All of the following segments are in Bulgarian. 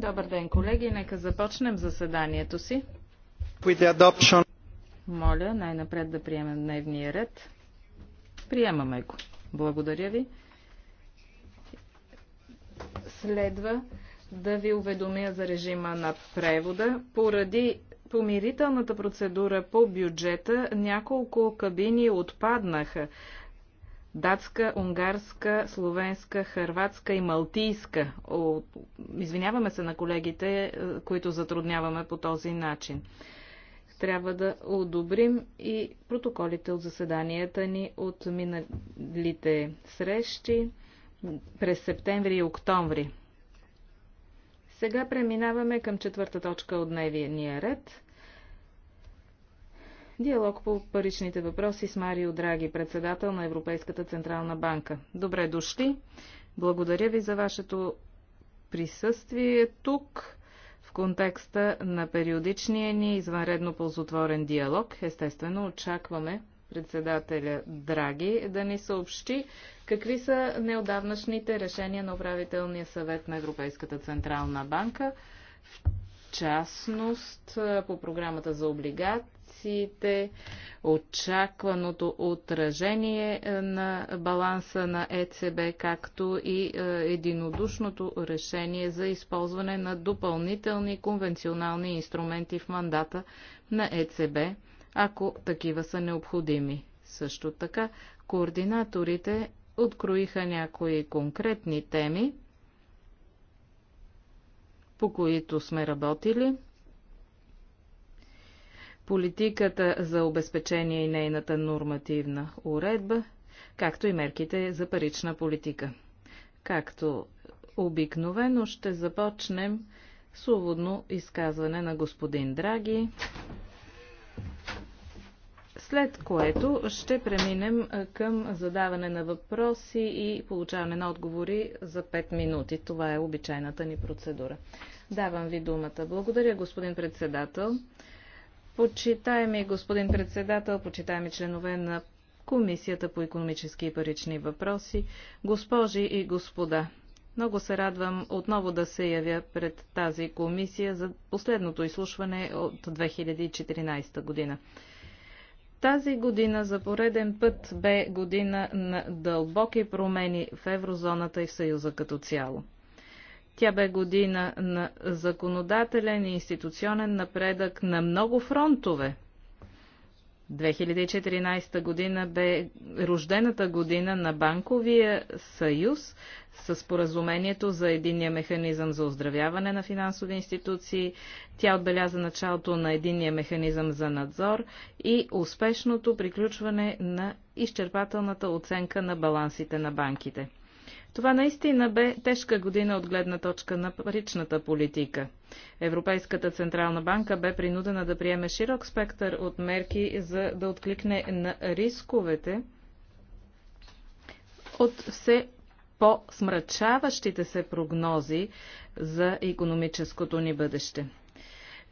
Добър ден, колеги. Нека започнем заседанието си. Моля най-напред да приемем дневния ред. Приемаме го. Благодаря ви. Следва да ви уведомя за режима на превода. Поради помирителната процедура по бюджета няколко кабини отпаднаха датска, унгарска, словенска, хърватска и малтийска. О, извиняваме се на колегите, е, които затрудняваме по този начин. Трябва да одобрим и протоколите от заседанията ни от миналите срещи през септември и октомври. Сега преминаваме към четвърта точка от дневния ред – Диалог по паричните въпроси с Марио Драги, председател на Европейската Централна банка. Добре дошли. Благодаря ви за вашето присъствие тук в контекста на периодичния ни извънредно ползотворен диалог. Естествено, очакваме председателя Драги да ни съобщи какви са неодавнашните решения на управителния съвет на Европейската Централна банка, в частност по програмата за облигат инвестициите, очакваното отражение е, на баланса на ЕЦБ, както и е, единодушното решение за използване на допълнителни конвенционални инструменти в мандата на ЕЦБ, ако такива са необходими. Също така, координаторите откроиха някои конкретни теми, по които сме работили – политиката за обезпечение и нейната нормативна уредба, както и мерките за парична политика. Както обикновено ще започнем с уводно изказване на господин Драги, след което ще преминем към задаване на въпроси и получаване на отговори за 5 минути. Това е обичайната ни процедура. Давам ви думата. Благодаря, господин председател. Почитаеми господин председател, почитаеми членове на Комисията по економически и парични въпроси, госпожи и господа, много се радвам отново да се явя пред тази комисия за последното изслушване от 2014 година. Тази година за пореден път бе година на дълбоки промени в еврозоната и в Съюза като цяло. Тя бе година на законодателен и институционен напредък на много фронтове. 2014 година бе рождената година на Банковия съюз с поразумението за единния механизъм за оздравяване на финансови институции. Тя отбеляза началото на единния механизъм за надзор и успешното приключване на изчерпателната оценка на балансите на банките. Това наистина бе тежка година от гледна точка на паричната политика. Европейската Централна банка бе принудена да приеме широк спектър от мерки, за да откликне на рисковете от все по-смрачаващите се прогнози за економическото ни бъдеще.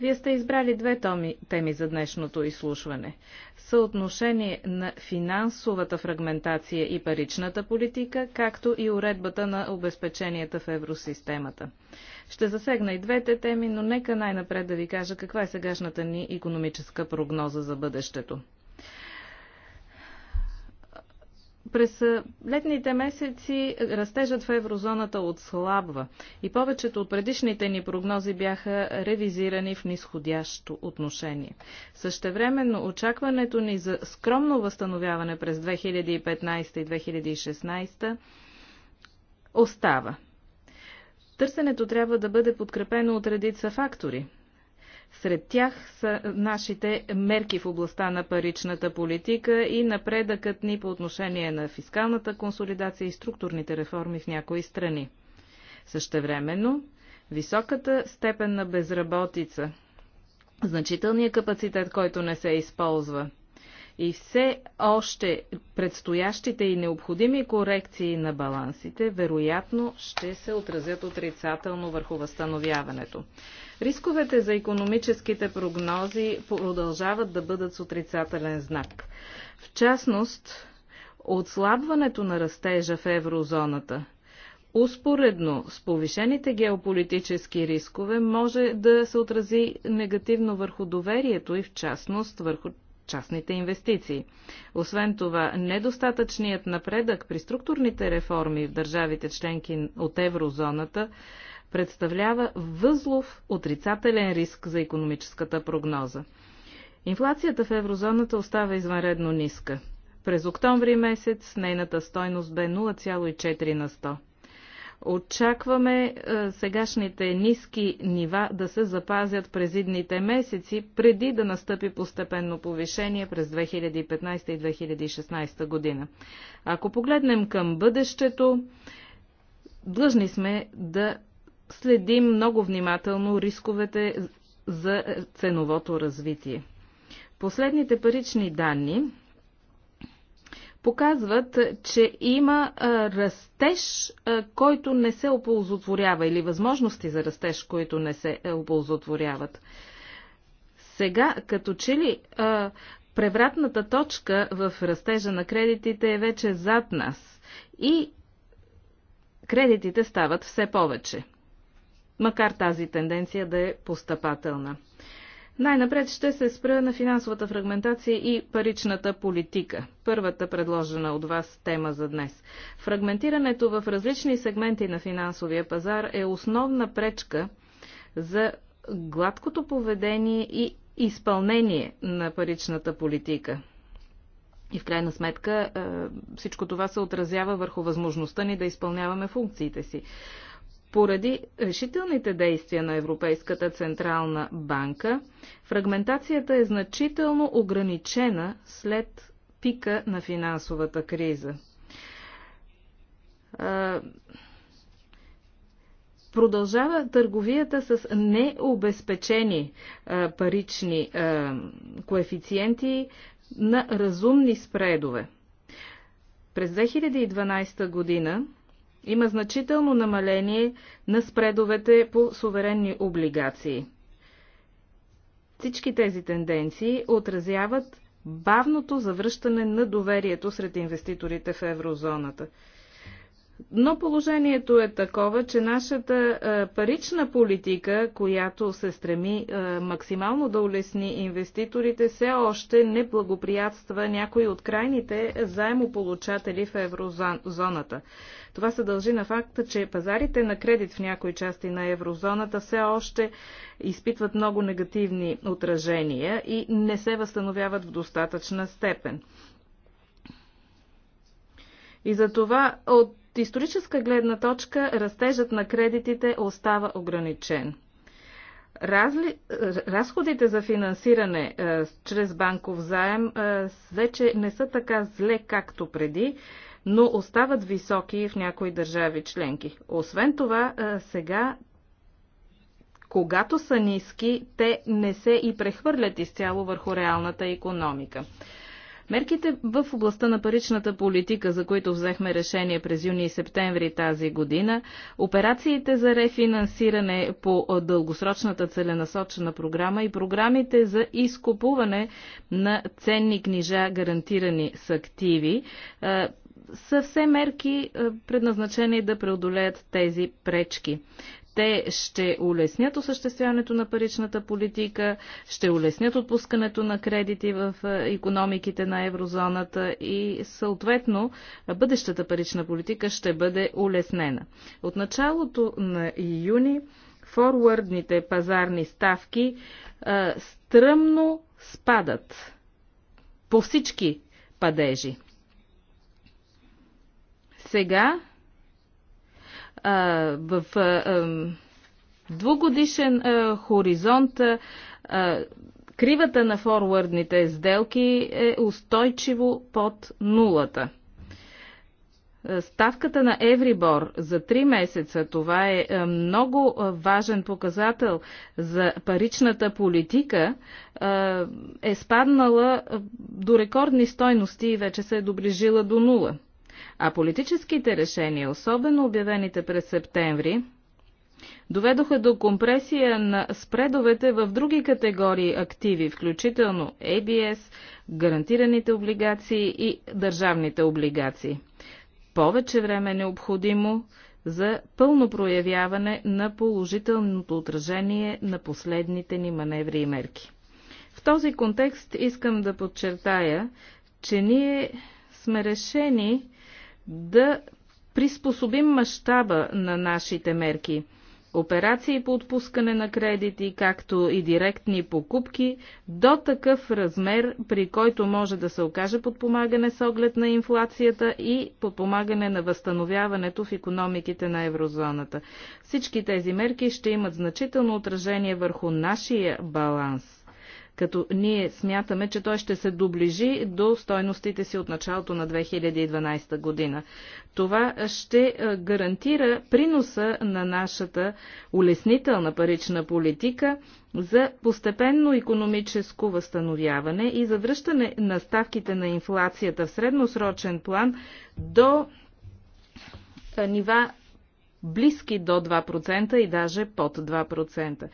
Вие сте избрали две томи, теми за днешното изслушване. Съотношение на финансовата фрагментация и паричната политика, както и уредбата на обезпеченията в евросистемата. Ще засегна и двете теми, но нека най-напред да ви кажа каква е сегашната ни економическа прогноза за бъдещето. През летните месеци растежът в еврозоната отслабва и повечето от предишните ни прогнози бяха ревизирани в нисходящо отношение. Същевременно очакването ни за скромно възстановяване през 2015 и 2016 остава. Търсенето трябва да бъде подкрепено от редица фактори, сред тях са нашите мерки в областта на паричната политика и напредъкът ни по отношение на фискалната консолидация и структурните реформи в някои страни. Същевременно, високата степен на безработица, значителният капацитет, който не се използва – и все още предстоящите и необходими корекции на балансите вероятно ще се отразят отрицателно върху възстановяването. Рисковете за економическите прогнози продължават да бъдат с отрицателен знак. В частност, отслабването на растежа в еврозоната, успоредно с повишените геополитически рискове, може да се отрази негативно върху доверието и в частност върху частните инвестиции. Освен това, недостатъчният напредък при структурните реформи в държавите членки от еврозоната представлява възлов отрицателен риск за економическата прогноза. Инфлацията в еврозоната остава извънредно ниска. През октомври месец нейната стойност бе 0,4 на 100. Очакваме е, сегашните ниски нива да се запазят през идните месеци, преди да настъпи постепенно повишение през 2015 и 2016 година. Ако погледнем към бъдещето, длъжни сме да следим много внимателно рисковете за ценовото развитие. Последните парични данни показват, че има растеж, който не се оползотворява или възможности за растеж, които не се е, оползотворяват. Сега, като че ли превратната точка в растежа на кредитите е вече зад нас и кредитите стават все повече, макар тази тенденция да е постъпателна. Най-напред ще се спра на финансовата фрагментация и паричната политика. Първата предложена от вас тема за днес. Фрагментирането в различни сегменти на финансовия пазар е основна пречка за гладкото поведение и изпълнение на паричната политика. И в крайна сметка е, всичко това се отразява върху възможността ни да изпълняваме функциите си. Поради решителните действия на Европейската централна банка, фрагментацията е значително ограничена след пика на финансовата криза. Продължава търговията с необезпечени парични коефициенти на разумни спредове. През 2012 година има значително намаление на спредовете по суверенни облигации. Всички тези тенденции отразяват бавното завръщане на доверието сред инвеститорите в еврозоната. Но положението е такова, че нашата парична политика, която се стреми максимално да улесни инвеститорите, все още не благоприятства някои от крайните заемополучатели в еврозоната. Това се дължи на факта, че пазарите на кредит в някои части на еврозоната все още изпитват много негативни отражения и не се възстановяват в достатъчна степен. И за това от историческа гледна точка растежът на кредитите остава ограничен. Разли... Разходите за финансиране е, чрез банков заем е, вече не са така зле, както преди, но остават високи в някои държави членки. Освен това, сега когато са ниски, те не се и прехвърлят изцяло върху реалната економика. Мерките в областта на паричната политика, за които взехме решение през юни и септември тази година, операциите за рефинансиране по дългосрочната целенасочена програма и програмите за изкупуване на ценни книжа, гарантирани с активи, са все мерки е, предназначени да преодолеят тези пречки. Те ще улеснят осъществяването на паричната политика, ще улеснят отпускането на кредити в економиките на еврозоната и съответно бъдещата парична политика ще бъде улеснена. От началото на июни форвардните пазарни ставки а, е, стръмно спадат по всички падежи. Сега в двугодишен хоризонт кривата на форвардните сделки е устойчиво под нулата. Ставката на Еврибор за 3 месеца, това е много важен показател за паричната политика, е спаднала до рекордни стойности и вече се е доближила до нула. А политическите решения, особено обявените през септември, доведоха до компресия на спредовете в други категории активи, включително ABS, гарантираните облигации и държавните облигации. Повече време е необходимо за пълно проявяване на положителното отражение на последните ни маневри и мерки. В този контекст искам да подчертая, че ние сме решени да приспособим мащаба на нашите мерки. Операции по отпускане на кредити, както и директни покупки, до такъв размер, при който може да се окаже подпомагане с оглед на инфлацията и подпомагане на възстановяването в економиките на еврозоната. Всички тези мерки ще имат значително отражение върху нашия баланс като ние смятаме, че той ще се доближи до стойностите си от началото на 2012 година. Това ще е, гарантира приноса на нашата улеснителна парична политика за постепенно економическо възстановяване и за връщане на ставките на инфлацията в средносрочен план до е, нива близки до 2% и даже под 2%.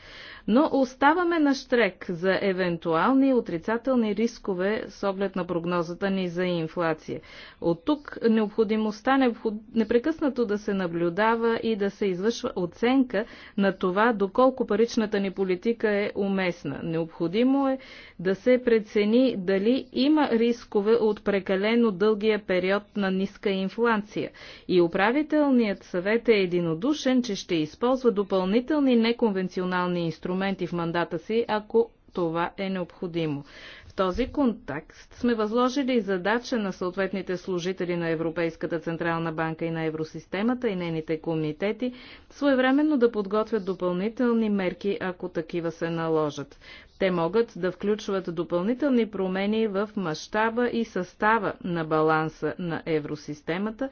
Но оставаме на штрек за евентуални отрицателни рискове с оглед на прогнозата ни за инфлация. От тук необходимостта непрекъснато да се наблюдава и да се извършва оценка на това доколко паричната ни политика е уместна. Необходимо е да се прецени дали има рискове от прекалено дългия период на ниска инфлация. И управителният съвет е един единодушен, че ще използва допълнителни неконвенционални инструменти в мандата си, ако това е необходимо. В този контекст сме възложили задача на съответните служители на Европейската Централна банка и на Евросистемата и нейните комитети своевременно да подготвят допълнителни мерки, ако такива се наложат. Те могат да включват допълнителни промени в мащаба и състава на баланса на евросистемата,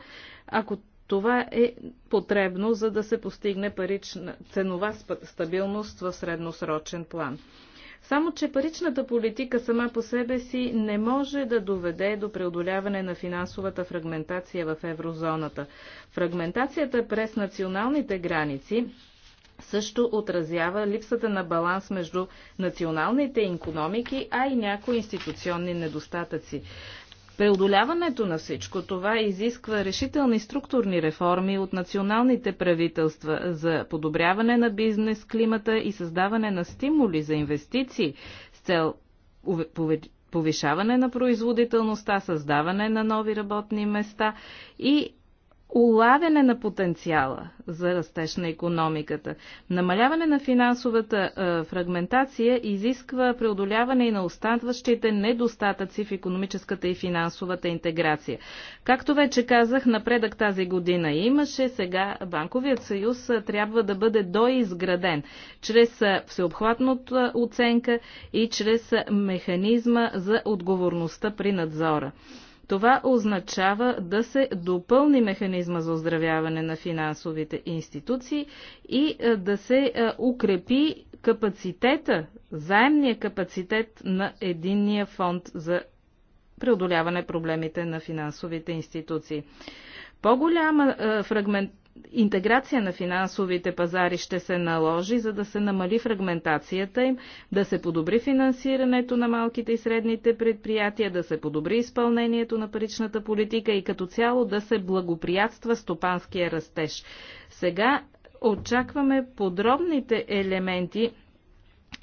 ако това е потребно, за да се постигне парична ценова стабилност в средносрочен план. Само, че паричната политика сама по себе си не може да доведе до преодоляване на финансовата фрагментация в еврозоната. Фрагментацията през националните граници също отразява липсата на баланс между националните економики, а и някои институционни недостатъци. Преодоляването на всичко това изисква решителни структурни реформи от националните правителства за подобряване на бизнес климата и създаване на стимули за инвестиции с цел повишаване на производителността, създаване на нови работни места и улавяне на потенциала за растеж на економиката. Намаляване на финансовата е, фрагментация изисква преодоляване и на останващите недостатъци в економическата и финансовата интеграция. Както вече казах, напредък тази година имаше, сега Банковият съюз е, трябва да бъде доизграден чрез е, всеобхватната оценка и чрез механизма за отговорността при надзора. Това означава да се допълни механизма за оздравяване на финансовите институции и е, да се е, укрепи капацитета, заемния капацитет на единния фонд за преодоляване проблемите на финансовите институции. По-голяма е, фрагмент интеграция на финансовите пазари ще се наложи, за да се намали фрагментацията им, да се подобри финансирането на малките и средните предприятия, да се подобри изпълнението на паричната политика и като цяло да се благоприятства стопанския растеж. Сега очакваме подробните елементи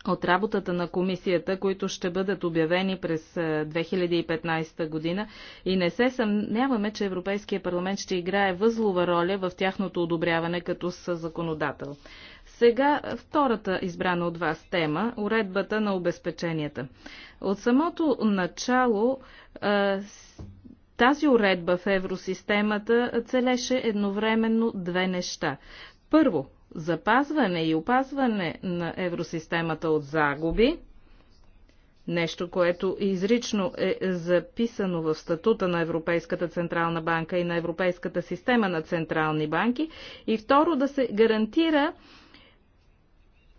от работата на комисията, които ще бъдат обявени през 2015 е, година и не се съмняваме, че Европейския парламент ще играе възлова роля в тяхното одобряване като законодател. Сега втората избрана от вас тема – уредбата на обезпеченията. От самото начало е, тази уредба в евросистемата целеше едновременно две неща. Първо, запазване и опазване на евросистемата от загуби, нещо, което изрично е записано в статута на Европейската Централна банка и на Европейската система на централни банки, и второ да се гарантира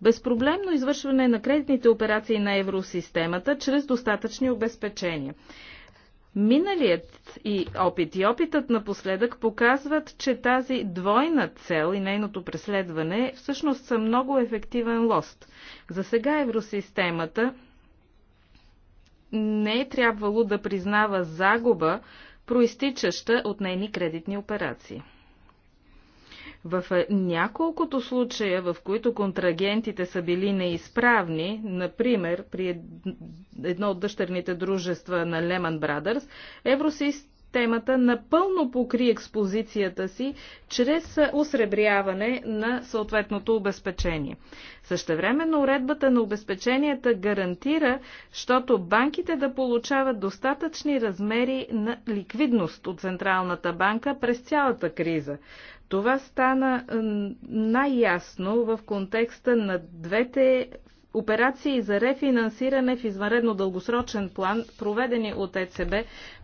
безпроблемно извършване на кредитните операции на евросистемата чрез достатъчни обезпечения. Миналият и опит и опитът напоследък показват, че тази двойна цел и нейното преследване всъщност са много ефективен лост. За сега евросистемата не е трябвало да признава загуба, проистичаща от нейни кредитни операции. В няколкото случая, в които контрагентите са били неизправни, например при едно от дъщерните дружества на Lehman Brothers, Евросист темата напълно покри експозицията си чрез осребряване на съответното обезпечение. Същевременно уредбата на обезпеченията гарантира, щото банките да получават достатъчни размери на ликвидност от Централната банка през цялата криза. Това стана най-ясно в контекста на двете операции за рефинансиране в извънредно дългосрочен план, проведени от ЕЦБ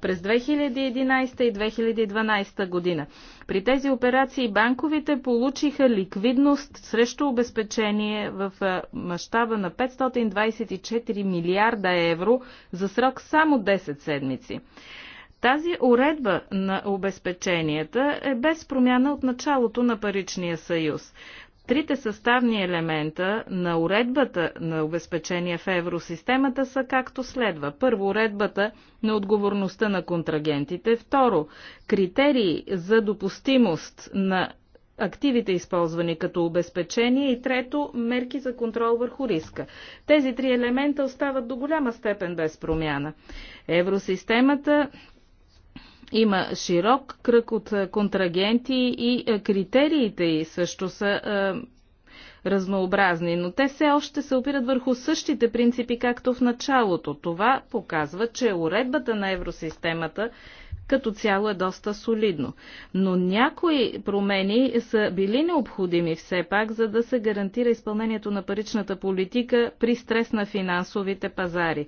през 2011 и 2012 година. При тези операции банковите получиха ликвидност срещу обезпечение в мащаба на 524 милиарда евро за срок само 10 седмици. Тази уредба на обезпеченията е без промяна от началото на паричния съюз. Трите съставни елемента на уредбата на обезпечение в евросистемата са както следва. Първо, уредбата на отговорността на контрагентите. Второ, критерии за допустимост на активите, използвани като обезпечение и трето – мерки за контрол върху риска. Тези три елемента остават до голяма степен без промяна. Евросистемата има широк кръг от е, контрагенти и е, критериите й също са е, разнообразни, но те все още се опират върху същите принципи, както в началото. Това показва, че уредбата на евросистемата като цяло е доста солидно. Но някои промени са били необходими все пак, за да се гарантира изпълнението на паричната политика при стрес на финансовите пазари.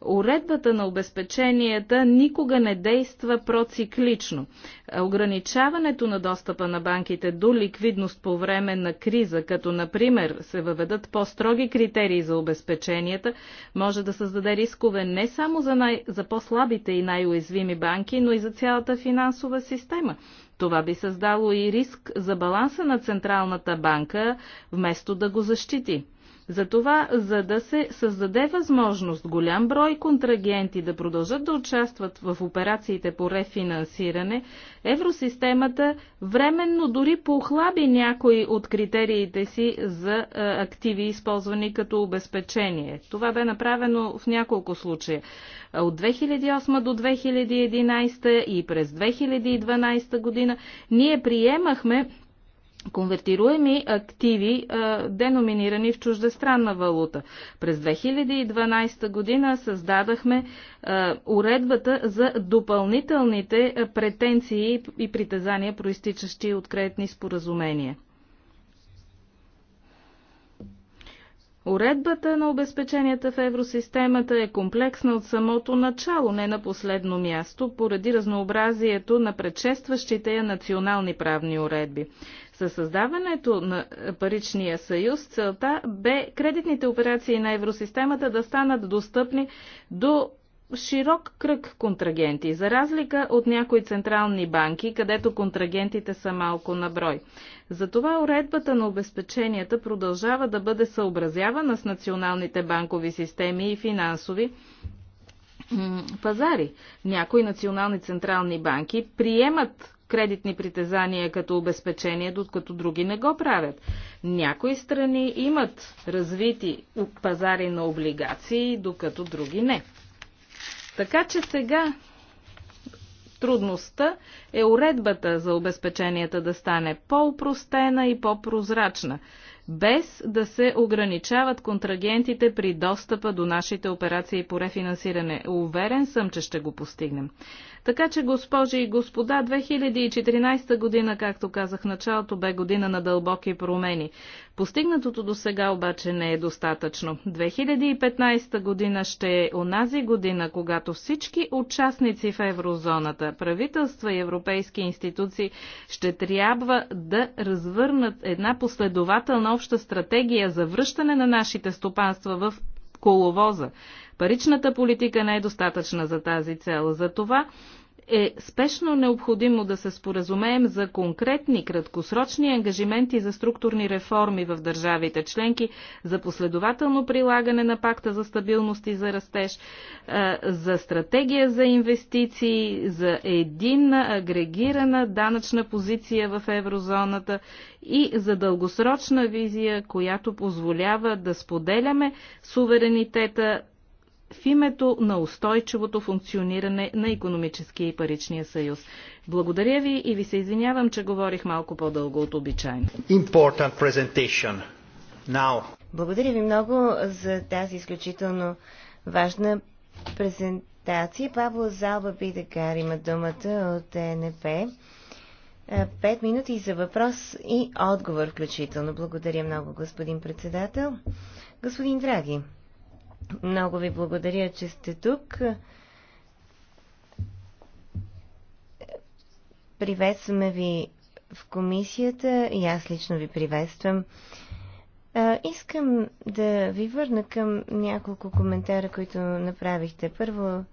Уредбата на обезпеченията никога не действа проциклично. Е, ограничаването на достъпа на банките до ликвидност по време на криза, като например се въведат по-строги критерии за обезпеченията, може да създаде рискове не само за, най- за по-слабите и най-уязвими банки, но и за цялата финансова система. Това би създало и риск за баланса на Централната банка, вместо да го защити. Затова, за да се създаде възможност голям брой контрагенти да продължат да участват в операциите по рефинансиране, евросистемата временно дори похлаби някои от критериите си за е, активи, използвани като обезпечение. Това бе направено в няколко случая. От 2008 до 2011 и през 2012 година ние приемахме конвертируеми активи, деноминирани в чуждестранна валута. През 2012 година създадахме уредбата за допълнителните претенции и притезания, проистичащи от кредитни споразумения. Уредбата на обезпеченията в евросистемата е комплексна от самото начало, не на последно място, поради разнообразието на предшестващите я национални правни уредби. Със създаването на паричния съюз целта бе кредитните операции на евросистемата да станат достъпни до широк кръг контрагенти, за разлика от някои централни банки, където контрагентите са малко на брой. Затова уредбата на обезпеченията продължава да бъде съобразявана с националните банкови системи и финансови пазари. Някои национални централни банки приемат кредитни притезания като обезпечение, докато други не го правят. Някои страни имат развити пазари на облигации, докато други не. Така че сега трудността е уредбата за обезпеченията да стане по-упростена и по-прозрачна, без да се ограничават контрагентите при достъпа до нашите операции по рефинансиране. Уверен съм, че ще го постигнем. Така че, госпожи и господа, 2014 година, както казах началото, бе година на дълбоки промени. Постигнатото до сега обаче не е достатъчно. 2015 година ще е онази година, когато всички участници в еврозоната, правителства и европейски институции ще трябва да развърнат една последователна обща стратегия за връщане на нашите стопанства в коловоза. Паричната политика не е достатъчна за тази цел. Затова е спешно необходимо да се споразумеем за конкретни краткосрочни ангажименти за структурни реформи в държавите членки, за последователно прилагане на пакта за стабилност и за растеж, е, за стратегия за инвестиции, за единна агрегирана данъчна позиция в еврозоната и за дългосрочна визия, която позволява да споделяме суверенитета в името на устойчивото функциониране на економическия и паричния съюз. Благодаря ви и ви се извинявам, че говорих малко по-дълго от обичайно. Благодаря ви много за тази изключително важна презентация. Павло Залба Бидекар има думата от ЕНП. Пет минути за въпрос и отговор включително. Благодаря много, господин председател. Господин Драги, много ви благодаря, че сте тук. Приветстваме ви в комисията и аз лично ви приветствам. искам да ви върна към няколко коментара, които направихте. Първо,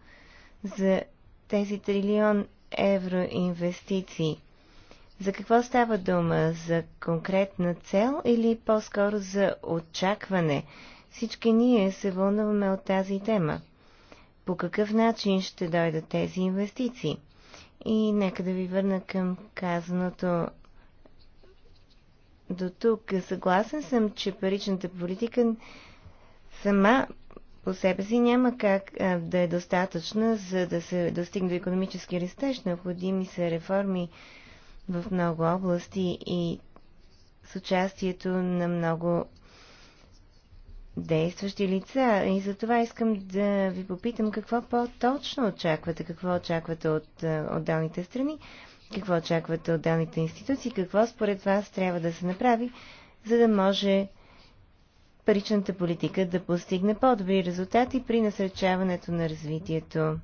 за тези трилион евро инвестиции. За какво става дума? За конкретна цел или по-скоро за очакване всички ние се вълнуваме от тази тема. По какъв начин ще дойдат тези инвестиции? И нека да ви върна към казаното до тук. Съгласен съм, че паричната политика сама по себе си няма как а, да е достатъчна, за да се достигне до економически растеж. Необходими са реформи в много области и с участието на много действащи лица. И за това искам да ви попитам какво по-точно очаквате, какво очаквате от е, отделните страни, какво очаквате от отделните институции, какво според вас трябва да се направи, за да може паричната политика да постигне по-добри резултати при насречаването на развитието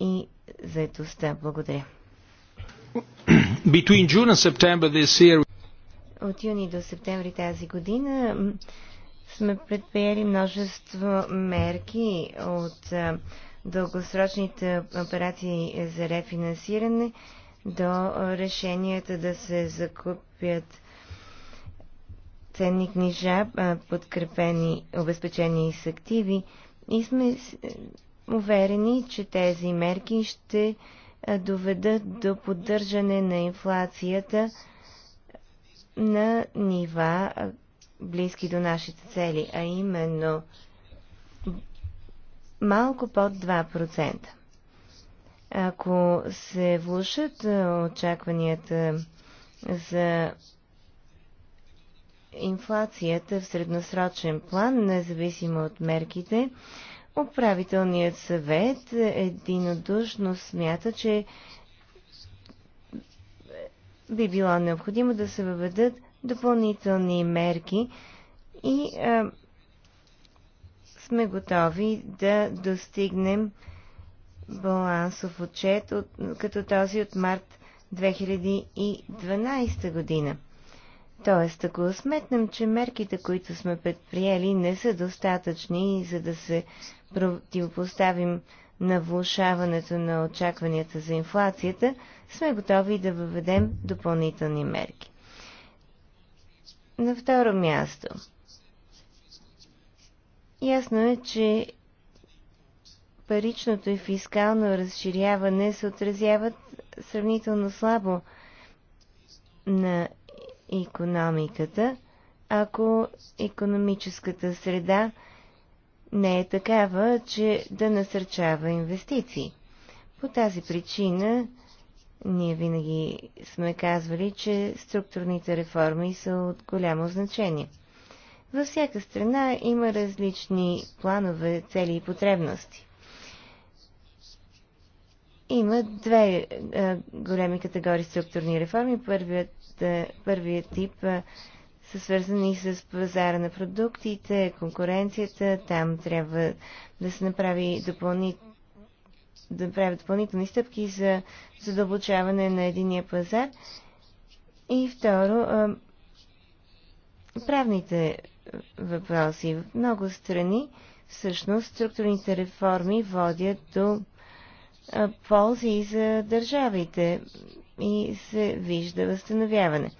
и заедостта. Благодаря. Between June and September this year... От юни до септември тази година сме предприели множество мерки от дългосрочните операции за рефинансиране до решенията да се закупят ценни книжа, подкрепени, обезпечени с активи и сме уверени, че тези мерки ще доведат до поддържане на инфлацията на нива, близки до нашите цели, а именно малко под 2%. Ако се влушат очакванията за инфлацията в средносрочен план, независимо от мерките, управителният съвет единодушно смята, че би било необходимо да се въведат допълнителни мерки и а, сме готови да достигнем балансов отчет от, като този от март 2012 година. Тоест, ако сметнем, че мерките, които сме предприели, не са достатъчни, за да се противопоставим на влушаването на очакванията за инфлацията, сме готови да въведем допълнителни мерки. На второ място. Ясно е, че паричното и фискално разширяване се отразяват сравнително слабо на економиката, ако економическата среда не е такава, че да насърчава инвестиции. По тази причина ние винаги сме казвали, че структурните реформи са от голямо значение. Във всяка страна има различни планове, цели и потребности. Има две а, големи категории структурни реформи. Първият, а, първият тип а, са свързани с пазара на продуктите, конкуренцията. Там трябва да се направи допълнително да правят допълнителни стъпки за задълбочаване на единия пазар. И второ, правните въпроси. В много страни всъщност структурните реформи водят до ползи и за държавите и се вижда възстановяване.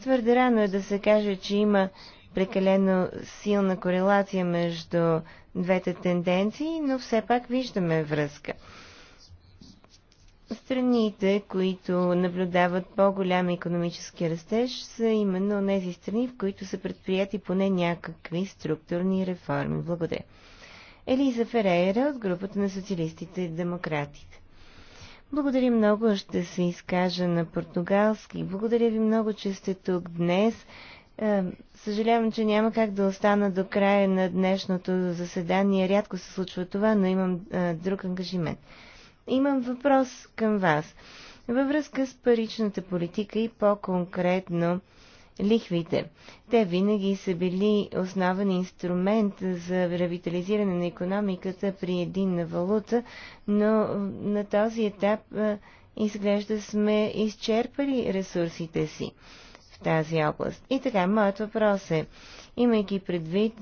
Твърде рано е да се каже, че има прекалено силна корелация между двете тенденции, но все пак виждаме връзка. Страните, които наблюдават по-голям економически растеж, са именно тези страни, в които са предприяти поне някакви структурни реформи. Благодаря. Елиза Ферейра от групата на социалистите и демократите. Благодаря много, ще се изкажа на португалски. Благодаря ви много, че сте тук днес. Е, съжалявам, че няма как да остана до края на днешното заседание. Рядко се случва това, но имам е, друг ангажимент. Имам въпрос към вас. Във връзка с паричната политика и по-конкретно лихвите. Те винаги са били основен инструмент за ревитализиране на економиката при единна валута, но на този етап изглежда сме изчерпали ресурсите си в тази област. И така, моят въпрос е, имайки предвид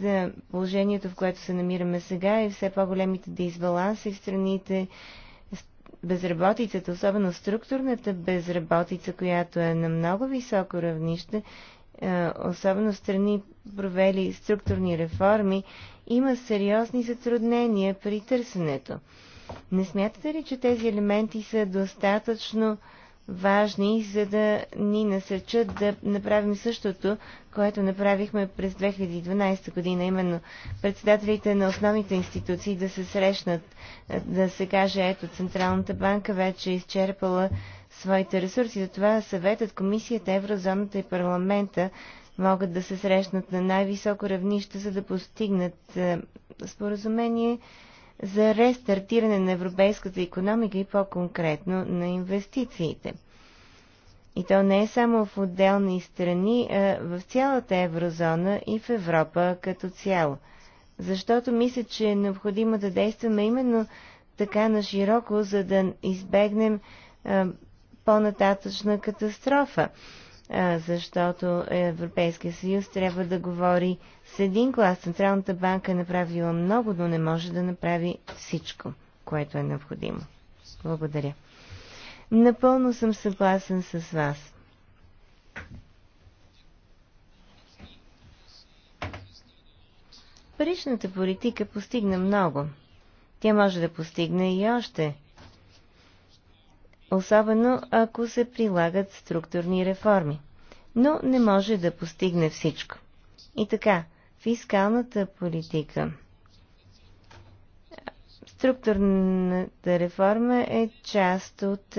положението, в което се намираме сега и е все по-големите дисбаланси в страните, безработицата, особено структурната безработица, която е на много високо равнище, е, особено страни провели структурни реформи, има сериозни затруднения при търсенето. Не смятате ли, че тези елементи са достатъчно важни, за да ни насърчат да направим същото, което направихме през 2012 година, именно председателите на основните институции да се срещнат, е, да се каже, ето, Централната банка вече е изчерпала своите ресурси. Затова съветът, комисията, еврозоната и парламента могат да се срещнат на най-високо равнище, за да постигнат е, споразумение за рестартиране на европейската економика и по-конкретно на инвестициите. И то не е само в отделни страни, а в цялата еврозона и в Европа като цяло. Защото мисля, че е необходимо да действаме именно така на широко, за да избегнем по-нататъчна катастрофа. А, защото Европейския съюз трябва да говори с един глас Централната банка е направила много, но не може да направи всичко, което е необходимо. Благодаря. Напълно съм съгласен с вас. Паричната политика постигна много. Тя може да постигне и още. Особено ако се прилагат структурни реформи. Но не може да постигне всичко. И така, фискалната политика. Структурната реформа е част от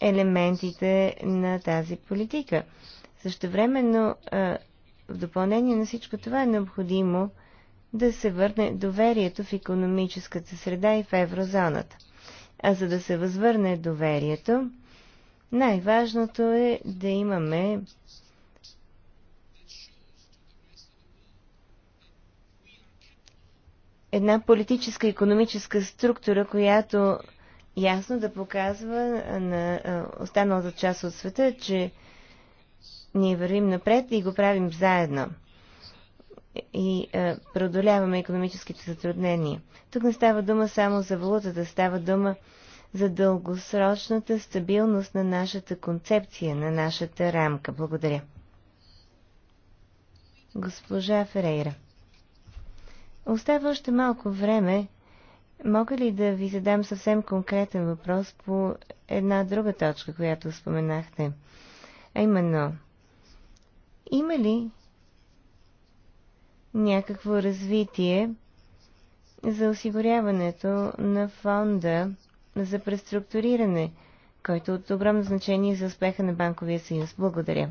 елементите на тази политика. Също времено в допълнение на всичко това е необходимо да се върне доверието в економическата среда и в еврозоната. А за да се възвърне доверието, най-важното е да имаме една политическа и економическа структура, която ясно да показва на останалата част от света, че ние вървим напред и го правим заедно. И а, преодоляваме економическите затруднения. Тук не става дума само за валутата, става дума за дългосрочната стабилност на нашата концепция, на нашата рамка. Благодаря. Госпожа Ферейра. Остава още малко време. Мога ли да ви задам съвсем конкретен въпрос по една друга точка, която споменахте? А именно, има ли някакво развитие за осигуряването на фонда за преструктуриране, който е от огромно значение за успеха на Банковия съюз? Благодаря.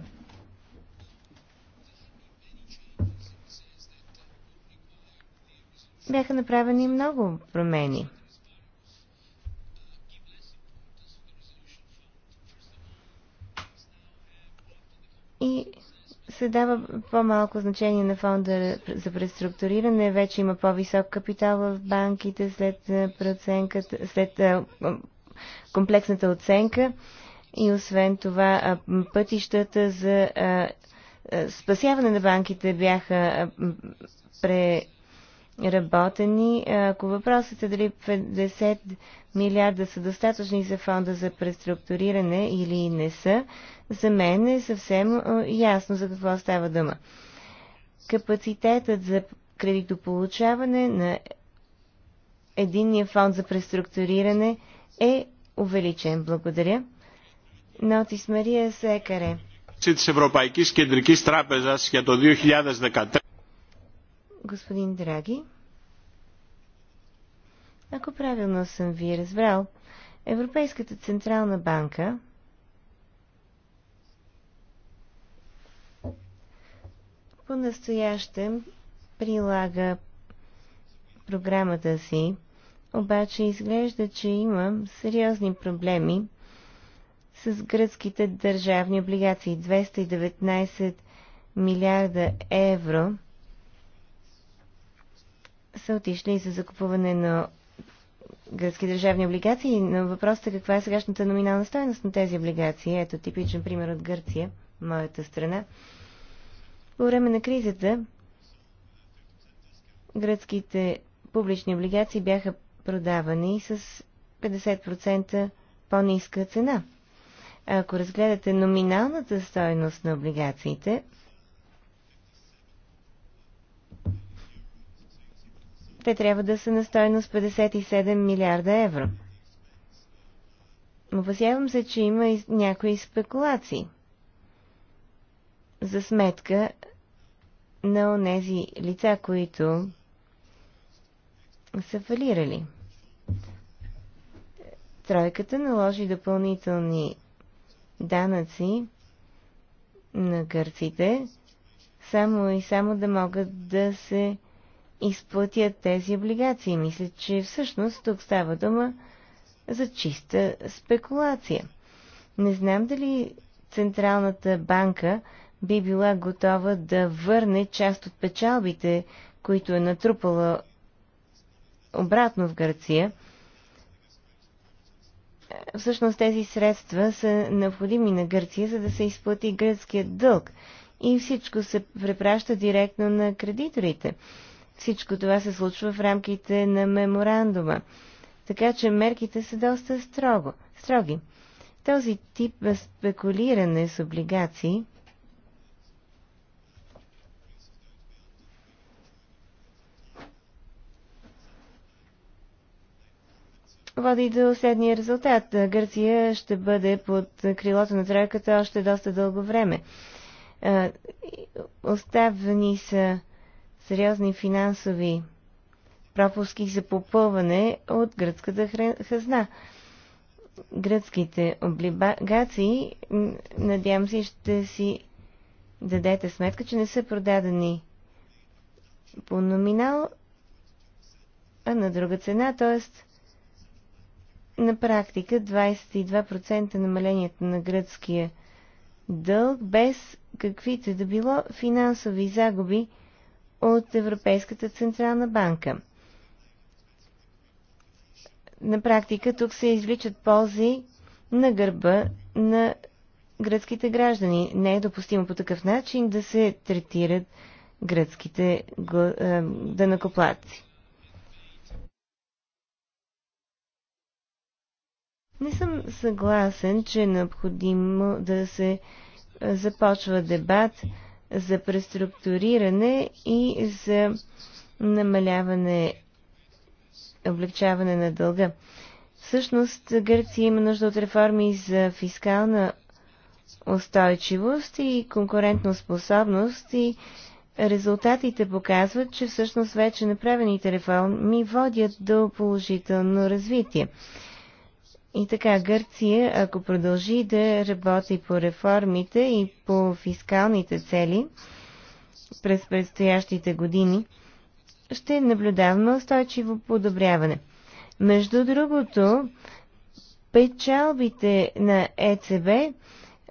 бяха направени много промени. И се дава по-малко значение на фонда за преструктуриране. Вече има по-висок капитал в банките след, е, проценката, след е, комплексната оценка. И освен това, пътищата за е, спасяване на банките бяха пре работени. Ако въпросът е дали 50 милиарда са достатъчни за фонда за преструктуриране или не са, за мен е съвсем ясно за какво става дума. Капацитетът за кредитополучаване на Единния фонд за преструктуриране е увеличен. Благодаря. Нотис Мария Секаре. Της Ευρωπαϊκής Κεντρικής Τράπεζας για το 2013 господин Драги. Ако правилно съм ви разбрал, Европейската Централна банка по-настоящем прилага програмата си, обаче изглежда, че има сериозни проблеми с гръцките държавни облигации 219 милиарда евро – са отишли за закупуване на гръцки държавни облигации, но въпросът е каква е сегашната номинална стоеност на тези облигации. Ето типичен пример от Гърция, моята страна. По време на кризата гръцките публични облигации бяха продавани с 50% по-ниска цена. Ако разгледате номиналната стоеност на облигациите, те трябва да са на стойност 57 милиарда евро. Опасявам се, че има и някои спекулации за сметка на онези лица, които са фалирали. Тройката наложи допълнителни данъци на гърците, само и само да могат да се изплатят тези облигации. Мисля, че всъщност тук става дума за чиста спекулация. Не знам дали Централната банка би била готова да върне част от печалбите, които е натрупала обратно в Гърция. Всъщност тези средства са необходими на Гърция, за да се изплати гръцкият дълг. И всичко се препраща директно на кредиторите. Всичко това се случва в рамките на меморандума. Така че мерките са доста строго, строги. Този тип спекулиране с облигации води до следния резултат. Гърция ще бъде под крилото на тройката още доста дълго време. Оставени са сериозни финансови пропуски за попълване от гръцката хазна. Гръцките облигации, надявам се, ще си дадете сметка, че не са продадени по номинал, а на друга цена, т.е. на практика 22% намалението на гръцкия дълг без каквито да било финансови загуби – от Европейската Централна банка. На практика тук се извличат ползи на гърба на гръцките граждани. Не е допустимо по такъв начин да се третират гръцките е, дънакоплаци. Не съм съгласен, че е необходимо да се е, започва дебат за преструктуриране и за намаляване, облегчаване на дълга. Всъщност Гърция има нужда от реформи за фискална устойчивост и конкурентна способност и резултатите показват, че всъщност вече направените реформи водят до положително развитие. И така, Гърция, ако продължи да работи по реформите и по фискалните цели през предстоящите години, ще наблюдаваме устойчиво подобряване. Между другото, печалбите на ЕЦБ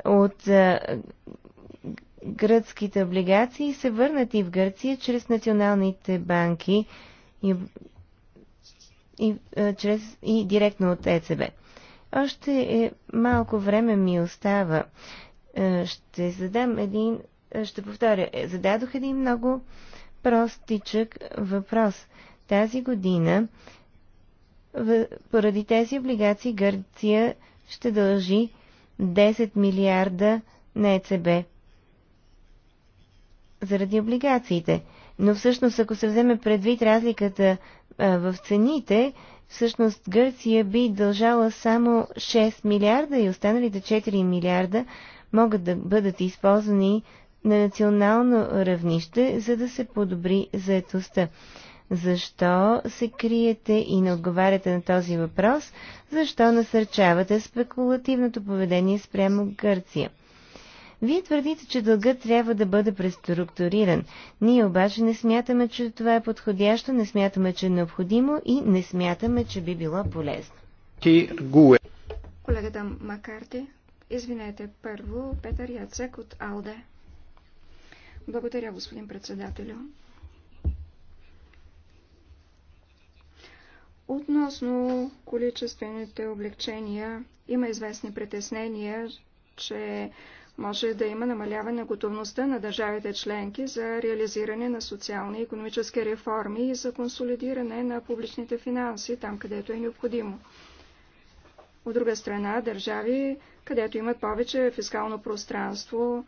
от а, гръцките облигации са върнати в Гърция чрез националните банки и, и, а, чрез, и директно от ЕЦБ. Още е, малко време ми остава. Е, ще задам един, е, ще повторя, е, зададох един много простичък въпрос. Тази година поради тези облигации Гърция ще дължи 10 милиарда на ЕЦБ заради облигациите. Но всъщност, ако се вземе предвид разликата а, в цените, всъщност Гърция би дължала само 6 милиарда и останалите 4 милиарда могат да бъдат използвани на национално равнище, за да се подобри заетостта. Защо се криете и не отговаряте на този въпрос? Защо насърчавате спекулативното поведение спрямо Гърция? Вие твърдите, че дългът трябва да бъде преструктуриран. Ние обаче не смятаме, че това е подходящо, не смятаме, че е необходимо и не смятаме, че би било полезно. Ти гуе. Колегата Макарти, извинете, първо Петър Яцек от АЛДЕ. Благодаря, господин председателю. Относно количествените облегчения, има известни притеснения, че може да има намаляване на готовността на държавите членки за реализиране на социални и економически реформи и за консолидиране на публичните финанси там, където е необходимо. От друга страна, държави, където имат повече фискално пространство,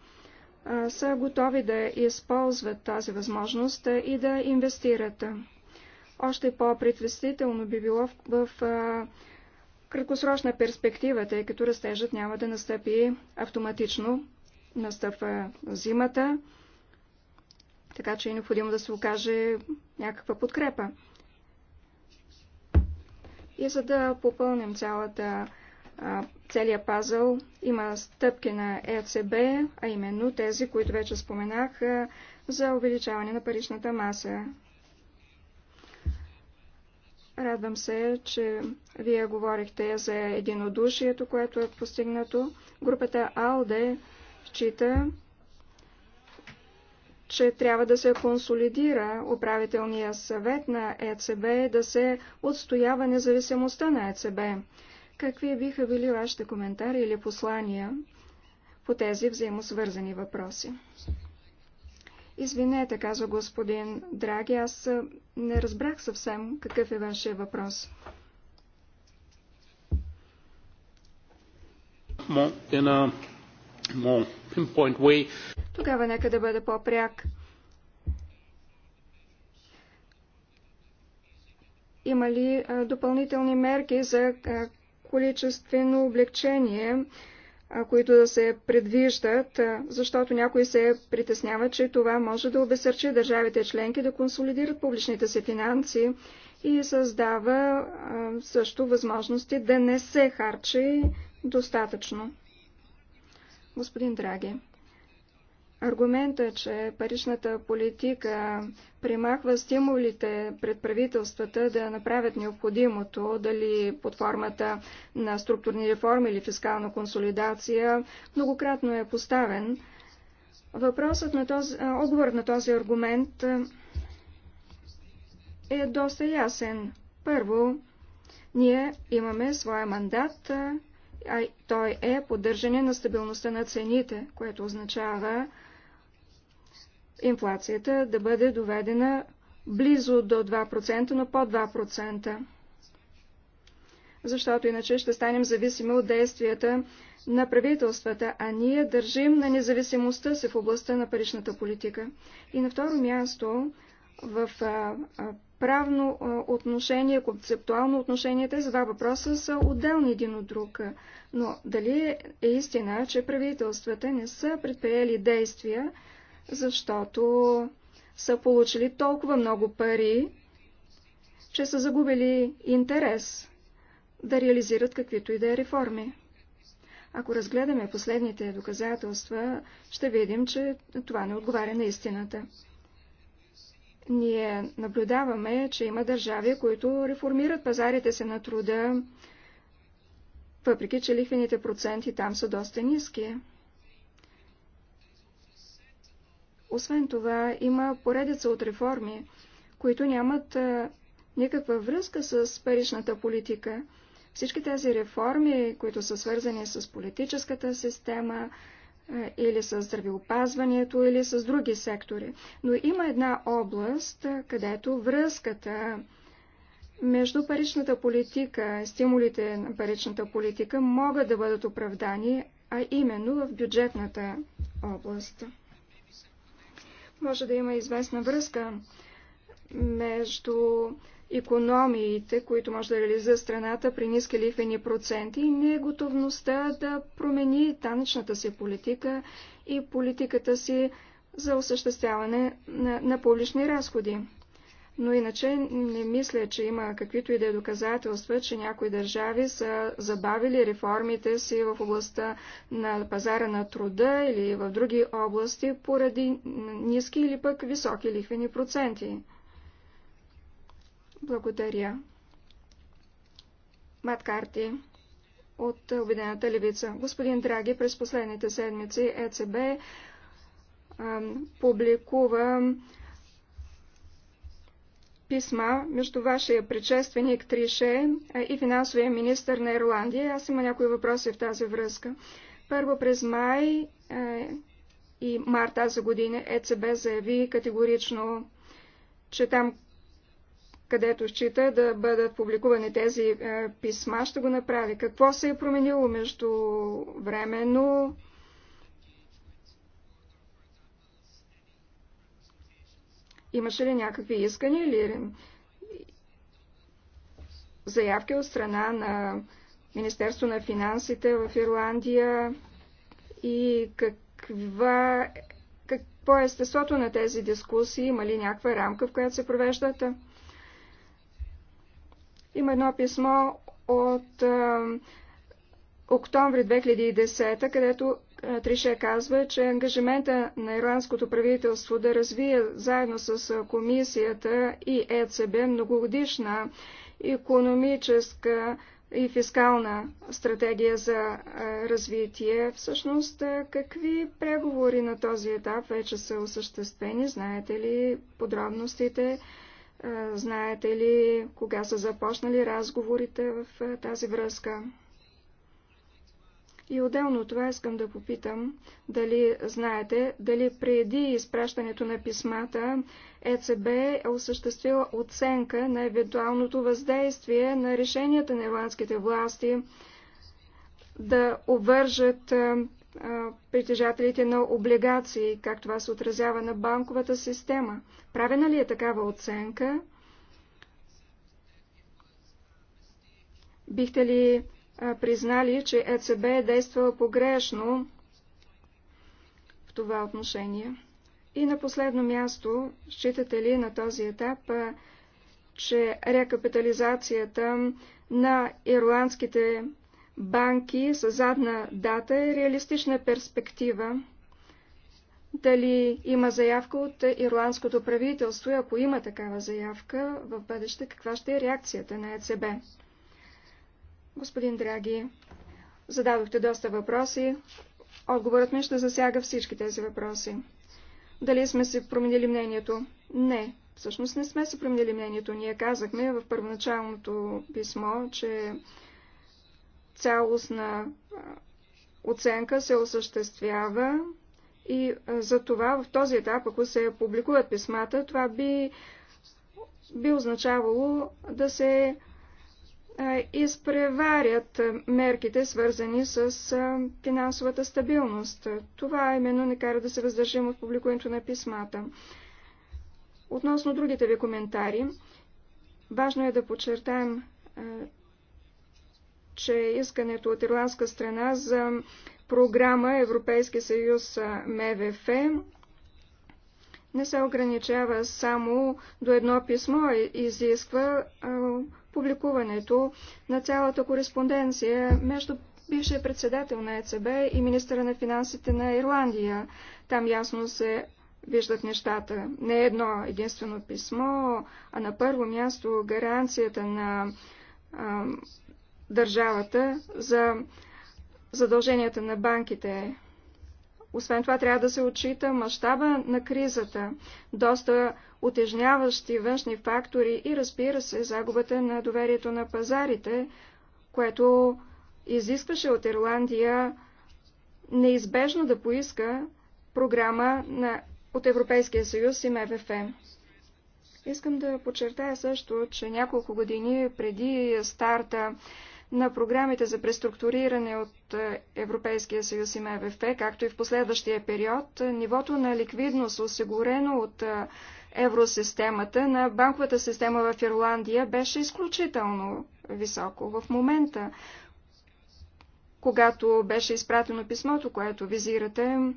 са готови да използват тази възможност и да инвестират. Още по-предвестително би било в краткосрочна перспектива, тъй като растежът няма да настъпи автоматично. Настъпва зимата, така че е необходимо да се окаже някаква подкрепа. И за да попълним цялата, целия пазъл, има стъпки на ЕЦБ, а именно тези, които вече споменах, за увеличаване на паричната маса. Радвам се, че вие говорихте за единодушието, което е постигнато. Групата АЛДЕ счита, че трябва да се консолидира управителния съвет на ЕЦБ, да се отстоява независимостта на ЕЦБ. Какви биха били вашите коментари или послания по тези взаимосвързани въпроси? Извинете, казва господин Драги, аз не разбрах съвсем какъв е вашия въпрос. Е Тогава нека да бъде по-пряк. Има ли допълнителни мерки за количествено облегчение които да се предвиждат, защото някой се притеснява, че това може да обесърчи държавите членки да консолидират публичните си финанси и създава също възможности да не се харчи достатъчно. Господин Драги. Аргумента, че паричната политика примахва стимулите пред правителствата да направят необходимото, дали под формата на структурни реформи или фискална консолидация, многократно е поставен. Въпросът на този, отговор на този аргумент е доста ясен. Първо, ние имаме своя мандат, а той е поддържане на стабилността на цените, което означава, инфлацията да бъде доведена близо до 2%, но под 2%. Защото иначе ще станем зависими от действията на правителствата, а ние държим на независимостта си в областта на паричната политика. И на второ място, в правно отношение, концептуално отношение, тези два въпроса са отделни един от друг. Но дали е истина, че правителствата не са предприели действия, защото са получили толкова много пари, че са загубили интерес да реализират каквито и да е реформи. Ако разгледаме последните доказателства, ще видим, че това не отговаря на истината. Ние наблюдаваме, че има държави, които реформират пазарите се на труда, въпреки че лихвените проценти там са доста ниски. Освен това, има поредица от реформи, които нямат никаква връзка с паричната политика. Всички тези реформи, които са свързани с политическата система, или с здравеопазването, или с други сектори. Но има една област, където връзката между паричната политика, стимулите на паричната политика могат да бъдат оправдани, а именно в бюджетната област. Може да има известна връзка между економиите, които може да реализира страната при ниски лихвени проценти и неготовността да промени данъчната си политика и политиката си за осъществяване на, на публични разходи. Но иначе не мисля, че има каквито и да е доказателства, че някои държави са забавили реформите си в областта на пазара на труда или в други области поради ниски или пък високи лихвени проценти. Благодаря. Маткарти от Обедената левица. Господин Драги, през последните седмици ЕЦБ публикува писма между вашия предшественик Трише и финансовия министр на Ирландия. Аз има някои въпроси в тази връзка. Първо през май и март тази година ЕЦБ заяви категорично, че там, където счита да бъдат публикувани тези писма, ще го направи. Какво се е променило между времено? Имаше ли някакви искания или заявки от страна на Министерство на финансите в Ирландия и каква, какво е естеството на тези дискусии? Има ли някаква рамка, в която се провеждат? Има едно писмо от октомври 2010, където Трише казва, че ангажимента на ирландското правителство да развие заедно с комисията и ЕЦБ многогодишна економическа и фискална стратегия за развитие. Всъщност, какви преговори на този етап вече са осъществени? Знаете ли подробностите? Знаете ли кога са започнали разговорите в тази връзка? И отделно от това искам да попитам дали знаете, дали преди изпращането на писмата ЕЦБ е осъществила оценка на евентуалното въздействие на решенията на ирландските власти да обвържат притежателите на облигации, как това се отразява на банковата система. Правена ли е такава оценка? Бихте ли признали, че ЕЦБ е действала погрешно в това отношение. И на последно място, считате ли на този етап, че рекапитализацията на ирландските банки с задна дата е реалистична перспектива? Дали има заявка от ирландското правителство и ако има такава заявка в бъдеще, каква ще е реакцията на ЕЦБ? Господин Драги, зададохте доста въпроси. Отговорът ми ще засяга всички тези въпроси. Дали сме си променили мнението? Не. Всъщност не сме си променили мнението. Ние казахме в първоначалното писмо, че цялостна оценка се осъществява и за това в този етап, ако се публикуват писмата, това би, би означавало да се изпреварят мерките, свързани с финансовата стабилност. Това именно не кара да се въздържим от публикуването на писмата. Относно другите ви коментари, важно е да подчертаем, че искането от ирландска страна за програма Европейски съюз МВФ не се ограничава само до едно писмо, изисква публикуването на цялата кореспонденция между бившия председател на ЕЦБ и министъра на финансите на Ирландия. Там ясно се виждат нещата. Не е едно единствено писмо, а на първо място гаранцията на а, държавата за задълженията на банките освен това трябва да се отчита мащаба на кризата, доста отежняващи външни фактори и разбира се загубата на доверието на пазарите, което изискваше от Ирландия неизбежно да поиска програма на, от Европейския съюз и МВФ. Искам да подчертая също, че няколко години преди старта на програмите за преструктуриране от е, Европейския съюз и МВФ, както и в последващия период, е, нивото на ликвидност, осигурено от е, евросистемата на банковата система в Ирландия, беше изключително високо. В момента, когато беше изпратено писмото, което визирате,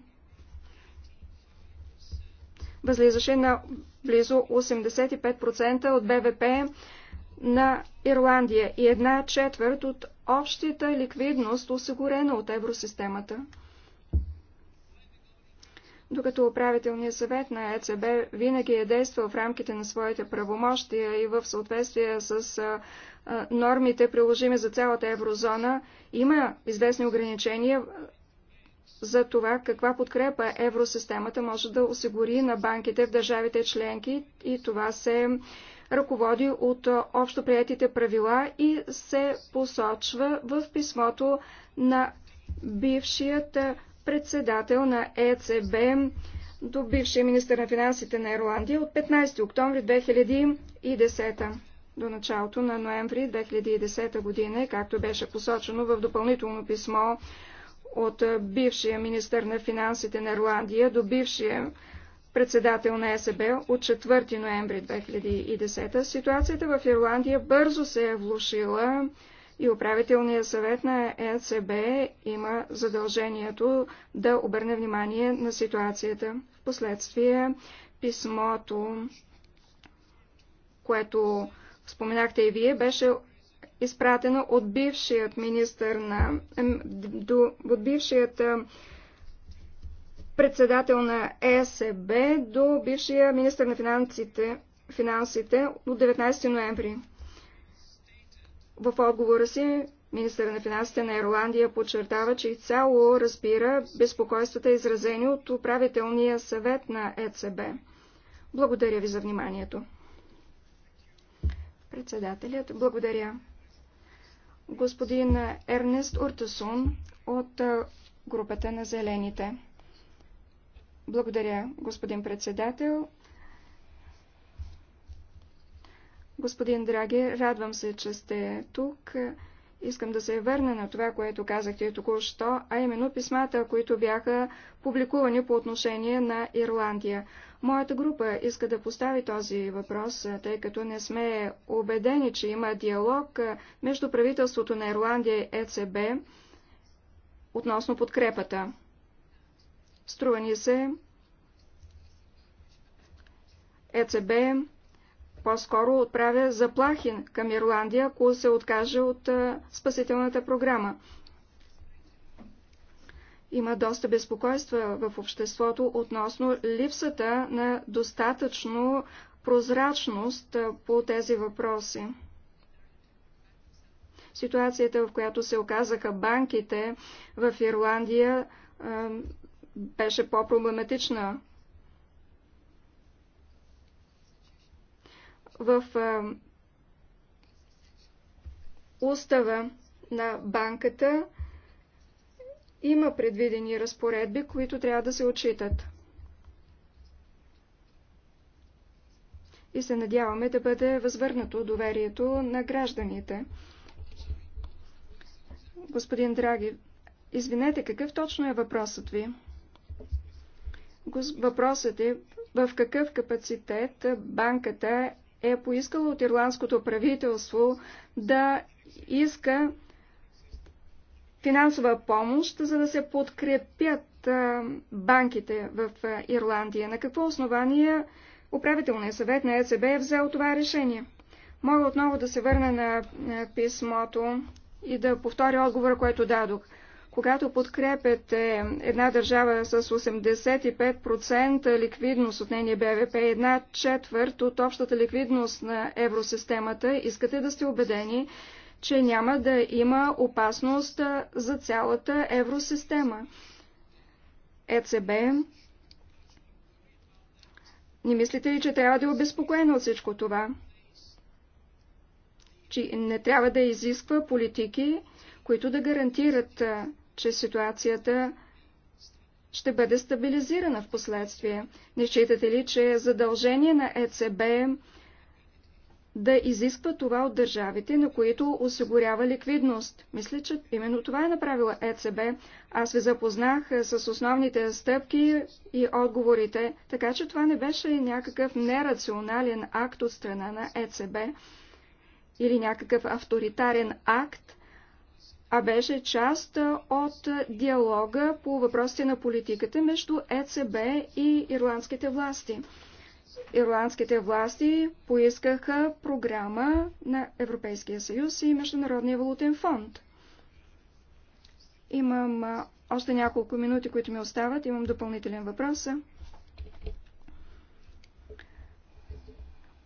възлизаше на близо 85% от БВП на Ирландия и една четвърт от общата ликвидност, осигурена от евросистемата. Докато управителният съвет на ЕЦБ винаги е действал в рамките на своите правомощия и в съответствие с а, а, нормите, приложими за цялата еврозона, има известни ограничения за това каква подкрепа евросистемата може да осигури на банките в държавите членки и това се ръководи от общоприятите правила и се посочва в писмото на бившият председател на ЕЦБ до бившия министр на финансите на Ирландия от 15 октомври 2010 до началото на ноември 2010 година, както беше посочено в допълнително писмо от бившия министр на финансите на Ирландия до бившия председател на СБ от 4 ноември 2010. Ситуацията в Ирландия бързо се е влушила и управителният съвет на ЕЦБ има задължението да обърне внимание на ситуацията. Впоследствие писмото, което споменахте и вие, беше изпратено от бившият министър на, от бившият председател на ЕСБ до бившия министр на финансите, финансите от 19 ноември. В отговора си министър на финансите на Ирландия подчертава, че цяло разбира безпокойствата изразени от управителния съвет на ЕЦБ. Благодаря ви за вниманието. Председателят, благодаря. Господин Ернест Уртасун от групата на Зелените. Благодаря, господин председател. Господин Драги, радвам се, че сте тук. Искам да се върна на това, което казахте току-що, а именно писмата, които бяха публикувани по отношение на Ирландия. Моята група иска да постави този въпрос, тъй като не сме убедени, че има диалог между правителството на Ирландия и ЕЦБ относно подкрепата. Струва ни се ЕЦБ по-скоро отправя заплахи към Ирландия, ако се откаже от спасителната програма. Има доста безпокойства в обществото относно липсата на достатъчно прозрачност по тези въпроси. Ситуацията, в която се оказаха банките в Ирландия, беше по-проблематична. В устава на банката има предвидени разпоредби, които трябва да се отчитат. И се надяваме да бъде възвърнато доверието на гражданите. Господин Драги, извинете, какъв точно е въпросът ви? Въпросът е в какъв капацитет банката е поискала от ирландското правителство да иска финансова помощ, за да се подкрепят банките в Ирландия. На какво основание управителният съвет на ЕЦБ е взел това решение? Мога отново да се върна на писмото и да повторя отговора, който дадох. Когато подкрепяте една държава с 85% ликвидност от нейния БВП, една четвърт от общата ликвидност на евросистемата, искате да сте убедени, че няма да има опасност за цялата евросистема. ЕЦБ не мислите ли, че трябва да е обезпокоена от всичко това? Че не трябва да изисква политики, които да гарантират че ситуацията ще бъде стабилизирана в последствие. Не считате ли, че е задължение на ЕЦБ да изисква това от държавите, на които осигурява ликвидност? Мисля, че именно това е направила ЕЦБ. Аз ви запознах с основните стъпки и отговорите, така че това не беше някакъв нерационален акт от страна на ЕЦБ или някакъв авторитарен акт, а беше част от диалога по въпросите на политиката между ЕЦБ и ирландските власти. Ирландските власти поискаха програма на Европейския съюз и Международния валутен фонд. Имам още няколко минути, които ми остават. Имам допълнителен въпрос.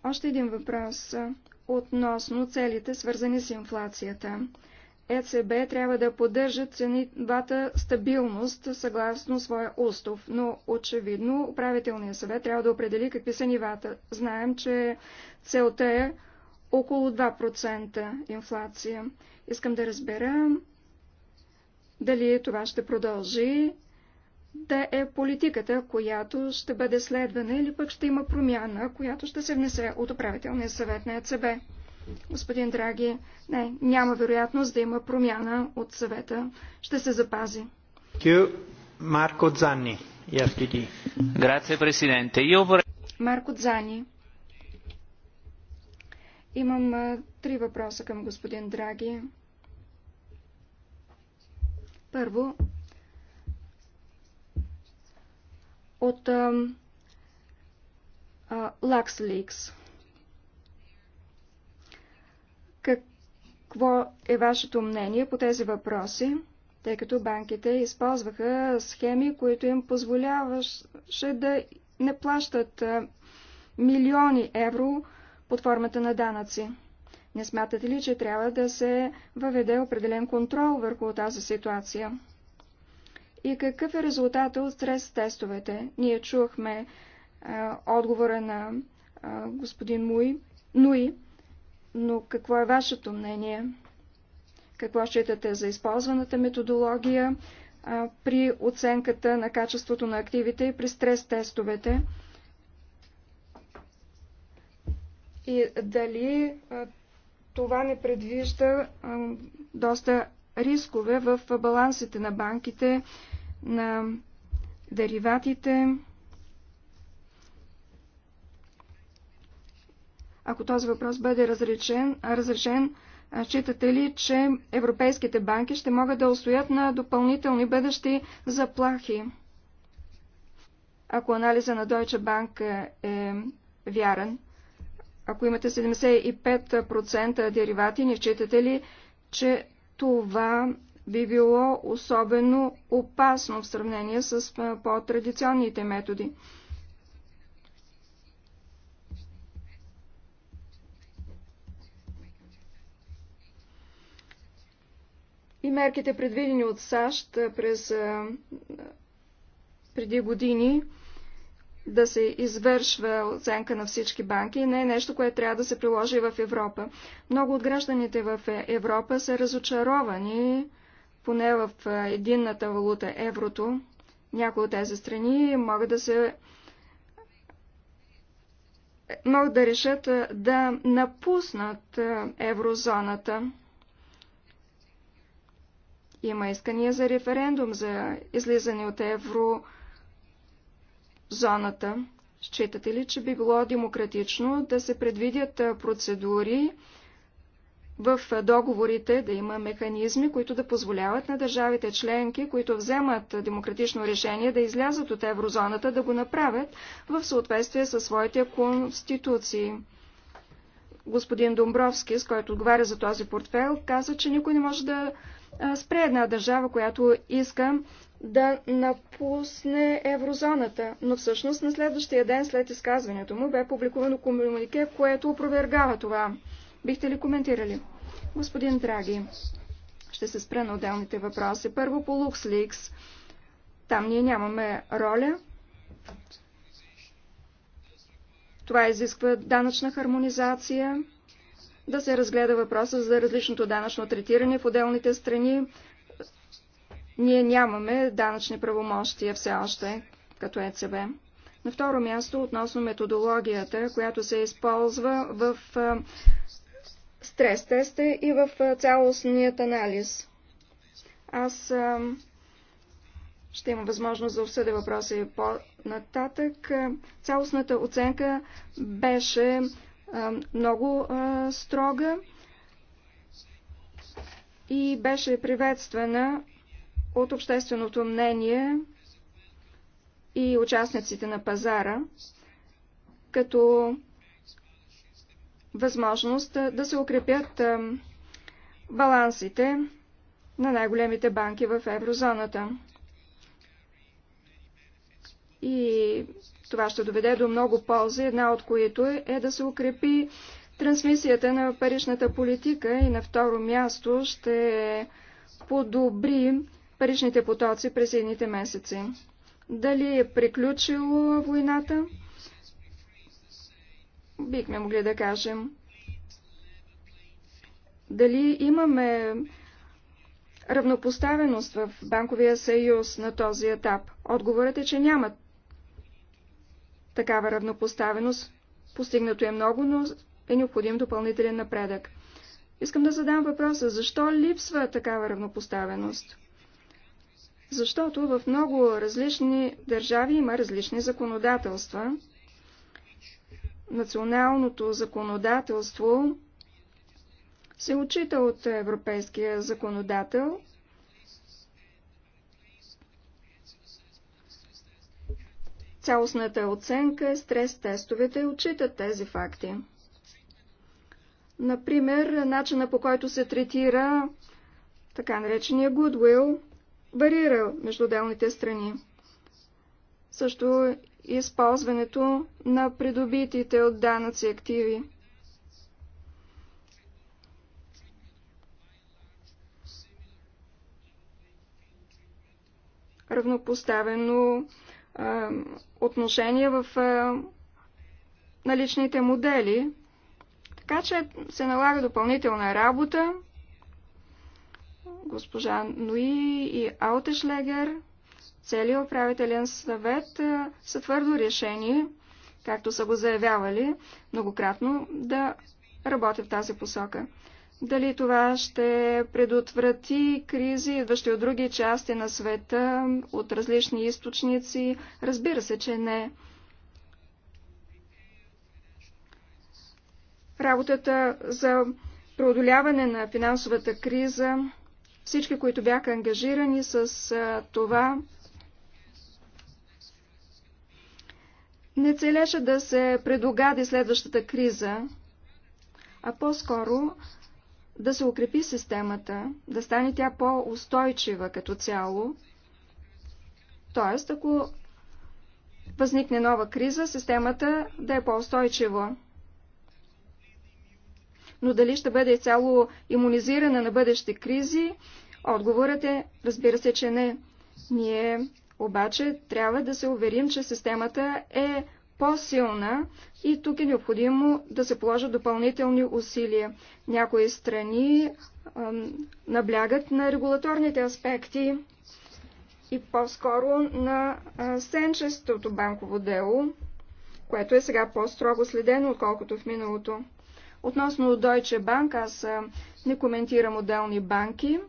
Още един въпрос относно целите, свързани с инфлацията. ЕЦБ трябва да поддържа ценивата стабилност съгласно своя устав, но очевидно управителният съвет трябва да определи какви са нивата. Знаем, че целта е около 2% инфлация. Искам да разбера дали това ще продължи да е политиката, която ще бъде следвана или пък ще има промяна, която ще се внесе от управителния съвет на ЕЦБ. Господин Драги, не, няма вероятност да има промяна от съвета. Ще се запази. Марко Дзани, Грация, президенте. Марко Дзани. Имам а, три въпроса към господин Драги. Първо, от а, а, LuxLeaks. Какво е вашето мнение по тези въпроси, тъй като банките използваха схеми, които им позволяваше да не плащат милиони евро под формата на данъци? Не смятате ли, че трябва да се въведе определен контрол върху тази ситуация? И какъв е резултатът от стрес-тестовете? Ние чухме е, отговора на е, господин Муи, Нуи но какво е вашето мнение? Какво считате за използваната методология а, при оценката на качеството на активите и при стрес-тестовете? И дали а, това не предвижда а, доста рискове в балансите на банките, на дериватите? Ако този въпрос бъде разрешен, разрешен считате ли, че европейските банки ще могат да устоят на допълнителни бъдещи заплахи? Ако анализа на Deutsche Bank е, е вярен, ако имате 75% деривати, не считате ли, че това би било особено опасно в сравнение с по-традиционните методи? и мерките предвидени от САЩ през преди години да се извършва оценка на всички банки не е нещо, което трябва да се приложи в Европа. Много от гражданите в е- Европа са разочаровани, поне в единната валута еврото. Някои от тези страни могат да се могат да решат да напуснат еврозоната. Има искания за референдум за излизане от еврозоната. Считате ли, че би било демократично да се предвидят процедури в договорите, да има механизми, които да позволяват на държавите членки, които вземат демократично решение да излязат от еврозоната, да го направят в съответствие със своите конституции? Господин Домбровски, с който отговаря за този портфел, каза, че никой не може да спре една държава, която иска да напусне еврозоната. Но всъщност на следващия ден след изказването му бе публикувано комунике, което опровергава това. Бихте ли коментирали? Господин Драги, ще се спре на отделните въпроси. Първо по LuxLeaks. Там ние нямаме роля. Това изисква данъчна хармонизация да се разгледа въпроса за различното данъчно третиране в отделните страни. Ние нямаме данъчни правомощия все още, като ЕЦБ. На второ място, относно методологията, която се използва в стрес-теста и в цялостният анализ. Аз ще има възможност да обсъдя въпроса и по-нататък. Цялостната оценка беше много строга и беше приветствана от общественото мнение и участниците на пазара, като възможност да се укрепят балансите на най-големите банки в еврозоната. И това ще доведе до много ползи, една от които е да се укрепи трансмисията на паричната политика и на второ място ще подобри паричните потоци през едните месеци. Дали е приключило войната? Бихме могли да кажем. Дали имаме равнопоставеност в Банковия съюз на този етап? Отговорът е, че нямат такава равнопоставеност. Постигнато е много, но е необходим допълнителен напредък. Искам да задам въпроса, защо липсва такава равнопоставеност? Защото в много различни държави има различни законодателства. Националното законодателство се отчита от европейския законодател – Цялостната оценка, стрес-тестовете отчитат тези факти. Например, начина по който се третира така наречения goodwill варира между отделните страни. Също използването на придобитите от данъци активи. Равнопоставено Отношения в наличните модели. Така че се налага допълнителна работа. Госпожа Нуи и Аутешлегер, целият управителен съвет са твърдо решени, както са го заявявали многократно, да работят в тази посока. Дали това ще предотврати кризи, идващи от други части на света, от различни източници? Разбира се, че не. Работата за преодоляване на финансовата криза, всички, които бяха ангажирани с това, не целеше да се предогади следващата криза, а по-скоро да се укрепи системата, да стане тя по-устойчива като цяло. Тоест, ако възникне нова криза, системата да е по-устойчива. Но дали ще бъде цяло иммунизирана на бъдещи кризи, отговорът е, разбира се, че не. Ние обаче трябва да се уверим, че системата е по-силна и тук е необходимо да се положат допълнителни усилия. Някои страни а, наблягат на регулаторните аспекти и по-скоро на а, сенчестото банково дело, което е сега по-строго следено, отколкото в миналото. Относно Deutsche Bank, аз а, не коментирам отделни банки.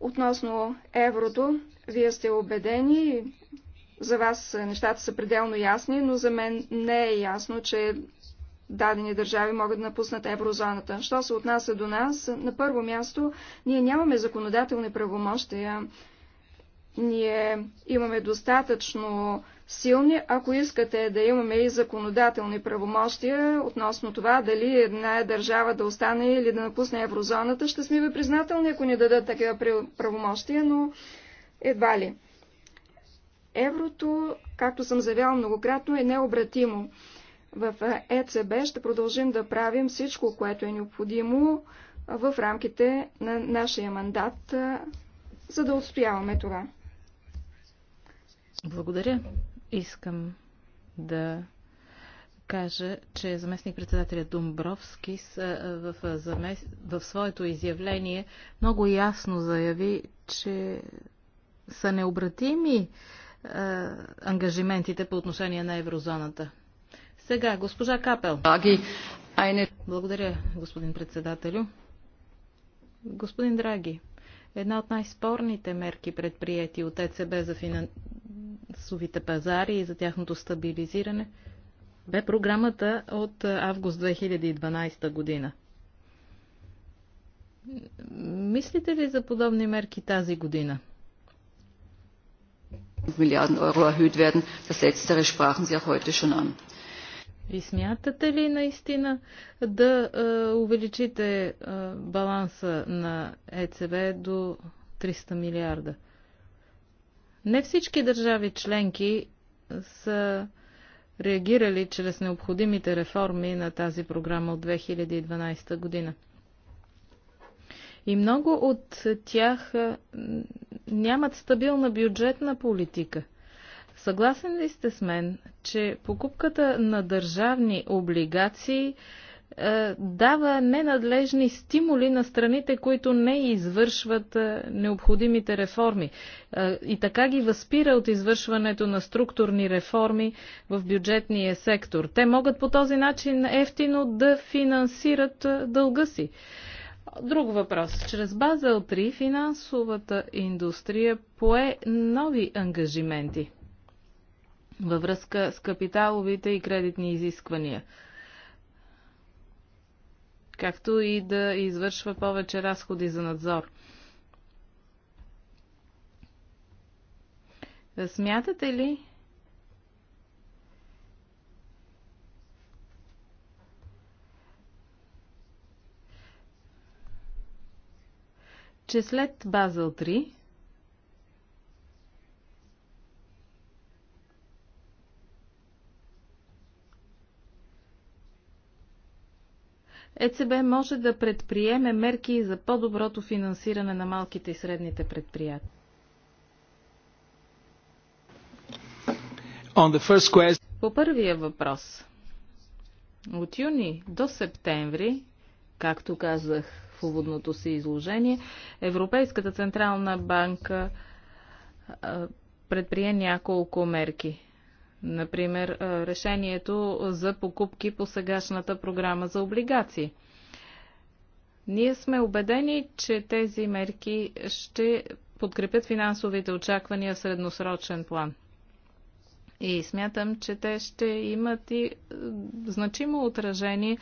Относно еврото, вие сте убедени за вас е, нещата са пределно ясни, но за мен не е ясно, че дадени държави могат да напуснат еврозоната. Що се отнася до нас, на първо място ние нямаме законодателни правомощия. Ние имаме достатъчно силни, ако искате да имаме и законодателни правомощия относно това дали една държава да остане или да напусне еврозоната, ще сме ви признателни, ако ни дадат такива правомощия, но едва ли. Еврото, както съм заявял многократно, е необратимо. В ЕЦБ ще продължим да правим всичко, което е необходимо в рамките на нашия мандат, за да отстояваме това. Благодаря. Искам да кажа, че заместник-председателя Думбровски в, в своето изявление много ясно заяви, че са необратими е, ангажиментите по отношение на еврозоната. Сега, госпожа Капел. Благодаря, господин председателю. Господин Драги, една от най-спорните мерки предприяти от ЕЦБ за финансовите пазари и за тяхното стабилизиране бе програмата от август 2012 година. Мислите ли за подобни мерки тази година? Milliarden Euro erhöht werden. Das letztere sprachen Sie auch heute schon an. И смятате ли наистина да е, увеличите е, баланса на ЕЦБ до 300 милиарда? Не всички държави членки са реагирали чрез необходимите реформи на тази програма от 2012 година. И много от тях нямат стабилна бюджетна политика. Съгласен ли сте с мен, че покупката на държавни облигации дава ненадлежни стимули на страните, които не извършват необходимите реформи и така ги възпира от извършването на структурни реформи в бюджетния сектор. Те могат по този начин ефтино да финансират дълга си. Друг въпрос. Чрез Базел 3 финансовата индустрия пое нови ангажименти във връзка с капиталовите и кредитни изисквания, както и да извършва повече разходи за надзор. Смятате ли, че след Базел 3 ЕЦБ може да предприеме мерки за по-доброто финансиране на малките и средните предприятия. По първия въпрос. От юни до септември, както казах уводното си изложение. Европейската централна банка предприе няколко мерки. Например, решението за покупки по сегашната програма за облигации. Ние сме убедени, че тези мерки ще подкрепят финансовите очаквания в средносрочен план. И смятам, че те ще имат и е, значимо отражение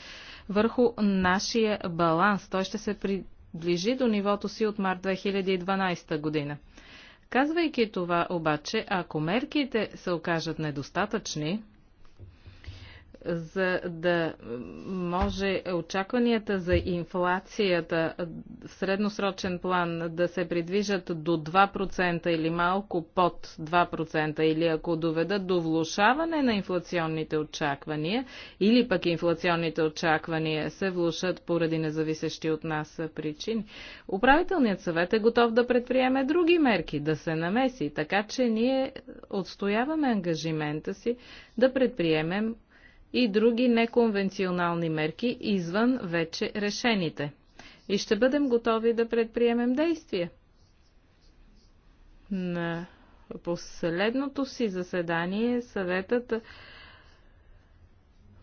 върху нашия баланс. Той ще се приближи до нивото си от март 2012 година. Казвайки това обаче, ако мерките се окажат недостатъчни, за да може очакванията за инфлацията в средносрочен план да се придвижат до 2% или малко под 2% или ако доведат до влушаване на инфлационните очаквания или пък инфлационните очаквания се влушат поради независещи от нас причини, управителният съвет е готов да предприеме други мерки, да се намеси, така че ние отстояваме ангажимента си да предприемем и други неконвенционални мерки извън вече решените. И ще бъдем готови да предприемем действия. На последното си заседание съветът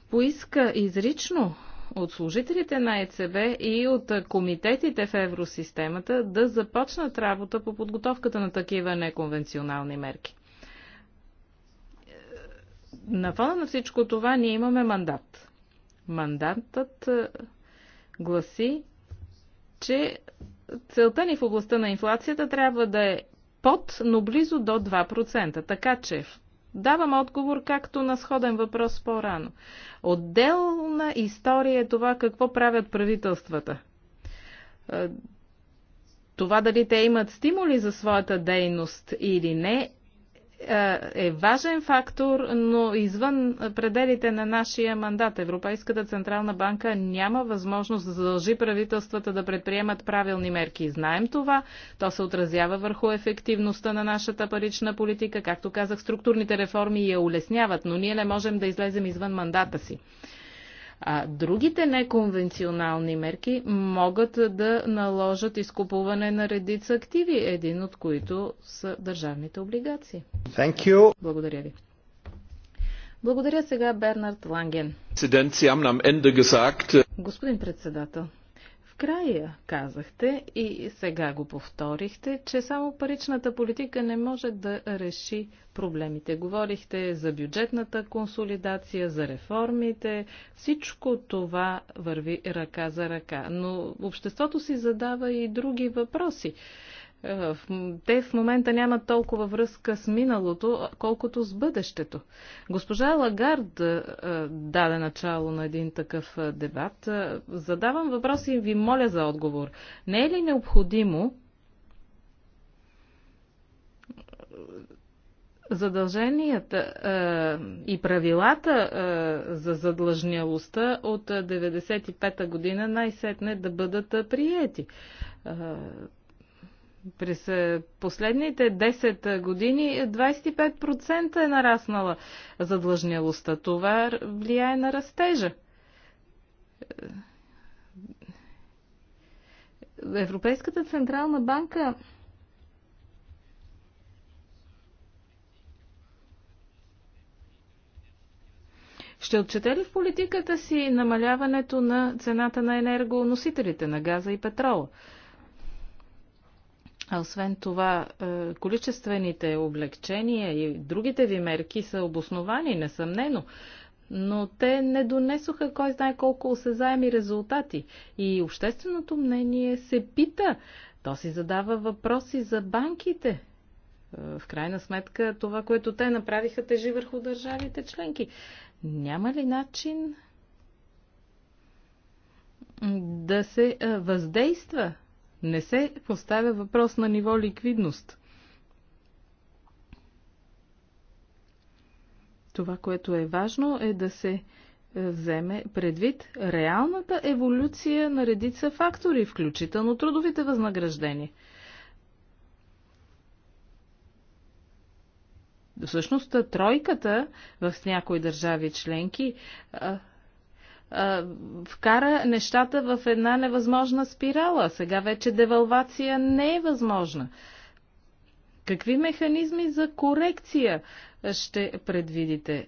поиска изрично от служителите на ЕЦБ и от комитетите в евросистемата да започнат работа по подготовката на такива неконвенционални мерки. На фона на всичко това ние имаме мандат. Мандатът е, гласи, че целта ни в областта на инфлацията трябва да е под, но близо до 2%. Така че давам отговор както на сходен въпрос по-рано. Отделна история е това какво правят правителствата. Е, това дали те имат стимули за своята дейност или не е, е важен фактор, но извън пределите на нашия мандат. Европейската Централна банка няма възможност да задължи правителствата да предприемат правилни мерки. Знаем това. То се отразява върху ефективността на нашата парична политика. Както казах, структурните реформи я улесняват, но ние не можем да излезем извън мандата си. А другите неконвенционални мерки могат да наложат изкупуване на редица активи, един от които са държавните облигации. Thank you. Благодаря ви. Благодаря сега Бернард Ланген. Господин председател, края казахте и сега го повторихте, че само паричната политика не може да реши проблемите. Говорихте за бюджетната консолидация, за реформите. Всичко това върви ръка за ръка. Но обществото си задава и други въпроси. Е, те в момента нямат толкова връзка с миналото, колкото с бъдещето. Госпожа Лагард е, е, даде начало на един такъв дебат. Задавам въпрос и ви моля за отговор. Не е ли необходимо задълженията и правилата за задлъжнялостта от 1995 година най-сетне да бъдат приети. През е, последните 10 е, години 25% е нараснала задлъжнялостта. Това влияе на растежа. Е, Европейската централна банка Ще отчете ли в политиката си намаляването на цената на енергоносителите на газа и петрола? А освен това, е, количествените облегчения и другите ви мерки са обосновани, несъмнено, но те не донесоха кой знае колко осезаеми резултати. И общественото мнение се пита. То си задава въпроси за банките. Е, в крайна сметка, това, което те направиха, тежи върху държавите членки. Няма ли начин да се е, въздейства не се поставя въпрос на ниво ликвидност. Това, което е важно, е да се е, вземе предвид реалната еволюция на редица фактори, включително трудовите възнаграждения. Всъщност, тройката в някои държави членки вкара нещата в една невъзможна спирала. Сега вече девалвация не е възможна. Какви механизми за корекция ще предвидите?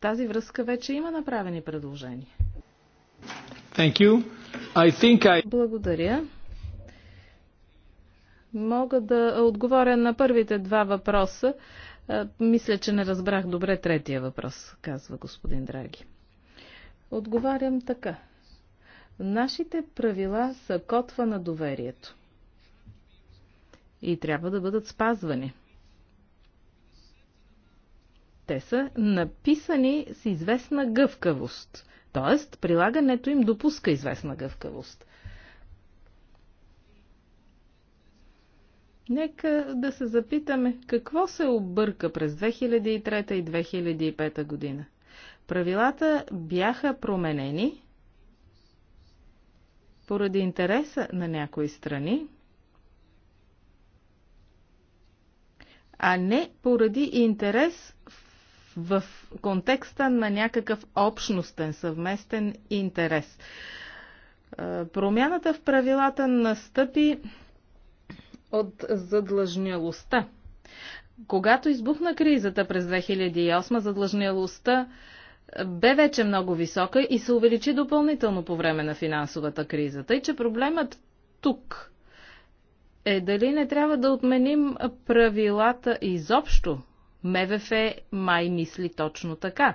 Тази връзка вече има направени предложения. Thank you. I think I... Благодаря. Мога да отговоря на първите два въпроса. Мисля, че не разбрах добре третия въпрос, казва господин Драги. Отговарям така. Нашите правила са котва на доверието. И трябва да бъдат спазвани. Те са написани с известна гъвкавост. Тоест, прилагането им допуска известна гъвкавост. Нека да се запитаме какво се обърка през 2003 и 2005 година. Правилата бяха променени поради интереса на някои страни, а не поради интерес в контекста на някакъв общностен съвместен интерес. Промяната в правилата настъпи от задлъжнялостта. Когато избухна кризата през 2008, задлъжнялостта бе вече много висока и се увеличи допълнително по време на финансовата криза. Тъй, че проблемът тук е дали не трябва да отменим правилата изобщо. МВФ май мисли точно така.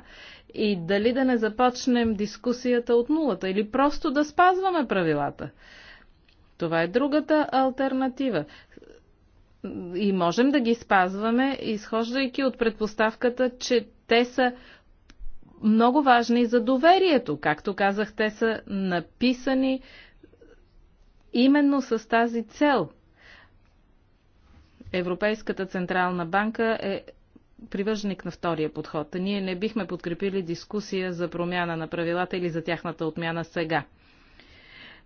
И дали да не започнем дискусията от нулата или просто да спазваме правилата. Това е другата альтернатива. И можем да ги спазваме, изхождайки от предпоставката, че те са много важни за доверието. Както казах, те са написани именно с тази цел. Европейската централна банка е привърженик на втория подход. Ние не бихме подкрепили дискусия за промяна на правилата или за тяхната отмяна сега.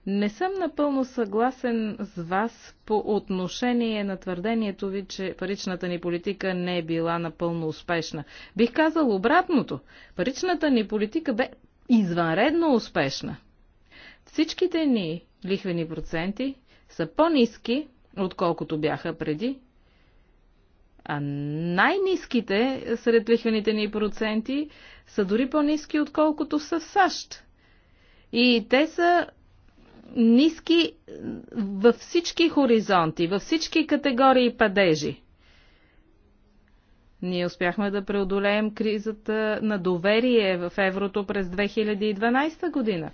Не съм напълно съгласен с вас по отношение на твърдението ви, че паричната ни политика не е била напълно успешна. Бих казал обратното. Паричната ни политика бе извънредно успешна. Всичките ни лихвени проценти са по-низки, отколкото бяха преди. А най-низките сред лихвените ни проценти са дори по-низки, отколкото са в САЩ. И те са ниски във всички хоризонти, във всички категории падежи. Ние успяхме да преодолеем кризата на доверие в еврото през 2012 година.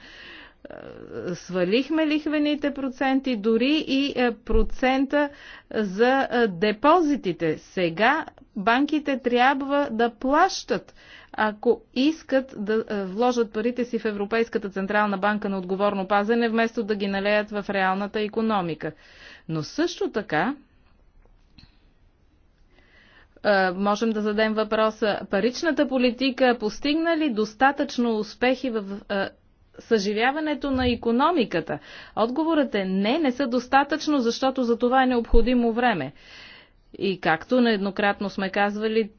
Е, свалихме лихвените проценти, дори и е, процента за е, депозитите. Сега банките трябва да плащат ако искат да е, вложат парите си в Европейската Централна банка на отговорно пазене, вместо да ги налеят в реалната економика. Но също така е, можем да зададем въпроса паричната политика постигна ли достатъчно успехи в е, съживяването на економиката? Отговорът е не, не са достатъчно, защото за това е необходимо време. И както нееднократно сме казвали,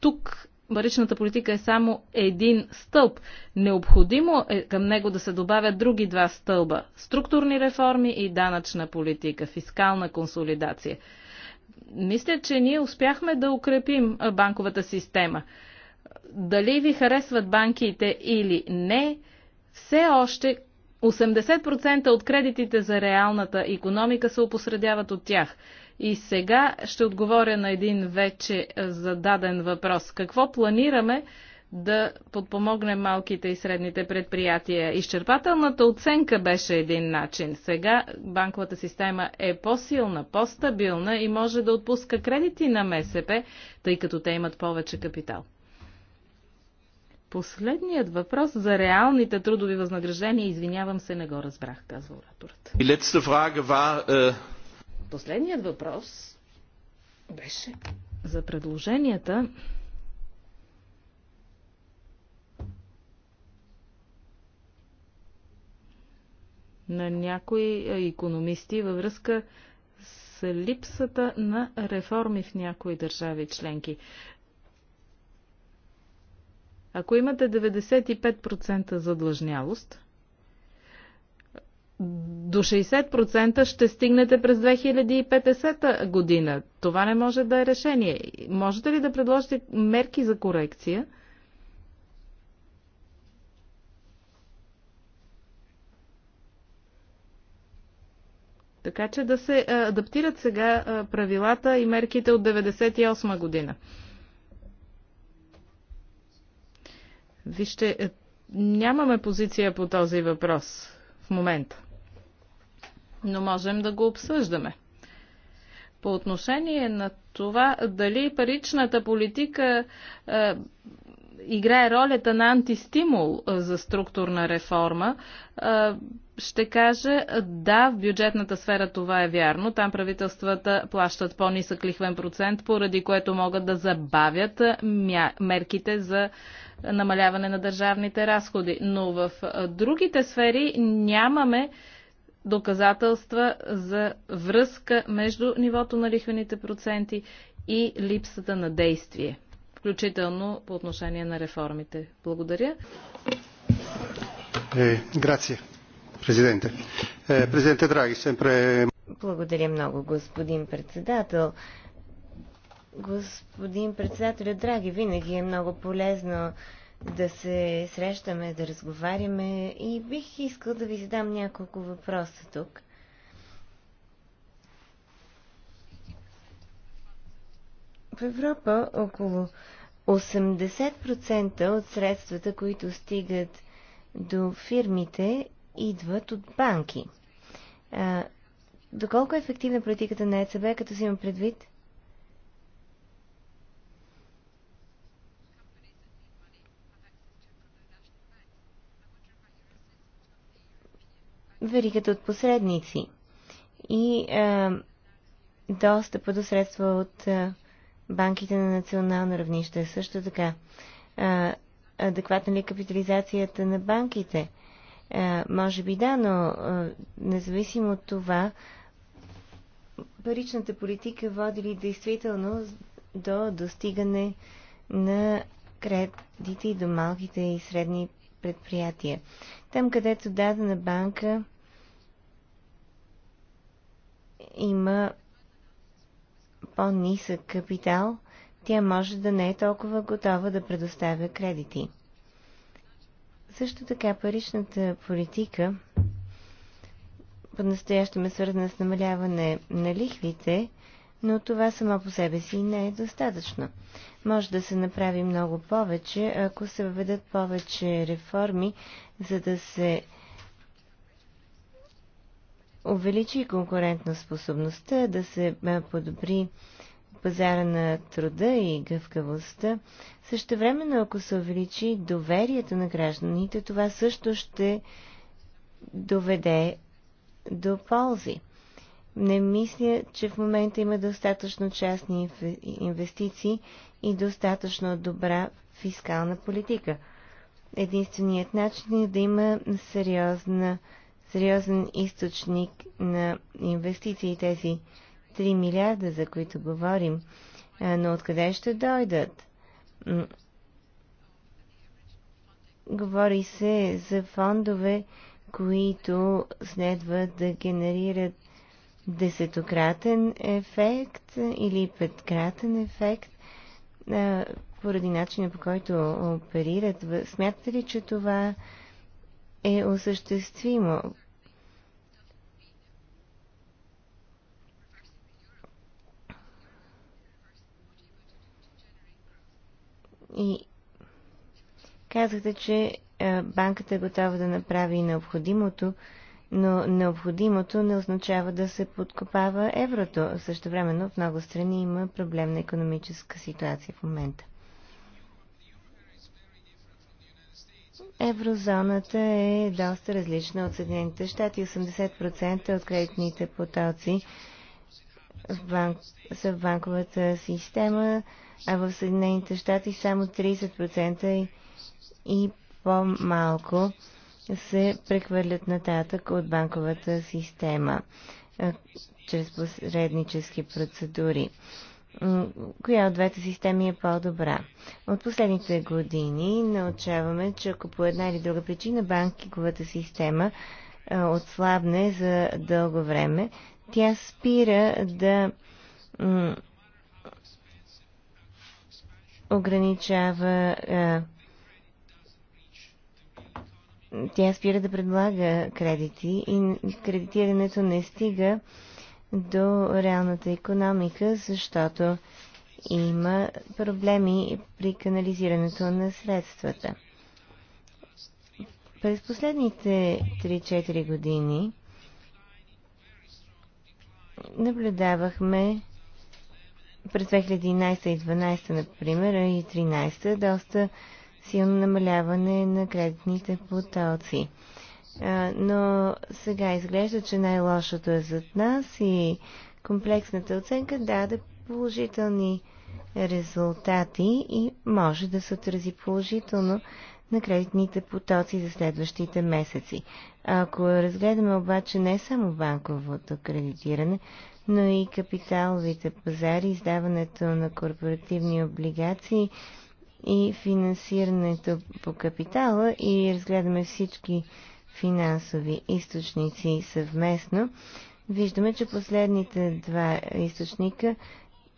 тук паричната политика е само един стълб. Необходимо е към него да се добавят други два стълба – структурни реформи и данъчна политика, фискална консолидация. Мисля, че ние успяхме да укрепим банковата система. Дали ви харесват банките или не, все още 80% от кредитите за реалната економика се опосредяват от тях – и сега ще отговоря на един вече е, зададен въпрос. Какво планираме да подпомогнем малките и средните предприятия? Изчерпателната оценка беше един начин. Сега банковата система е по-силна, по-стабилна и може да отпуска кредити на МСП, тъй като те имат повече капитал. Последният въпрос за реалните трудови възнаграждения, извинявам се, не го разбрах, казва ораторът. Последният въпрос беше за предложенията. на някои економисти във връзка с липсата на реформи в някои държави членки. Ако имате 95% задлъжнялост, до 60% ще стигнете през 2050 година. Това не може да е решение. Можете ли да предложите мерки за корекция? Така че да се адаптират сега правилата и мерките от 1998 година. Вижте, е, нямаме позиция по този въпрос в момента но можем да го обсъждаме. По отношение на това дали паричната политика е, играе ролята на антистимул е, за структурна реформа, е, ще кажа да, в бюджетната сфера това е вярно. Там правителствата плащат по-нисък лихвен процент, поради което могат да забавят е, мерките за намаляване на държавните разходи. Но в е, другите сфери нямаме доказателства за връзка между нивото на лихвените проценти и липсата на действие, включително по отношение на реформите. Благодаря. Е, грация, президенте. Е, президенте Драги, семпре... Благодаря много, господин председател. Господин председател Драги, винаги е много полезно да се срещаме, да разговаряме и бих искал да ви задам няколко въпроса тук. В Европа около 80% от средствата, които стигат до фирмите, идват от банки. А, доколко е ефективна политиката на ЕЦБ, като си има предвид, веригата от посредници и а, достъпа до средства от а, банките на национално равнище. Също така, а, адекватна ли е капитализацията на банките? А, може би да, но а, независимо от това, паричната политика води ли действително до достигане на кредити до малките и средни предприятия. Там, където дадена банка има по-нисък капитал, тя може да не е толкова готова да предоставя кредити. Също така паричната политика по-настоящем е свързана с намаляване на лихвите, но това само по себе си не е достатъчно. Може да се направи много повече, ако се въведат повече реформи, за да се увеличи конкурентна способността, да се подобри пазара на труда и гъвкавостта. Също времено, ако се увеличи доверието на гражданите, това също ще доведе до ползи. Не мисля, че в момента има достатъчно частни инвестиции и достатъчно добра фискална политика. Единственият начин е да има сериозна сериозен източник на инвестиции, тези 3 милиарда, за които говорим. Но откъде ще дойдат? Говори се за фондове, които следват да генерират десетократен ефект или петкратен ефект поради начина по който оперират. Смятате ли, че това е осъществимо. И казахте, че банката е готова да направи необходимото, но необходимото не означава да се подкопава еврото. Също времено в много страни има проблемна економическа ситуация в момента. еврозоната е доста различна от Съединените щати. 80% от кредитните потоци в банк, са в банковата система, а в Съединените щати само 30% и, и по-малко се прехвърлят нататък от банковата система чрез посреднически процедури коя от двете системи е по-добра. От последните години научаваме, че ако по една или друга причина банковата система отслабне за дълго време, тя спира да ограничава тя спира да предлага кредити и кредитирането не стига до реалната економика, защото има проблеми при канализирането на средствата. През последните 3-4 години наблюдавахме през 2011 и 2012, например, и 2013, доста силно намаляване на кредитните потоци но сега изглежда, че най-лошото е зад нас и комплексната оценка даде положителни резултати и може да се отрази положително на кредитните потоци за следващите месеци. Ако разгледаме обаче не само банковото кредитиране, но и капиталовите пазари, издаването на корпоративни облигации и финансирането по капитала и разгледаме всички финансови източници съвместно. Виждаме, че последните два източника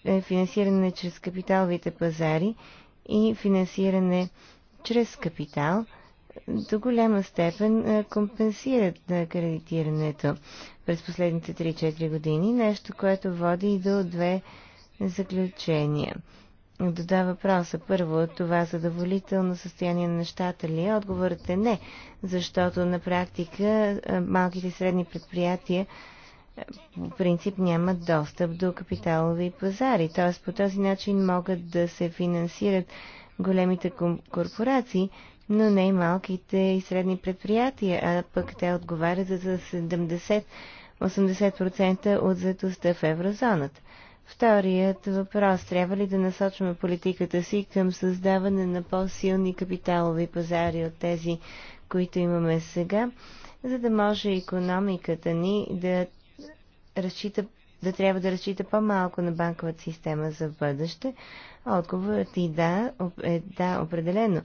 е финансиране чрез капиталовите пазари и финансиране чрез капитал до голяма степен компенсират кредитирането през последните 3-4 години, нещо, което води и до две заключения – Дода въпроса. Първо, това задоволително състояние на нещата ли е? Отговорът е не, защото на практика малките и средни предприятия по принцип нямат достъп до капиталови пазари. Т.е. по този начин могат да се финансират големите корпорации, но не и малките и средни предприятия, а пък те отговарят за 70-80% от заетостта в еврозоната. Вторият въпрос. Трябва ли да насочваме политиката си към създаване на по-силни капиталови пазари от тези, които имаме сега, за да може економиката ни да разчита да трябва да разчита по-малко на банковата система за бъдеще? Отговорът и да, е да, определено.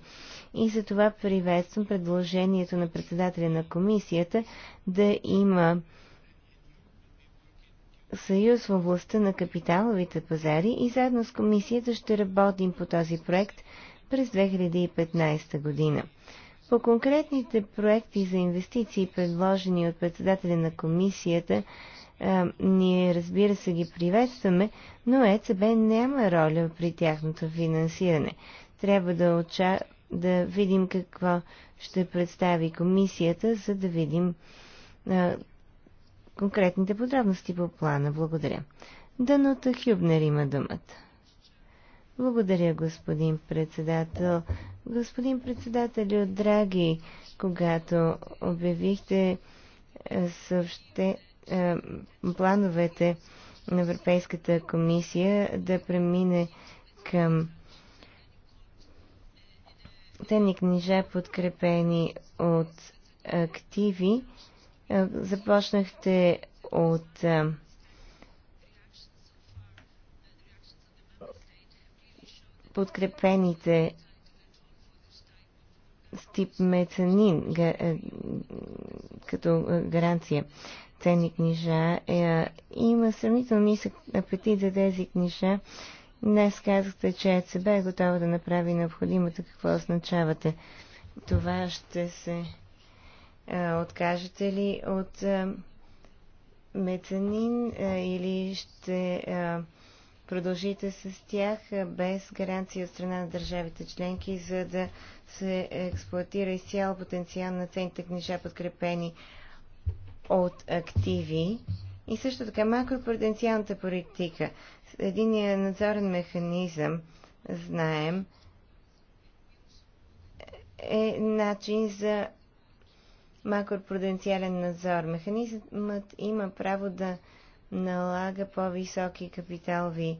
И за това приветствам предложението на председателя на комисията да има съюз в областта на капиталовите пазари и заедно с комисията ще работим по този проект през 2015 година. По конкретните проекти за инвестиции, предложени от председателя на комисията, ние разбира се ги приветстваме, но ЕЦБ няма роля при тяхното финансиране. Трябва да, оча... да видим какво ще представи комисията, за да видим а, конкретните подробности по плана. Благодаря. Данута Хюбнер има думата. Благодаря, господин председател. Господин председател, драги, когато обявихте е, съобще, е, плановете на Европейската комисия да премине към тени книжа, подкрепени от активи, е, започнахте от е, подкрепените с тип мецанин е, като гаранция ценни книжа. Има сравнително нисък апетит за тези книжа. Днес казахте, че ЕЦБ е готова да направи необходимото. Какво означавате? Това ще се е, откажете ли от е, мецанин е, или ще продължите с тях без гаранция от страна на държавите членки, за да се експлуатира изцяло потенциал на ценните книжа, подкрепени от активи. И също така макропруденциалната политика. Единият надзорен механизъм, знаем, е начин за макропруденциален надзор. Механизмът има право да налага по-високи капиталови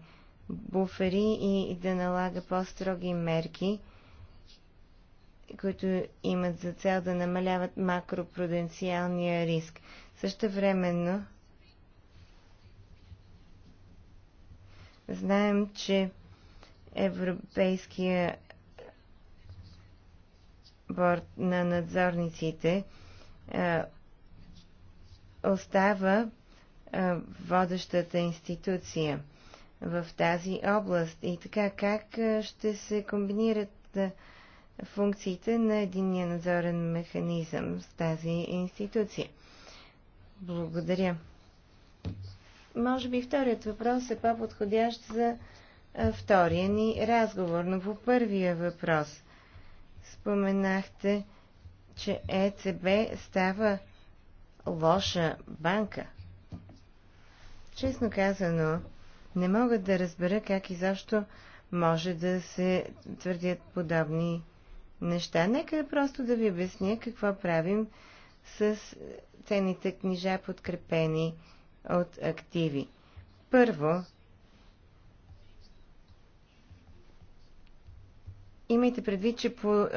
буфери и да налага по-строги мерки, които имат за цел да намаляват макропруденциалния риск. Също времено знаем, че Европейския борт на надзорниците – е, остава е, водещата институция в тази област. И така, как е, ще се комбинират функциите на единния надзорен механизъм с тази институция? Благодаря. Може би вторият въпрос е по-подходящ за втория ни разговор, но по първия въпрос споменахте че ЕЦБ става лоша банка. Честно казано, не мога да разбера как и защо може да се твърдят подобни неща. Нека просто да ви обясня какво правим с ценните книжа, подкрепени от активи. Първо, имайте предвид, че по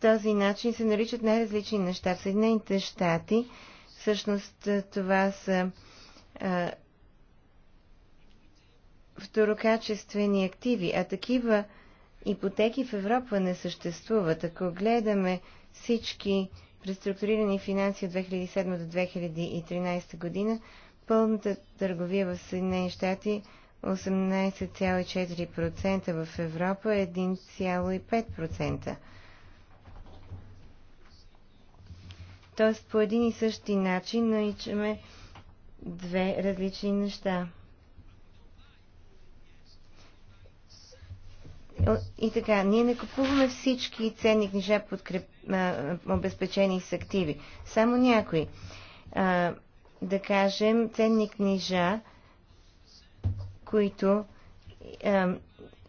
този начин се наричат най-различни неща. В Съединените щати всъщност е, това са а, е, второкачествени активи, а такива ипотеки в Европа не съществуват. Ако гледаме всички преструктурирани финанси от 2007 до 2013 година, пълната търговия в Съединени щати 18,4%, е в Европа 1,5%. т.е. по един и същи начин наричаме две различни неща. И така, ние не купуваме всички ценни книжа, подкреп... а, обезпечени с активи. Само някои. А, да кажем, ценни книжа, които а,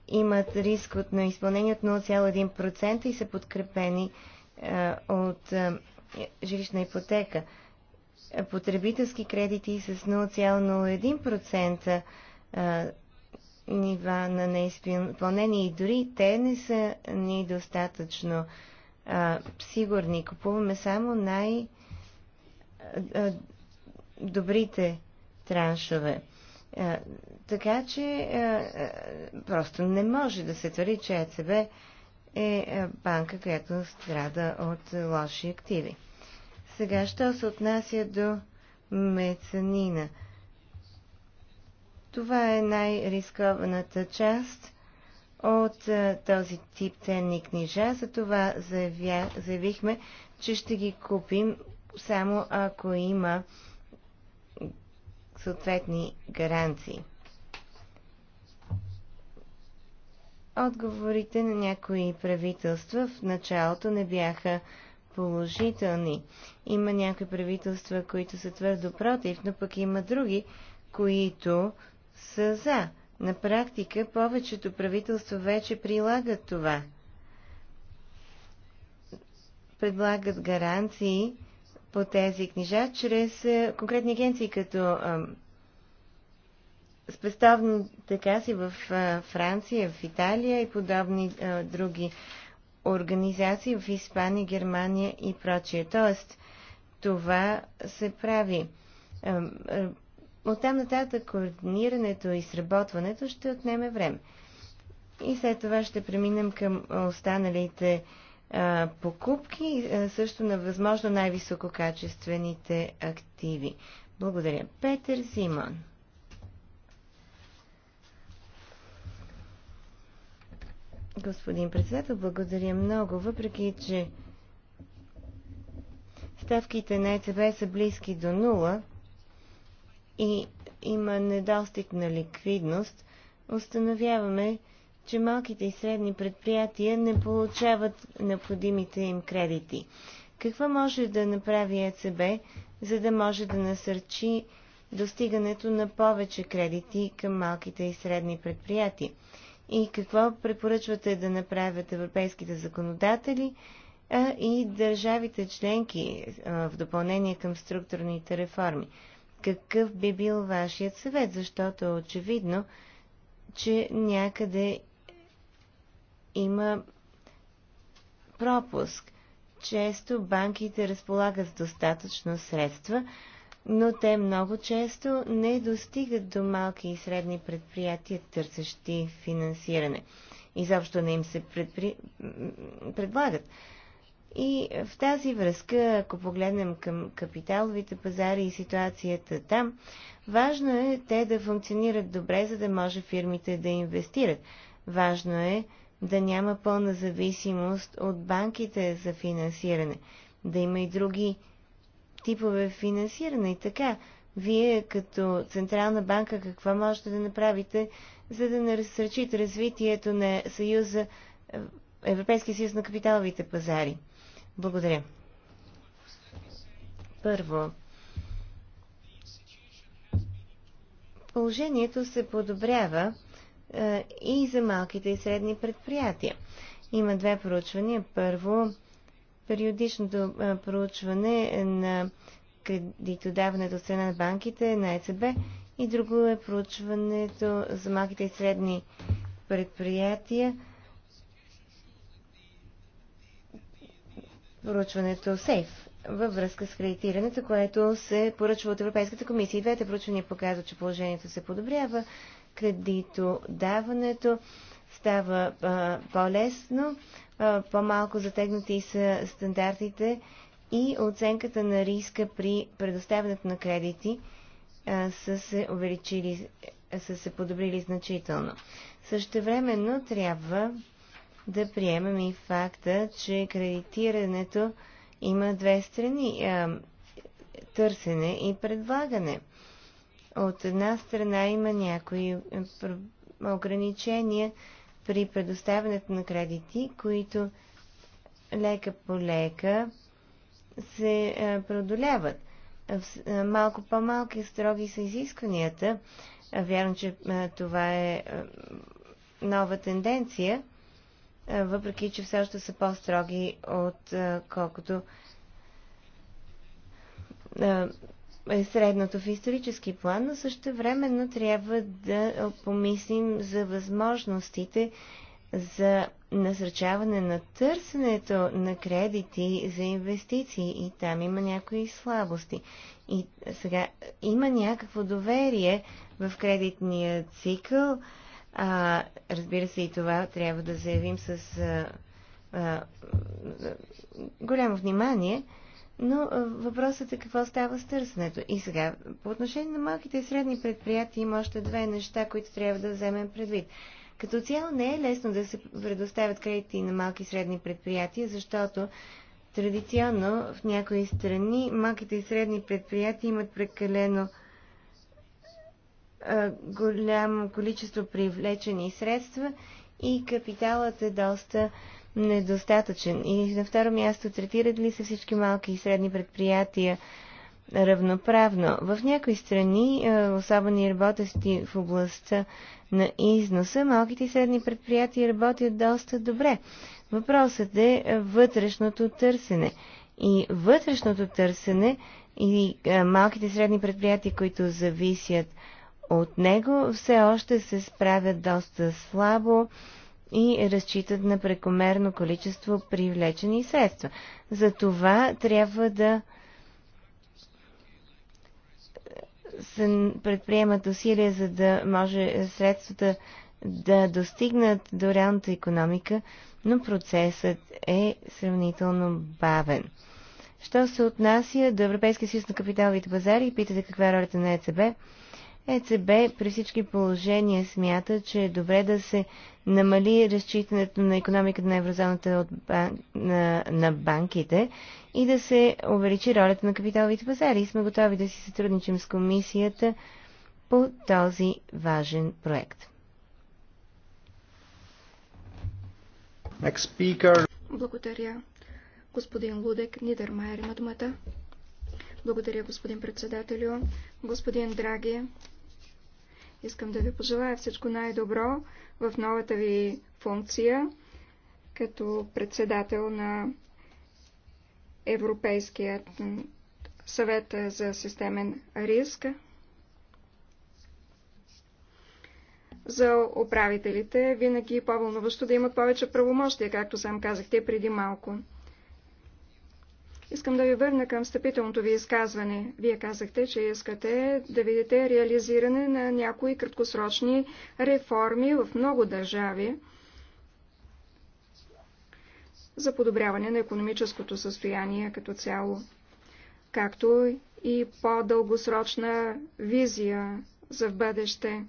имат риск от на изпълнение от 0,1% и са подкрепени а, от а, жилищна ипотека. Потребителски кредити с 0,01% нива на неизпълнение и дори те не са ни достатъчно сигурни. Купуваме само най- добрите траншове. така че просто не може да се твори, че ЕЦБ е, е банка, която страда от лоши активи. Сега, що се отнася до мецанина? Това е най-рискованата част от е, този тип ценни книжа, затова заявя, заявихме, че ще ги купим само ако има съответни гаранции. отговорите на някои правителства в началото не бяха положителни. Има някои правителства, които са твърдо против, но пък има други, които са за. На практика повечето правителства вече прилагат това. Предлагат гаранции по тези книжа чрез е, конкретни агенции, като така си в Франция, в Италия и подобни а, други организации в Испания, Германия и прочие. Тоест, това се прави. Оттам нататък координирането и сработването ще отнеме време. И след това ще преминем към останалите а, покупки, а, също на възможно най-висококачествените активи. Благодаря. Петър Симон. господин председател. Благодаря много, въпреки че ставките на ЕЦБ са близки до нула и има недостиг на ликвидност, установяваме, че малките и средни предприятия не получават необходимите им кредити. Какво може да направи ЕЦБ, за да може да насърчи достигането на повече кредити към малките и средни предприятия? и какво препоръчвате да направят европейските законодатели а и държавите членки в допълнение към структурните реформи. Какъв би бил вашият съвет, защото е очевидно, че някъде има пропуск. Често банките разполагат с достатъчно средства, но те много често не достигат до малки и средни предприятия, търсещи финансиране. Изобщо не им се предпри... предлагат. И в тази връзка, ако погледнем към капиталовите пазари и ситуацията там, важно е те да функционират добре, за да може фирмите да инвестират. Важно е да няма пълна зависимост от банките за финансиране, да има и други типове финансиране и така. Вие като Централна банка какво можете да направите, за да не разсръчите развитието на Съюза, е, Европейския съюз на капиталовите пазари? Благодаря. Първо, положението се подобрява е, и за малките и средни предприятия. Има две проучвания. Първо, периодичното проучване на кредитодаването от страна на банките на ЕЦБ и друго е проучването за малките и средни предприятия. Проучването СЕЙФ във връзка с кредитирането, което се поръчва от Европейската комисия. И двете проучвания показват, че положението се подобрява, кредитодаването става по-лесно, по-малко затегнати са стандартите и оценката на риска при предоставянето на кредити са се увеличили, са се подобрили значително. Същевременно трябва да приемем и факта, че кредитирането има две страни – търсене и предлагане. От една страна има някои ограничения при предоставянето на кредити, които лека по лека се преодоляват. Малко по-малки строги са изискванията. Вярно, че това е нова тенденция, въпреки че все още са по-строги от колкото е средното в исторически план, но също времено трябва да помислим за възможностите за насърчаване на търсенето на кредити за инвестиции и там има някои слабости. И сега има някакво доверие в кредитния цикъл. А, разбира се, и това трябва да заявим с а, а, голямо внимание. Но въпросът е какво става с търсенето. И сега, по отношение на малките и средни предприятия има още две неща, които трябва да вземем предвид. Като цяло не е лесно да се предоставят кредити на малки и средни предприятия, защото традиционно в някои страни малките и средни предприятия имат прекалено голямо количество привлечени средства и капиталът е доста недостатъчен? И на второ място, третират ли се всички малки и средни предприятия равноправно? В някои страни, е, особено работещи в областта на износа, малките и средни предприятия работят доста добре. Въпросът е, е вътрешното търсене. И вътрешното търсене и е, малките и средни предприятия, които зависят от него, все още се справят доста слабо и разчитат на прекомерно количество привлечени средства. За това трябва да се предприемат усилия, за да може средствата да достигнат до реалната економика, но процесът е сравнително бавен. Що се отнася до Европейския съюз на капиталовите пазари, питате каква е ролята на ЕЦБ. ЕЦБ при всички положения смята, че е добре да се намали разчитането на економиката на еврозоната от бан... на... на банките и да се увеличи ролята на капиталовите пазари. И сме готови да си сътрудничим с комисията по този важен проект. Благодаря. Господин Лудек Нидермайер има думата. Благодаря, господин председателю. Господин Драги, искам да ви пожелая всичко най-добро в новата ви функция като председател на Европейският съвет за системен риск. За управителите винаги е по-вълнуващо да имат повече правомощия, както сам казахте преди малко. Искам да ви върна към стъпителното ви изказване. Вие казахте, че искате да видите реализиране на някои краткосрочни реформи в много държави за подобряване на економическото състояние като цяло, както и по-дългосрочна визия за в бъдеще.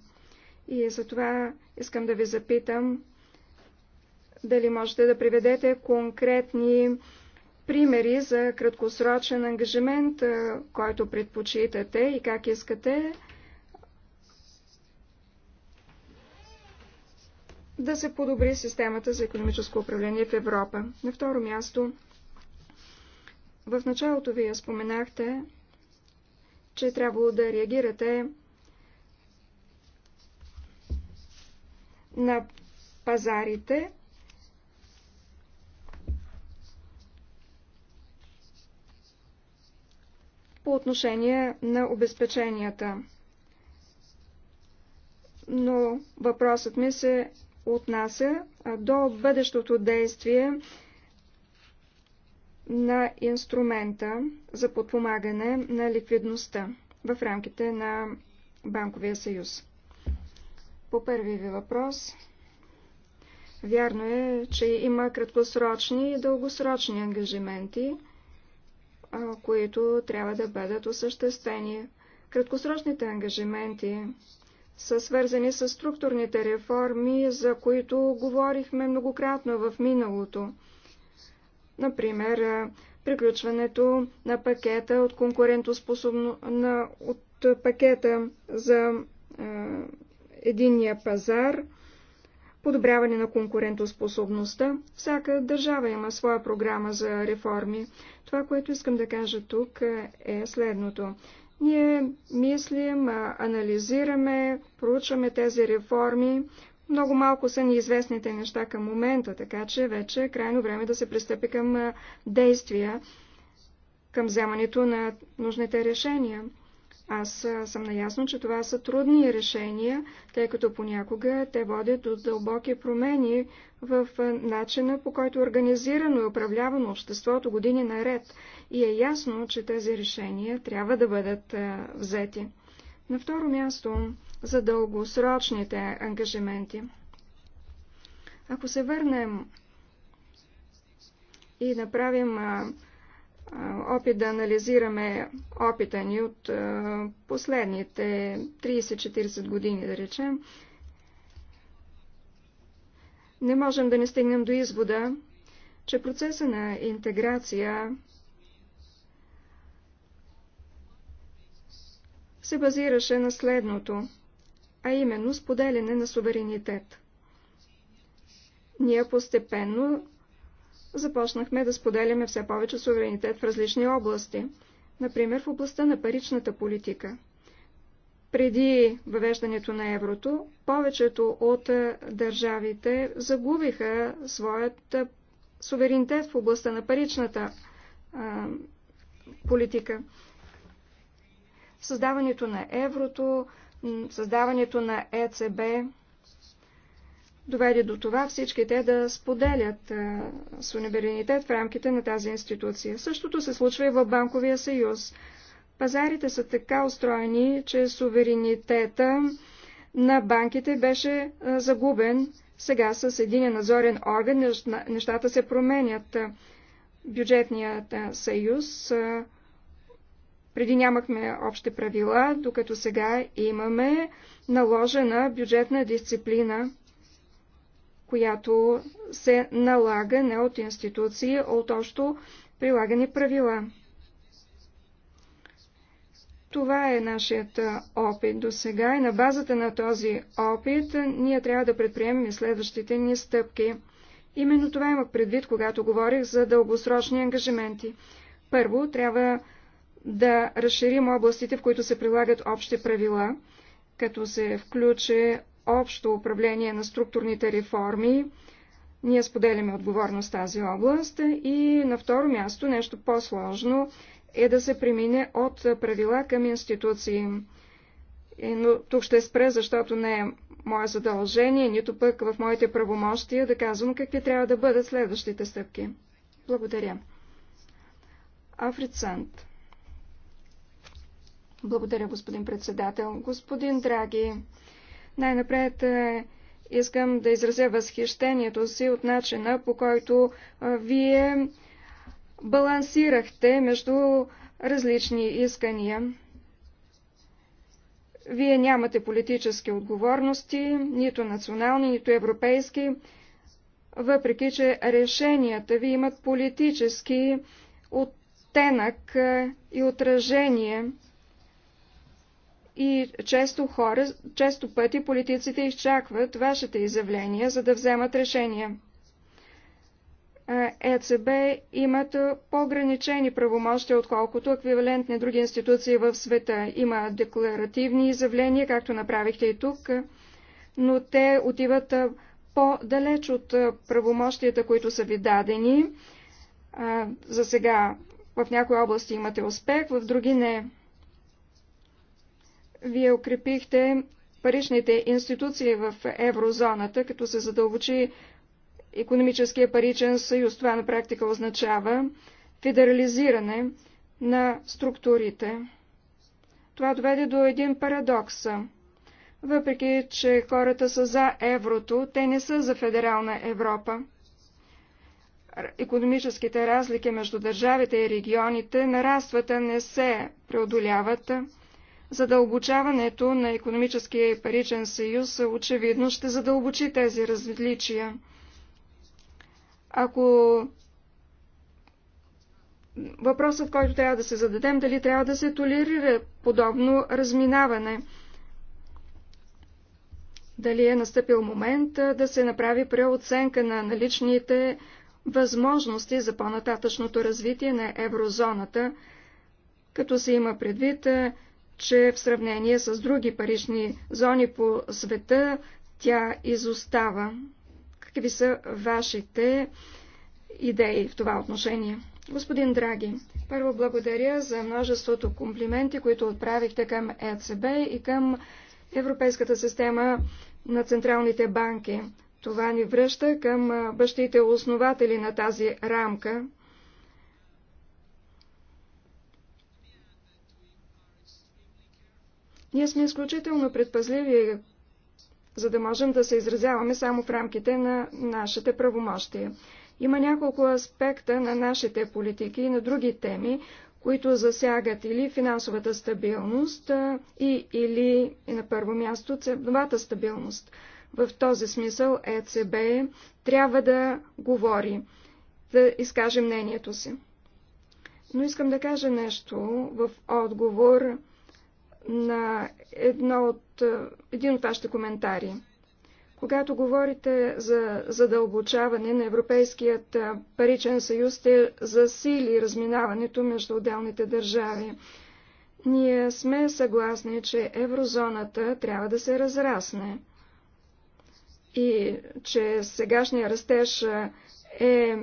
И за това искам да ви запитам дали можете да приведете конкретни примери за краткосрочен ангажимент, който предпочитате и как искате да се подобри системата за економическо управление в Европа. На второ място, в началото вие споменахте, че трябвало да реагирате на пазарите по отношение на обезпеченията. Но въпросът ми се отнася до бъдещото действие на инструмента за подпомагане на ликвидността в рамките на Банковия съюз. По първи ви въпрос, вярно е, че има краткосрочни и дългосрочни ангажименти – които трябва да бъдат осъществени. Краткосрочните ангажименти са свързани с структурните реформи, за които говорихме многократно в миналото. Например, приключването на пакета от конкурентоспособно на, от пакета за е, единния пазар – подобряване на конкурентоспособността. Всяка държава има своя програма за реформи. Това, което искам да кажа тук е следното. Ние мислим, анализираме, проучваме тези реформи. Много малко са неизвестните неща към момента, така че вече е крайно време да се пристъпи към действия, към вземането на нужните решения. Аз съм наясно, че това са трудни решения, тъй като понякога те водят до дълбоки промени в начина по който е организирано и управлявано обществото години наред. И е ясно, че тези решения трябва да бъдат взети. На второ място за дългосрочните ангажименти. Ако се върнем и направим опит да анализираме опита ни от последните 30-40 години, да речем, не можем да не стигнем до извода, че процеса на интеграция се базираше на следното, а именно споделяне на суверенитет. Ние постепенно започнахме да споделяме все повече суверенитет в различни области, например в областта на паричната политика. Преди въвеждането на еврото, повечето от държавите загубиха своят суверенитет в областта на паричната а, политика. Създаването на еврото, създаването на ЕЦБ, доведе до това всички те да споделят суверенитет в рамките на тази институция. Същото се случва и в Банковия съюз. Пазарите са така устроени, че суверенитета на банките беше загубен. Сега с един надзорен орган нещата се променят. Бюджетният съюз преди нямахме общи правила, докато сега имаме наложена бюджетна дисциплина която се налага не от институции, а от още прилагани правила. Това е нашият опит до сега и на базата на този опит ние трябва да предприемем следващите ни стъпки. Именно това имах предвид, когато говорих за дългосрочни ангажименти. Първо, трябва да разширим областите, в които се прилагат общи правила, като се включи общо управление на структурните реформи. Ние споделяме отговорност тази област. И на второ място, нещо по-сложно, е да се премине от правила към институции. Но тук ще спре, защото не е мое задължение, нито пък в моите правомощия да казвам какви трябва да бъдат следващите стъпки. Благодаря. Африцент. Благодаря, господин председател. Господин Драги, най-напред е, искам да изразя възхищението си от начина, по който е, вие балансирахте между различни искания. Вие нямате политически отговорности, нито национални, нито европейски, въпреки че решенията ви имат политически оттенък е, и отражение и често хора, често пъти политиците изчакват вашите изявления, за да вземат решения. ЕЦБ имат по-ограничени правомощия, отколкото еквивалентни други институции в света. Има декларативни изявления, както направихте и тук, но те отиват по-далеч от правомощията, които са ви дадени. За сега в някои области имате успех, в други не. Вие укрепихте паричните институции в еврозоната, като се задълбочи економическия паричен съюз. Това на практика означава федерализиране на структурите. Това доведе до един парадокс. Въпреки, че хората са за еврото, те не са за федерална Европа. Економическите разлики между държавите и регионите нарастват, а не се преодоляват. Задълбочаването на економическия и паричен съюз очевидно ще задълбочи тези различия. Ако въпросът, който трябва да се зададем, дали трябва да се толерира подобно разминаване. Дали е настъпил момент да се направи преоценка на наличните възможности за по-нататъчното развитие на еврозоната, като се има предвид, че в сравнение с други парични зони по света тя изостава. Какви са вашите идеи в това отношение? Господин Драги, първо благодаря за множеството комплименти, които отправихте към ЕЦБ и към Европейската система на централните банки. Това ни връща към бащите основатели на тази рамка, Ние сме изключително предпазливи, за да можем да се изразяваме само в рамките на нашите правомощия. Има няколко аспекта на нашите политики и на други теми, които засягат или финансовата стабилност и или и на първо място ценовата стабилност. В този смисъл ЕЦБ трябва да говори, да изкаже мнението си. Но искам да кажа нещо в отговор на едно от, е, един от вашите коментари. Когато говорите за задълбочаване на Европейският е, паричен съюз, те засили разминаването между отделните държави. Ние сме съгласни, че еврозоната трябва да се разрасне и че сегашния растеж е, е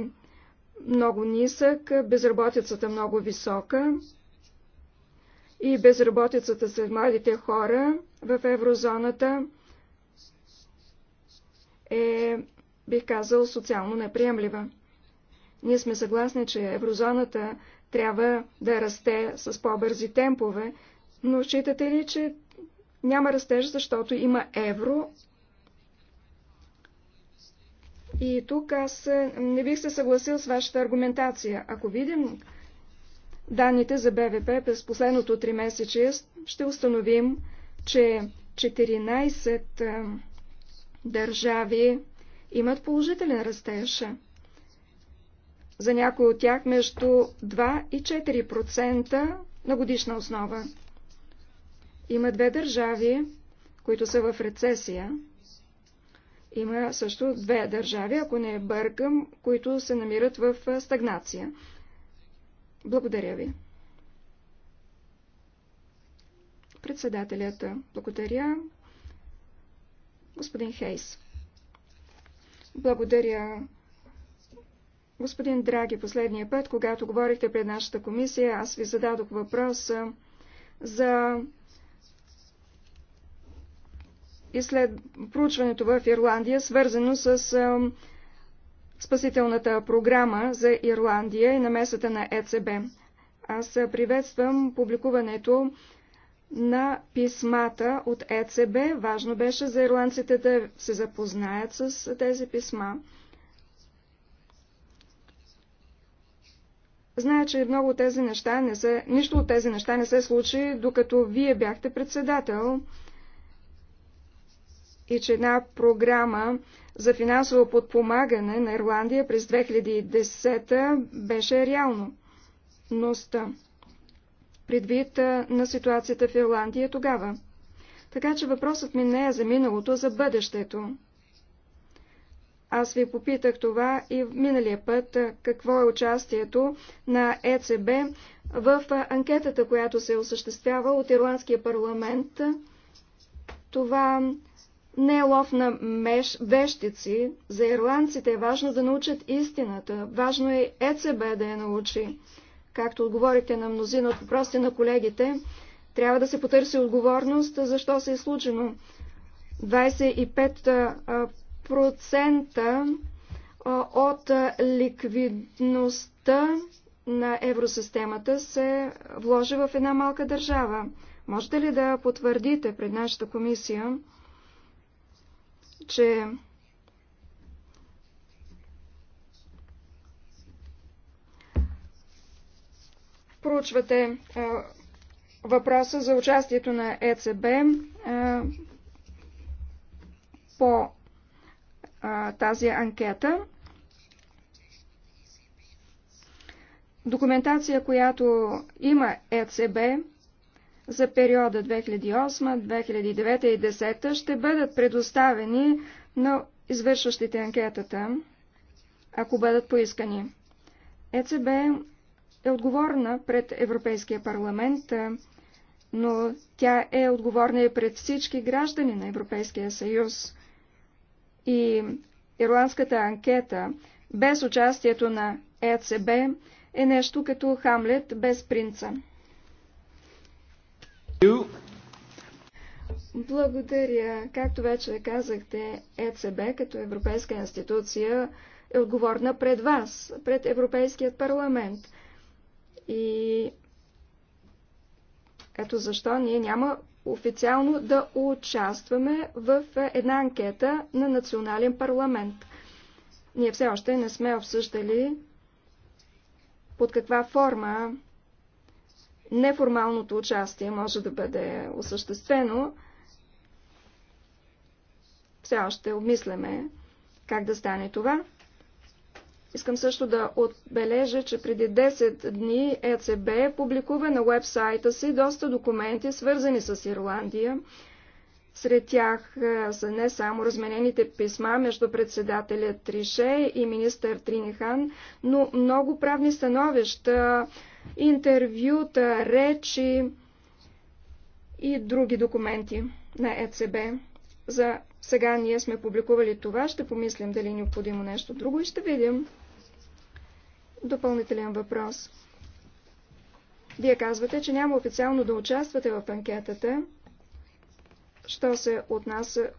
много нисък, безработицата много висока, и безработицата сред младите хора в еврозоната е, бих казал, социално неприемлива. Ние сме съгласни, че еврозоната трябва да расте с по-бързи темпове, но считате ли, че няма растеж, защото има евро? И тук аз не бих се съгласил с вашата аргументация. Ако видим данните за БВП през последното три месече ще установим, че 14 държави имат положителен растеж. За някои от тях между 2 и 4% на годишна основа. Има две държави, които са в рецесия. Има също две държави, ако не е бъркам, които се намират в стагнация. Благодаря ви. Председателят, благодаря. Господин Хейс. Благодаря. Господин Драги, последния път, когато говорихте пред нашата комисия, аз ви зададох въпрос за и проучването в Ирландия, свързано с спасителната програма за Ирландия и намесата на ЕЦБ. Аз приветствам публикуването на писмата от ЕЦБ. Важно беше за ирландците да се запознаят с тези писма. Зная, че много от тези неща не се, нищо от тези неща не се случи, докато вие бяхте председател и че една програма за финансово подпомагане на Ирландия през 2010 беше реално. Ността. Предвид на ситуацията в Ирландия тогава. Така че въпросът ми не е за миналото, а за бъдещето. Аз ви попитах това и миналия път какво е участието на ЕЦБ в анкетата, която се осъществява от Ирландския парламент. Това не е лов на меш, вещици. За ирландците е важно да научат истината. Важно е ЕЦБ да я научи. Както отговорите на мнозина от въпросите на колегите, трябва да се потърси отговорност, защо се е случено. 25% от ликвидността на евросистемата се вложи в една малка държава. Можете ли да потвърдите пред нашата комисия, че проучвате е, въпроса за участието на ЕЦБ е, по е, тази анкета. Документация, която има ЕЦБ, за периода 2008, 2009 и 2010 ще бъдат предоставени на извършващите анкетата, ако бъдат поискани. ЕЦБ е отговорна пред Европейския парламент, но тя е отговорна и пред всички граждани на Европейския съюз. И ирландската анкета без участието на ЕЦБ е нещо като Хамлет без принца. Благодаря. Както вече казахте, ЕЦБ като европейска институция е отговорна пред вас, пред Европейският парламент. И ето защо ние няма официално да участваме в една анкета на национален парламент. Ние все още не сме обсъждали под каква форма неформалното участие може да бъде осъществено. Все още обмисляме как да стане това. Искам също да отбележа, че преди 10 дни ЕЦБ публикува на вебсайта си доста документи, свързани с Ирландия. Сред тях са не само разменените писма между председателя Трише и министър Тринихан, но много правни становища интервюта, речи и други документи на ЕЦБ. За сега ние сме публикували това, ще помислим дали е необходимо нещо друго и ще видим. Допълнителен въпрос. Вие казвате, че няма официално да участвате в анкетата, що се отнася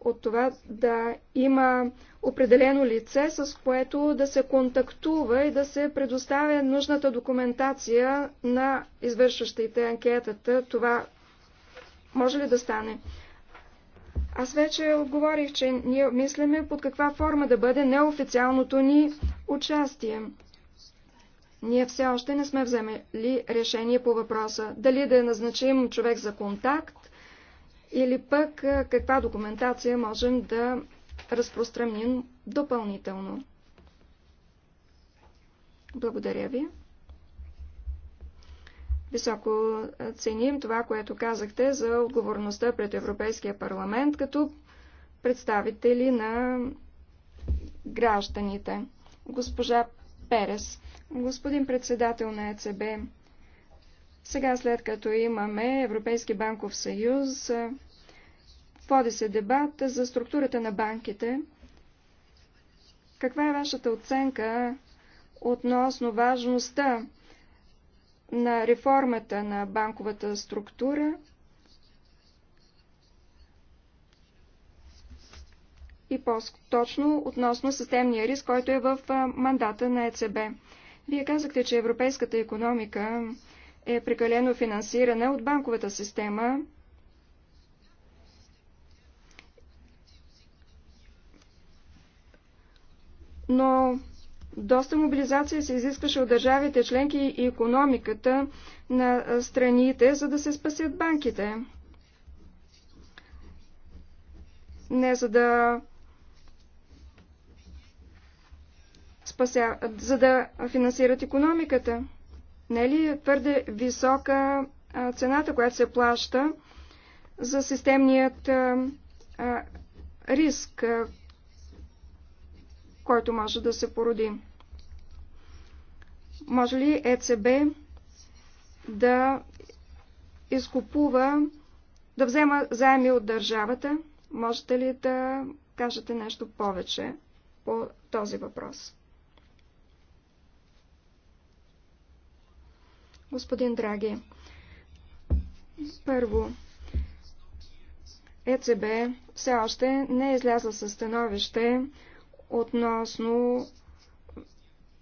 от това да има определено лице, с което да се контактува и да се предоставя нужната документация на извършващите анкетата. Това може ли да стане? Аз вече отговорих, че ние мислиме под каква форма да бъде неофициалното ни участие. Ние все още не сме вземели решение по въпроса дали да назначим човек за контакт или пък каква документация можем да разпространим допълнително. Благодаря ви. Високо ценим това, което казахте за отговорността пред Европейския парламент като представители на гражданите. Госпожа Перес, господин председател на ЕЦБ, сега, след като имаме Европейски банков съюз, води се дебат за структурата на банките. Каква е вашата оценка относно важността на реформата на банковата структура и по-точно относно системния риск, който е в мандата на ЕЦБ. Вие казахте, че европейската економика е прекалено финансирана от банковата система. Но доста мобилизация се изискваше от държавите членки и економиката на страните, за да се спасят банките. Не за да спася, за да финансират економиката. Нали е твърде висока цената, която се плаща за системният риск, който може да се породи. Може ли ЕЦБ да изкупува, да взема заеми от държавата? Можете ли да кажете нещо повече по този въпрос? господин Драги. Първо, ЕЦБ все още не е излязла със становище относно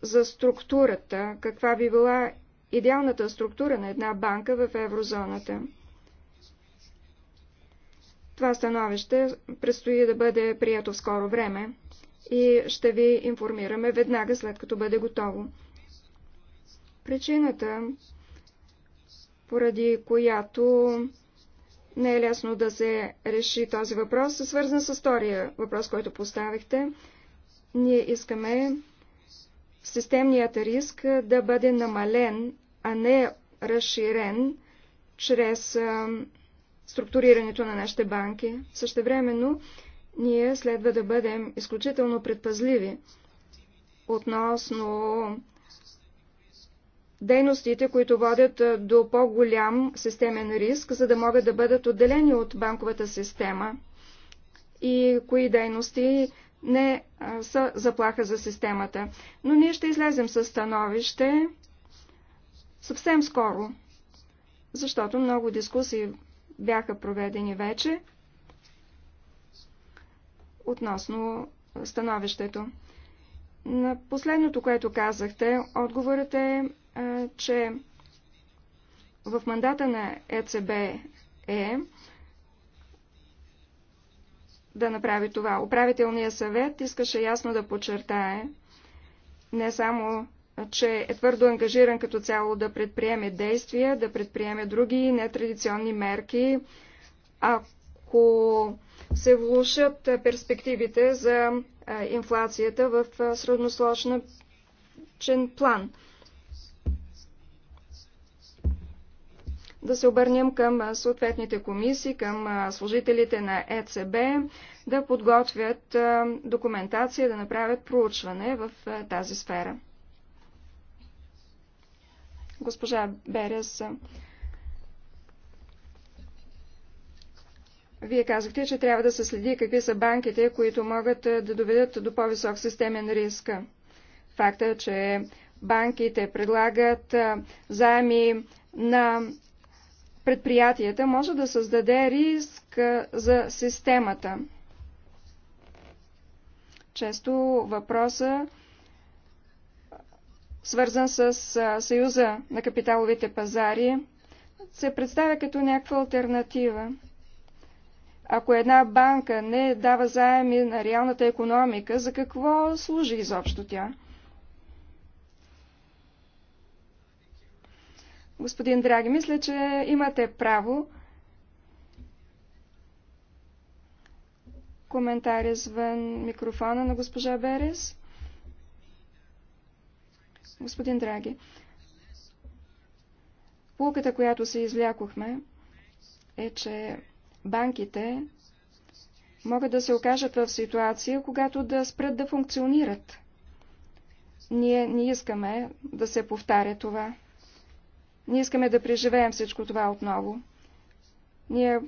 за структурата, каква би била идеалната структура на една банка в еврозоната. Това становище предстои да бъде прието в скоро време и ще ви информираме веднага след като бъде готово. Причината, поради която не е лесно да се реши този въпрос, е свързан с втория въпрос, който поставихте. Ние искаме системният риск да бъде намален, а не разширен чрез структурирането на нашите банки. Същевременно, ние следва да бъдем изключително предпазливи относно дейностите, които водят до по-голям системен риск, за да могат да бъдат отделени от банковата система и кои дейности не са заплаха за системата. Но ние ще излезем със становище съвсем скоро, защото много дискусии бяха проведени вече относно становището. На последното, което казахте, отговорът е че в мандата на ЕЦБ е да направи това. Управителният съвет искаше ясно да подчертае не само, че е твърдо ангажиран като цяло да предприеме действия, да предприеме други нетрадиционни мерки, ако се влушат перспективите за инфлацията в средносрочен план. да се обърнем към съответните комисии, към служителите на ЕЦБ, да подготвят документация, да направят проучване в тази сфера. Госпожа Берес, Вие казахте, че трябва да се следи какви са банките, които могат да доведат до по-висок системен риск. Факта, че банките предлагат заеми на предприятията може да създаде риск за системата. Често въпроса свързан с Съюза на капиталовите пазари, се представя като някаква альтернатива. Ако една банка не дава заеми на реалната економика, за какво служи изобщо тя? Господин Драги, мисля, че имате право. Коментар извън микрофона на госпожа Берес. Господин Драги, полката, която се извлякохме, е, че банките могат да се окажат в ситуация, когато да спрат да функционират. Ние не искаме да се повтаря това. Ние искаме да преживеем всичко това отново. Ние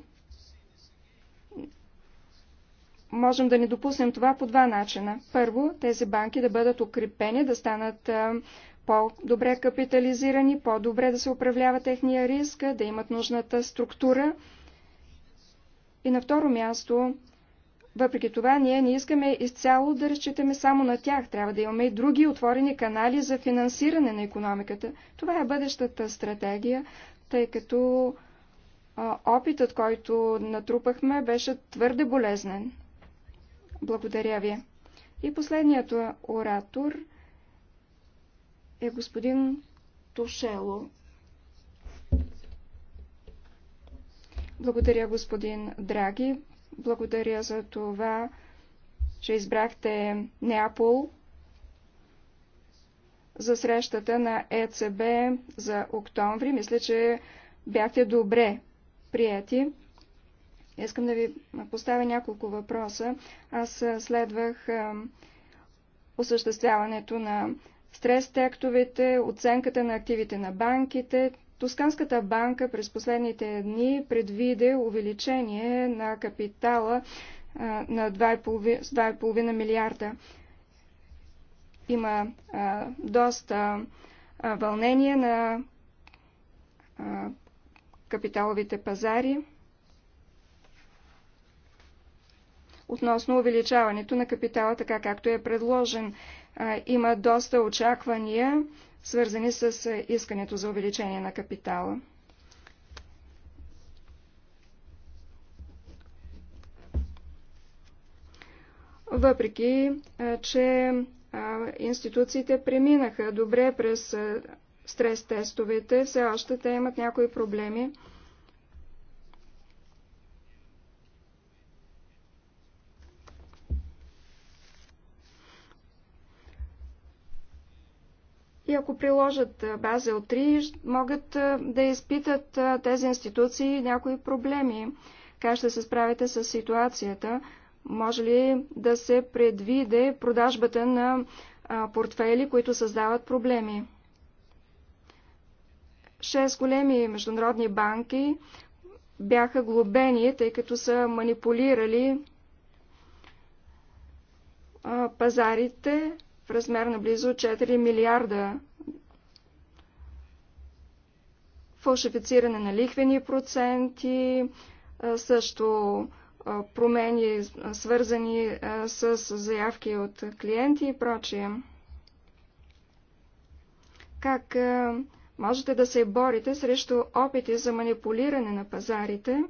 можем да не допуснем това по два начина. Първо, тези банки да бъдат укрепени, да станат по-добре капитализирани, по-добре да се управлява техния риск, да имат нужната структура. И на второ място, въпреки това, ние не искаме изцяло да разчитаме само на тях. Трябва да имаме и други отворени канали за финансиране на економиката. Това е бъдещата стратегия, тъй като а, опитът, който натрупахме, беше твърде болезнен. Благодаря ви. И последният оратор е господин Тошело. Благодаря, господин Драги. Благодаря за това, че избрахте Неапол за срещата на ЕЦБ за октомври. Мисля, че бяхте добре прияти. Искам да ви поставя няколко въпроса. Аз следвах осъществяването на стрес-тектовете, оценката на активите на банките, Тосканската банка през последните дни предвиде увеличение на капитала на 2,5, 2,5 милиарда. Има а, доста а, вълнение на а, капиталовите пазари относно увеличаването на капитала, така както е предложен. А, има доста очаквания свързани с искането за увеличение на капитала. Въпреки, че институциите преминаха добре през стрес-тестовете, все още те имат някои проблеми. И ако приложат Базел 3, могат да изпитат тези институции някои проблеми. Как ще се справите с ситуацията? Може ли да се предвиде продажбата на портфели, които създават проблеми? Шест големи международни банки бяха глобени, тъй като са манипулирали пазарите в размер на близо 4 милиарда фалшифициране на лихвени проценти, също промени, свързани с заявки от клиенти и прочие. Как можете да се борите срещу опити за манипулиране на пазарите,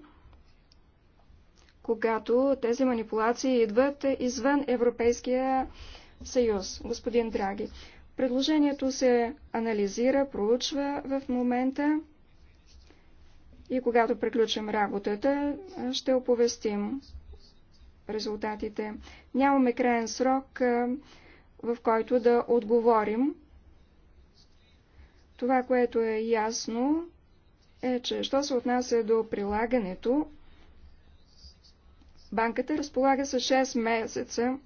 когато тези манипулации идват извън Европейския съюз, господин Драги. Предложението се анализира, проучва в момента и когато приключим работата, ще оповестим резултатите. Нямаме крайен срок, в който да отговорим. Това, което е ясно, е, че що се отнася до прилагането, банката разполага с 6 месеца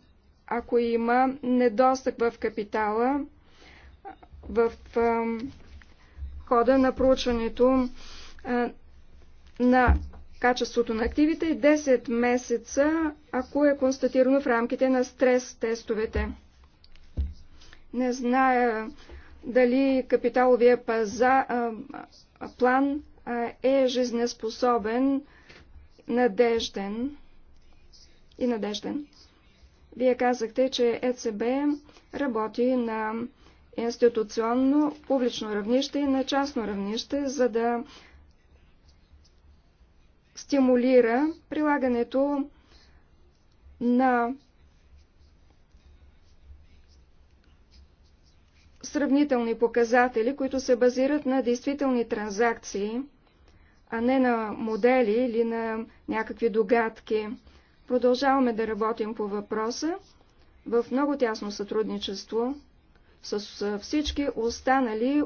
ако има недостъг в капитала в хода на проучването на качеството на активите и 10 месеца, ако е констатирано в рамките на стрес тестовете. Не зная дали капиталовия паза, а, план а, е жизнеспособен, надежден и надежден. Вие казахте, че ЕЦБ работи на институционно, публично равнище и на частно равнище, за да стимулира прилагането на сравнителни показатели, които се базират на действителни транзакции, а не на модели или на някакви догадки. Продължаваме да работим по въпроса в много тясно сътрудничество с всички останали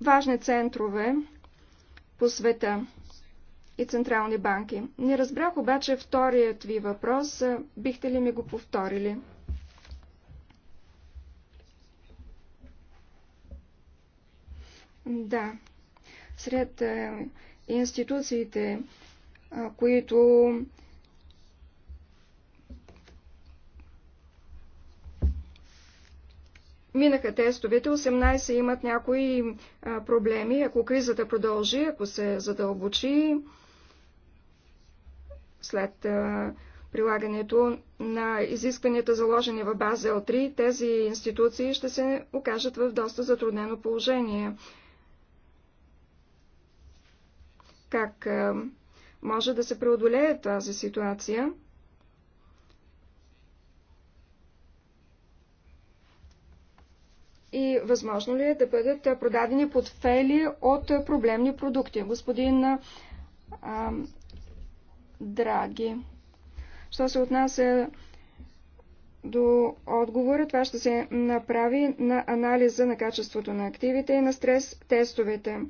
важни центрове по света и централни банки. Не разбрах обаче вторият ви въпрос. Бихте ли ми го повторили? Да. Сред е, институциите, които Минаха тестовете, 18 имат някои проблеми. Ако кризата продължи, ако се задълбочи след прилагането на изискванията заложени в Базел 3, тези институции ще се окажат в доста затруднено положение. Как може да се преодолее тази ситуация. И възможно ли е да бъдат продадени портфели от проблемни продукти? Господин а, Драги. Що се отнася до отговора, това ще се направи на анализа на качеството на активите и на стрес тестовете.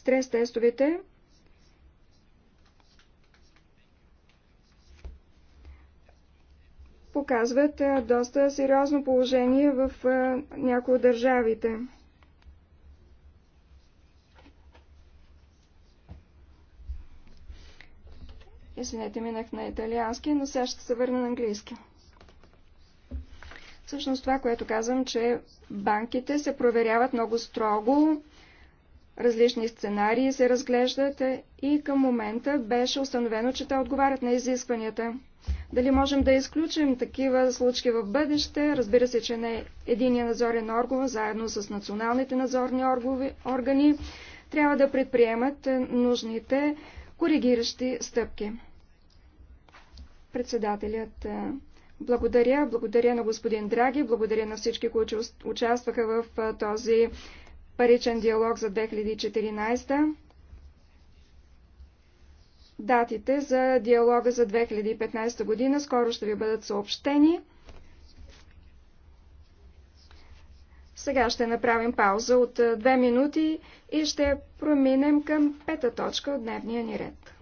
стрес-тестовете показват доста сериозно положение в някои от държавите. Извинете, минах на италиански, но сега ще се върна на английски. Всъщност това, което казвам, че банките се проверяват много строго Различни сценарии се разглеждат и към момента беше установено, че те отговарят на изискванията. Дали можем да изключим такива случки в бъдеще? Разбира се, че не единия надзорен орган, заедно с националните надзорни органи, трябва да предприемат нужните коригиращи стъпки. Председателят е, благодаря, благодаря на господин Драги, благодаря на всички, които участваха в е, този паричен диалог за 2014, датите за диалога за 2015 година скоро ще ви бъдат съобщени. Сега ще направим пауза от е, две минути и ще проминем към пета точка от дневния ни ред.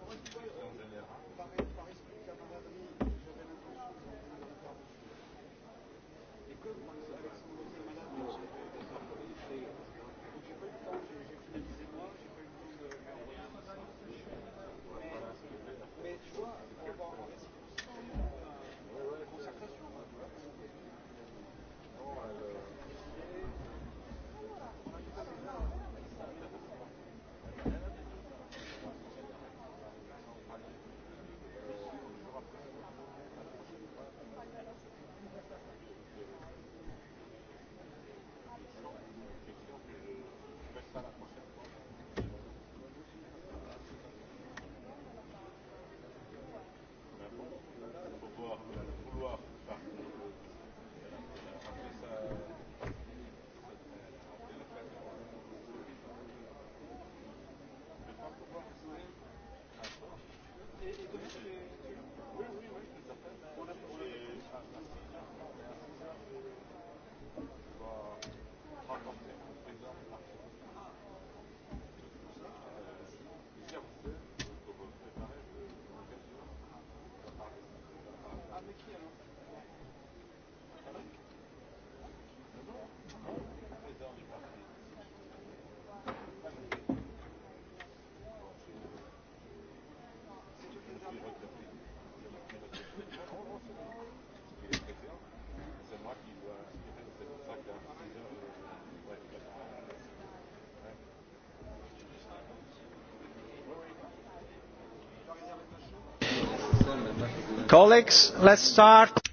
en général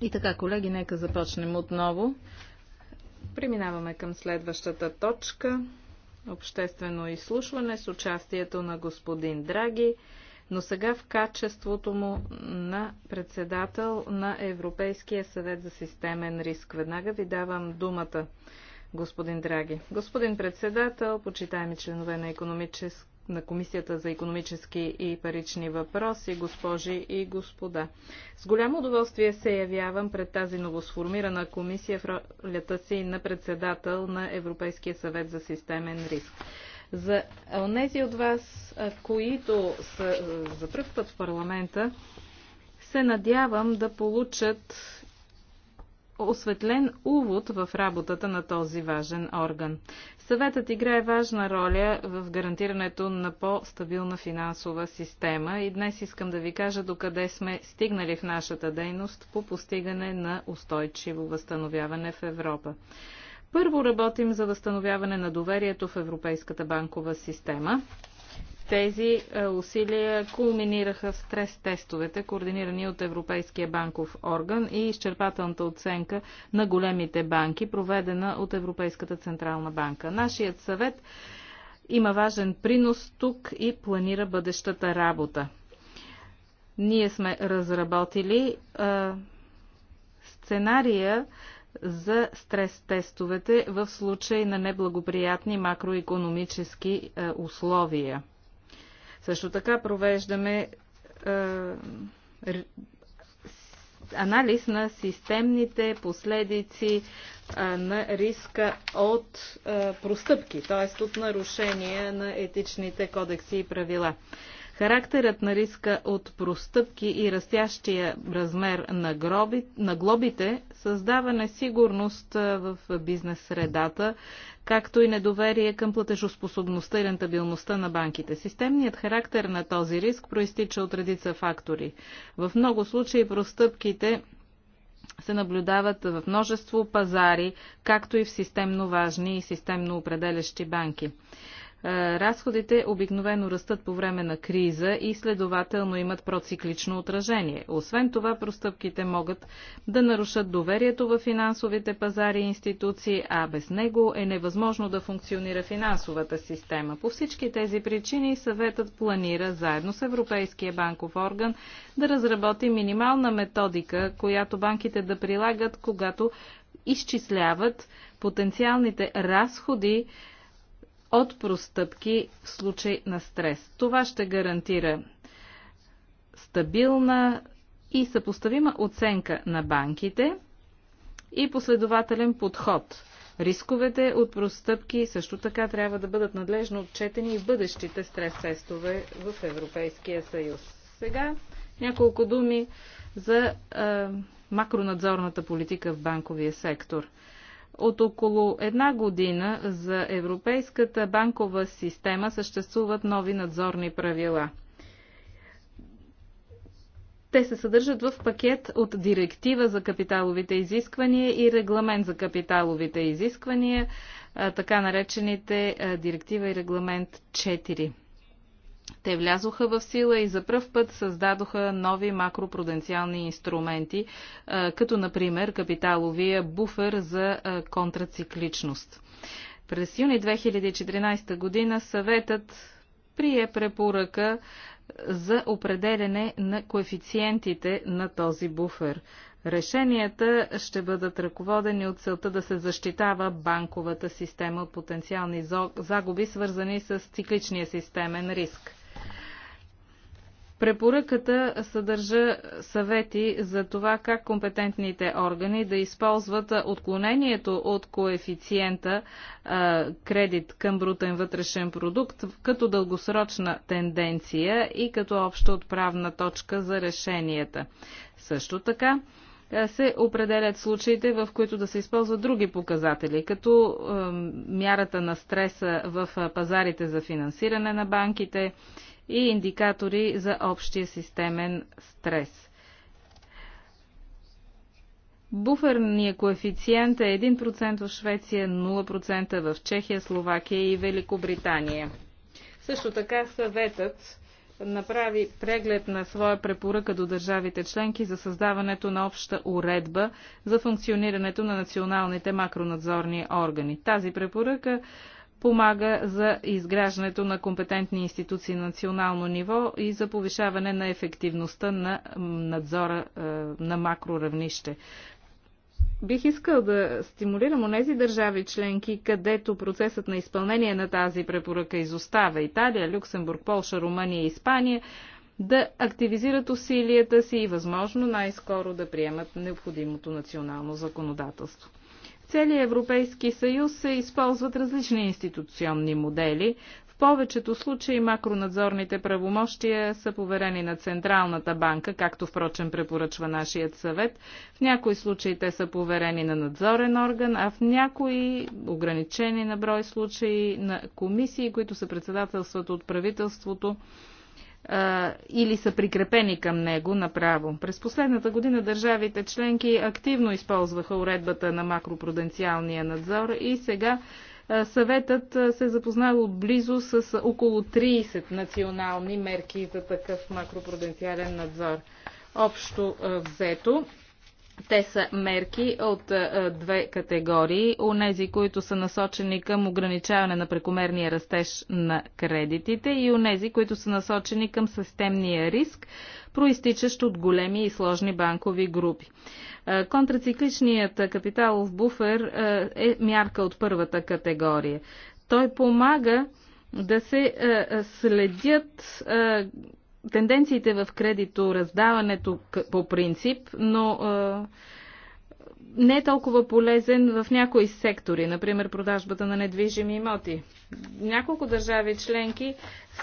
И така, колеги, нека започнем отново. Преминаваме към следващата точка. Обществено изслушване с участието на господин Драги, но сега в качеството му на председател на Европейския съвет за системен риск. Веднага ви давам думата господин Драги. Господин председател, почитаеми членове на економическа на Комисията за економически и парични въпроси, госпожи и господа. С голямо удоволствие се явявам пред тази новосформирана комисия в ролята си на председател на Европейския съвет за системен риск. За тези от вас, които са за първ път в парламента, се надявам да получат осветлен увод в работата на този важен орган. Съветът играе важна роля в гарантирането на по-стабилна финансова система и днес искам да ви кажа докъде сме стигнали в нашата дейност по постигане на устойчиво възстановяване в Европа. Първо работим за възстановяване на доверието в Европейската банкова система. Тези е, усилия кулминираха в стрес-тестовете, координирани от Европейския банков орган и изчерпателната оценка на големите банки, проведена от Европейската централна банка. Нашият съвет има важен принос тук и планира бъдещата работа. Ние сме разработили а, е, сценария за стрес-тестовете в случай на неблагоприятни макроекономически а, е, условия. Също така провеждаме анализ на системните последици на риска от простъпки, т.е. от нарушения на етичните кодекси и правила. Характерът на риска от простъпки и растящия размер на, гроби, на глобите създава несигурност в бизнес средата, както и недоверие към платежоспособността и рентабилността на банките. Системният характер на този риск проистича от редица фактори. В много случаи простъпките се наблюдават в множество пазари, както и в системно важни и системно определящи банки. Е, разходите обикновено растат по време на криза и следователно имат проциклично отражение. Освен това, простъпките могат да нарушат доверието в финансовите пазари и институции, а без него е невъзможно да функционира финансовата система. По всички тези причини съветът планира заедно с Европейския банков орган да разработи минимална методика, която банките да прилагат, когато изчисляват потенциалните разходи от простъпки в случай на стрес. Това ще гарантира стабилна и съпоставима оценка на банките и последователен подход. Рисковете от простъпки също така трябва да бъдат надлежно отчетени и в бъдещите стрес-тестове в Европейския съюз. Сега няколко думи за е, макронадзорната политика в банковия сектор – от около една година за Европейската банкова система съществуват нови надзорни правила. Те се съдържат в пакет от директива за капиталовите изисквания и регламент за капиталовите изисквания, така наречените директива и регламент 4. Те влязоха в сила и за пръв път създадоха нови макропруденциални инструменти, като например капиталовия буфер за контрацикличност. През юни 2014 година съветът прие препоръка за определене на коефициентите на този буфер. Решенията ще бъдат ръководени от целта да се защитава банковата система от потенциални загуби, свързани с цикличния системен риск. Препоръката съдържа съвети за това как компетентните органи да използват отклонението от коефициента а, кредит към брутен вътрешен продукт като дългосрочна тенденция и като обща отправна точка за решенията. Също така, се определят случаите, в които да се използват други показатели, като мярата на стреса в пазарите за финансиране на банките, и индикатори за общия системен стрес. Буферният коефициент е 1% в Швеция, 0% в Чехия, Словакия и Великобритания. Също така съветът направи преглед на своя препоръка до държавите членки за създаването на обща уредба за функционирането на националните макронадзорни органи. Тази препоръка помага за изграждането на компетентни институции на национално ниво и за повишаване на ефективността на надзора е, на макроравнище. Бих искал да стимулирам онези държави членки, където процесът на изпълнение на тази препоръка изостава Италия, Люксембург, Полша, Румъния и Испания, да активизират усилията си и възможно най-скоро да приемат необходимото национално законодателство целия Европейски съюз се използват различни институционни модели. В повечето случаи макронадзорните правомощия са поверени на Централната банка, както впрочем препоръчва нашият съвет. В някои случаи те са поверени на надзорен орган, а в някои ограничени на брой случаи на комисии, които се председателстват от правителството а, или са прикрепени към него направо. През последната година държавите членки активно използваха уредбата на макропруденциалния надзор и сега съветът се е запознал отблизо с около 30 национални мерки за такъв макропруденциален надзор. Общо взето, те са мерки от е, две категории. унези, които са насочени към ограничаване на прекомерния растеж на кредитите и унези, които са насочени към системния риск, проистичащ от големи и сложни банкови групи. Е, контрацикличният капиталов буфер е, е мярка от първата категория. Той помага да се следят тенденциите в кредито, раздаването по принцип, но не е толкова полезен в някои сектори, например продажбата на недвижими имоти. Няколко държави членки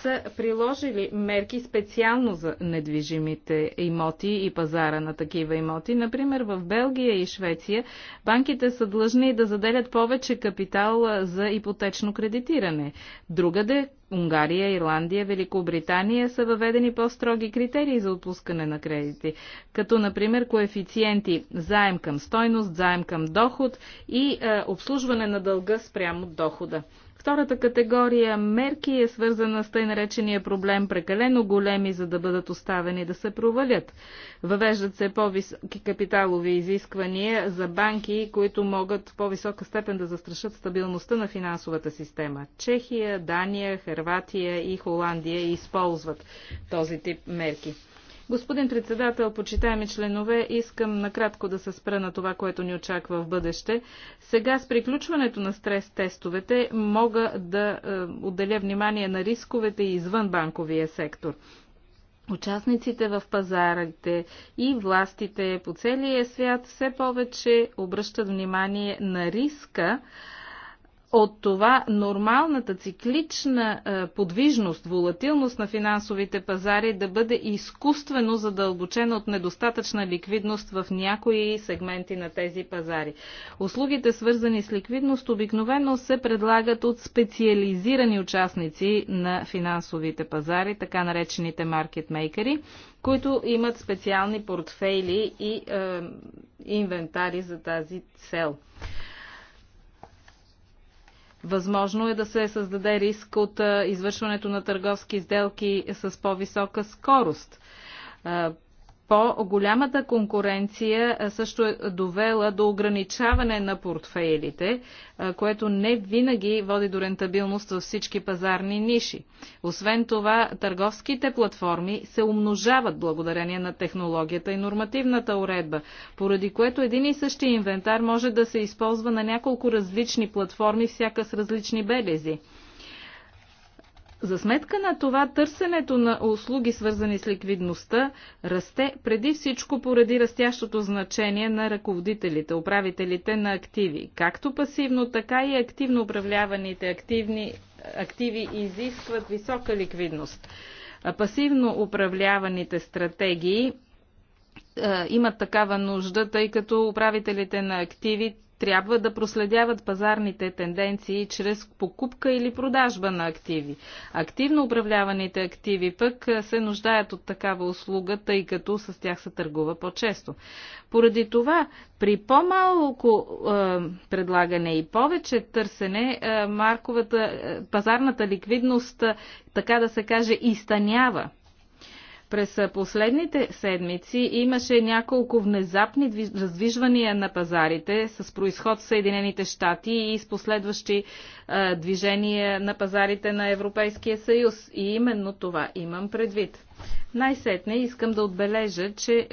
са приложили мерки специално за недвижимите имоти и пазара на такива имоти. Например, в Белгия и Швеция банките са длъжни да заделят повече капитал за ипотечно кредитиране. Другаде Унгария, Ирландия, Великобритания са въведени по-строги критерии за отпускане на кредити, като например коефициенти заем към стойност, заем към доход и е, обслужване на дълга спрямо дохода. Втората категория мерки е свързана с тъй наречения проблем прекалено големи, за да бъдат оставени да се провалят. Въвеждат се по-високи капиталови изисквания за банки, които могат в по-висока степен да застрашат стабилността на финансовата система. Чехия, Дания, Херватия и Холандия използват този тип мерки. Господин председател, почитаеми членове, искам накратко да се спра на това, което ни очаква в бъдеще. Сега с приключването на стрес тестовете мога да е, отделя внимание на рисковете извън банковия сектор. Участниците в пазарите и властите по целия свят все повече обръщат внимание на риска, от това нормалната циклична е, подвижност, волатилност на финансовите пазари да бъде изкуствено задълбочена от недостатъчна ликвидност в някои сегменти на тези пазари. Услугите, свързани с ликвидност, обикновено се предлагат от специализирани участници на финансовите пазари, така наречените маркетмейкери, които имат специални портфейли и е, инвентари за тази цел. Възможно е да се създаде риск от извършването на търговски сделки с по-висока скорост по-голямата конкуренция също е довела до ограничаване на портфейлите, което не винаги води до рентабилност във всички пазарни ниши. Освен това, търговските платформи се умножават благодарение на технологията и нормативната уредба, поради което един и същи инвентар може да се използва на няколко различни платформи, всяка с различни белези. За сметка на това търсенето на услуги, свързани с ликвидността, расте преди всичко поради растящото значение на ръководителите, управителите на активи. Както пасивно, така и активно управляваните активни, активи изискват висока ликвидност. Пасивно управляваните стратегии имат такава нужда, тъй като управителите на активи трябва да проследяват пазарните тенденции чрез покупка или продажба на активи. Активно управляваните активи пък се нуждаят от такава услуга, тъй като с тях се търгува по-често. Поради това, при по-малко е, предлагане и повече търсене, е, марковата, е, пазарната ликвидност, така да се каже, изтънява през последните седмици имаше няколко внезапни раздвижвания на пазарите с происход в Съединените щати и с последващи е, движения на пазарите на Европейския съюз. И именно това имам предвид. Най-сетне искам да отбележа, че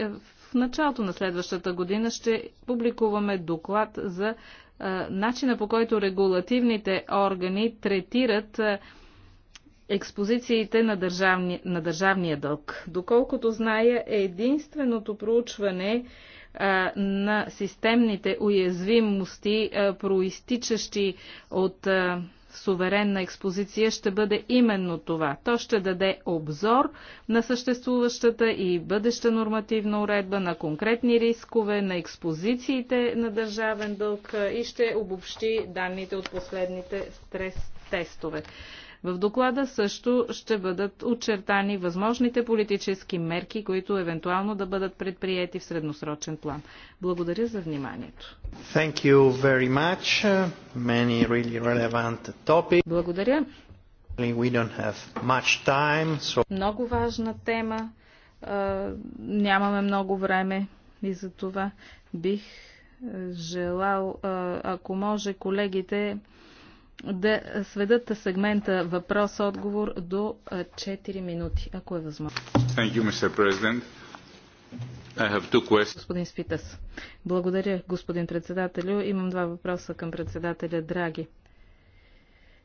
в началото на следващата година ще публикуваме доклад за е, начина по който регулативните органи третират е, експозициите на, държавни, на държавния дълг. Доколкото зная, е единственото проучване а, на системните уязвимости, а, проистичащи от а, суверенна експозиция, ще бъде именно това. То ще даде обзор на съществуващата и бъдеща нормативна уредба, на конкретни рискове, на експозициите на държавен дълг и ще обобщи данните от последните стрес тестове. В доклада също ще бъдат очертани възможните политически мерки, които евентуално да бъдат предприяти в средносрочен план. Благодаря за вниманието. Thank you very much. Many really relevant topics. Благодаря. We don't have much time, so... Много важна тема. нямаме много време и за това бих желал, ако може, колегите да сведат сегмента въпрос-отговор до 4 минути, ако е възможно. Thank you, Mr. President. Господин Спитас. Благодаря, господин председателю. Имам два въпроса към председателя Драги.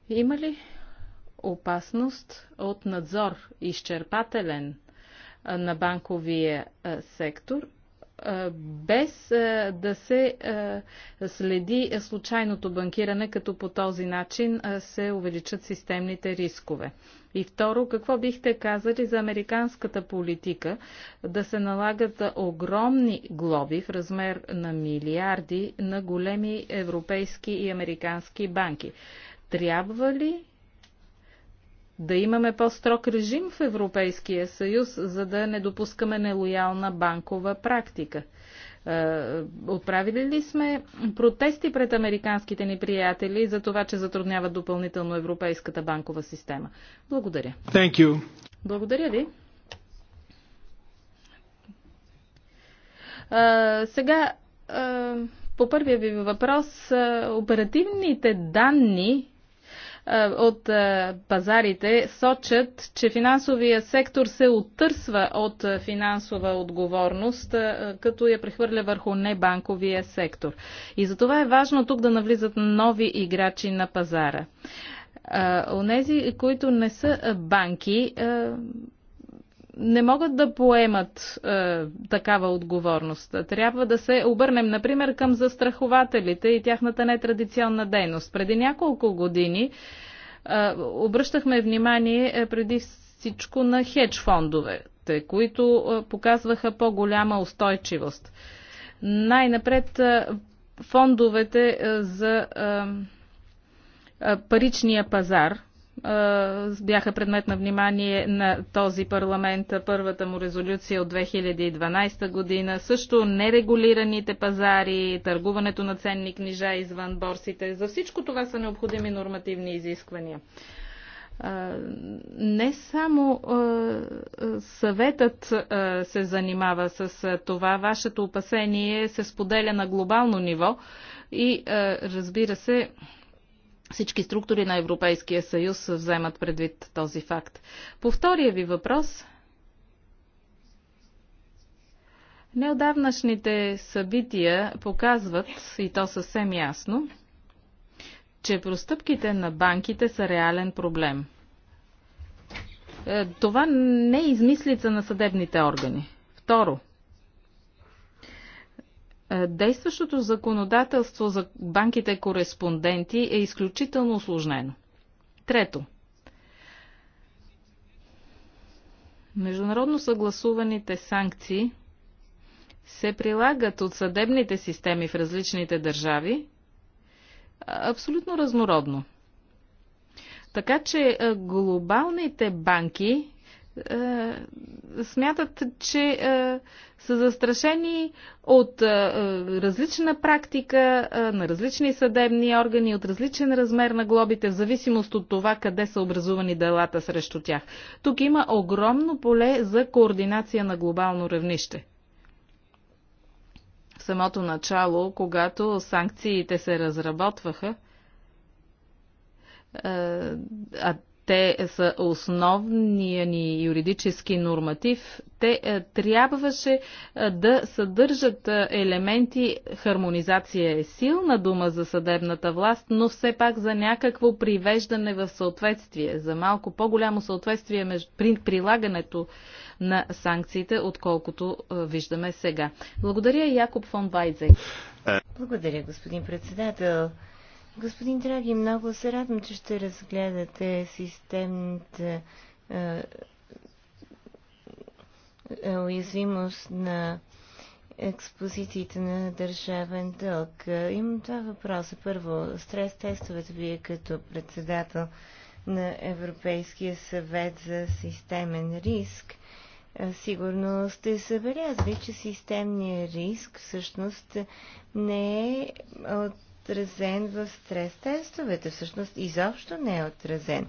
Има ли опасност от надзор изчерпателен на банковия сектор без да се следи случайното банкиране, като по този начин се увеличат системните рискове. И второ, какво бихте казали за американската политика да се налагат огромни глоби в размер на милиарди на големи европейски и американски банки? Трябва ли да имаме по-строг режим в Европейския съюз, за да не допускаме нелоялна банкова практика. Е, отправили ли сме протести пред американските ни приятели за това, че затрудняват допълнително европейската банкова система? Благодаря. Thank you. Благодаря ви. А, е, сега, а, е, по първия ви въпрос, а, оперативните данни от пазарите сочат, че финансовия сектор се оттърсва от финансова отговорност, като я прехвърля върху небанковия сектор. И затова е важно тук да навлизат нови играчи на пазара. Онези, които не са банки, не могат да поемат е, такава отговорност. Трябва да се обърнем, например, към застрахователите и тяхната нетрадиционна дейност. Преди няколко години е, обръщахме внимание е, преди всичко на хедж фондовете, които е, показваха по-голяма устойчивост. Най-напред е, фондовете е, за е, е паричния пазар – бяха предмет на внимание на този парламент. Първата му резолюция от 2012 година. Също нерегулираните пазари, търгуването на ценни книжа извън борсите. За всичко това са необходими нормативни изисквания. Не само съветът се занимава с това, вашето опасение се споделя на глобално ниво и разбира се, всички структури на Европейския съюз вземат предвид този факт. По втория ви въпрос, неодавнашните събития показват, и то съвсем ясно, че простъпките на банките са реален проблем. Е, това не е измислица на съдебните органи. Второ, е, действащото законодателство за банките кореспонденти е изключително осложнено. Трето. Международно съгласуваните санкции се прилагат от съдебните системи в различните държави абсолютно разнородно. Така че е, глобалните банки е, смятат, че е, са застрашени от е, различна практика на различни съдебни органи, от различен размер на глобите, в зависимост от това къде са образувани делата срещу тях. Тук има огромно поле за координация на глобално равнище В самото начало, когато санкциите се разработваха, а те са основния ни юридически норматив, те е, трябваше е, да съдържат е, елементи. Хармонизация е силна дума за съдебната власт, но все пак за някакво привеждане в съответствие, за малко по-голямо съответствие при прилагането на санкциите, отколкото виждаме сега. Благодаря, Якоб фон Вайзек. Благодаря, господин председател. Господин Драги, много се радвам, че ще разгледате системната е, е, уязвимост на експозициите на държавен дълг. Е, имам два въпроса. Първо, стрес тестовете вие като председател на Европейския съвет за системен риск. Е, сигурно сте забелязали, че системният риск всъщност не е от отразен в стрес тестовете. Всъщност изобщо не е отразен.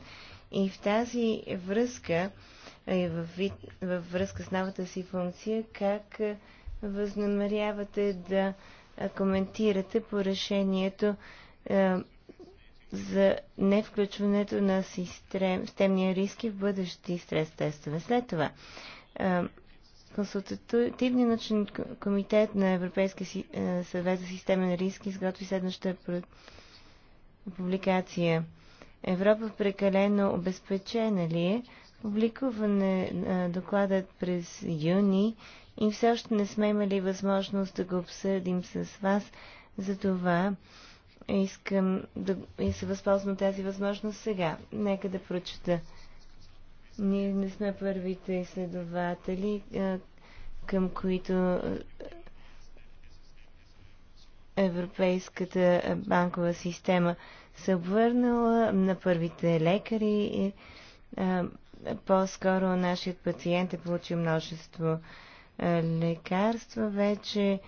И в тази връзка, във, е, във връзка с новата си функция, как е, възнамерявате да е, коментирате по решението за невключването на системния риски в бъдещи стрес тестове. След това, Консултативният начин комитет на Европейския е, съвет за системен риск изготви следваща публикация. Европа прекалено обезпечена ли е? Публикуване на е, докладът през юни и все още не сме имали възможност да го обсъдим с вас. Затова искам да и се възползвам тази възможност сега. Нека да прочета. Ние не сме първите изследователи. Е, към които е, Европейската банкова система се обвърнала на първите лекари. По-скоро нашият пациент е получил множество лекарства вече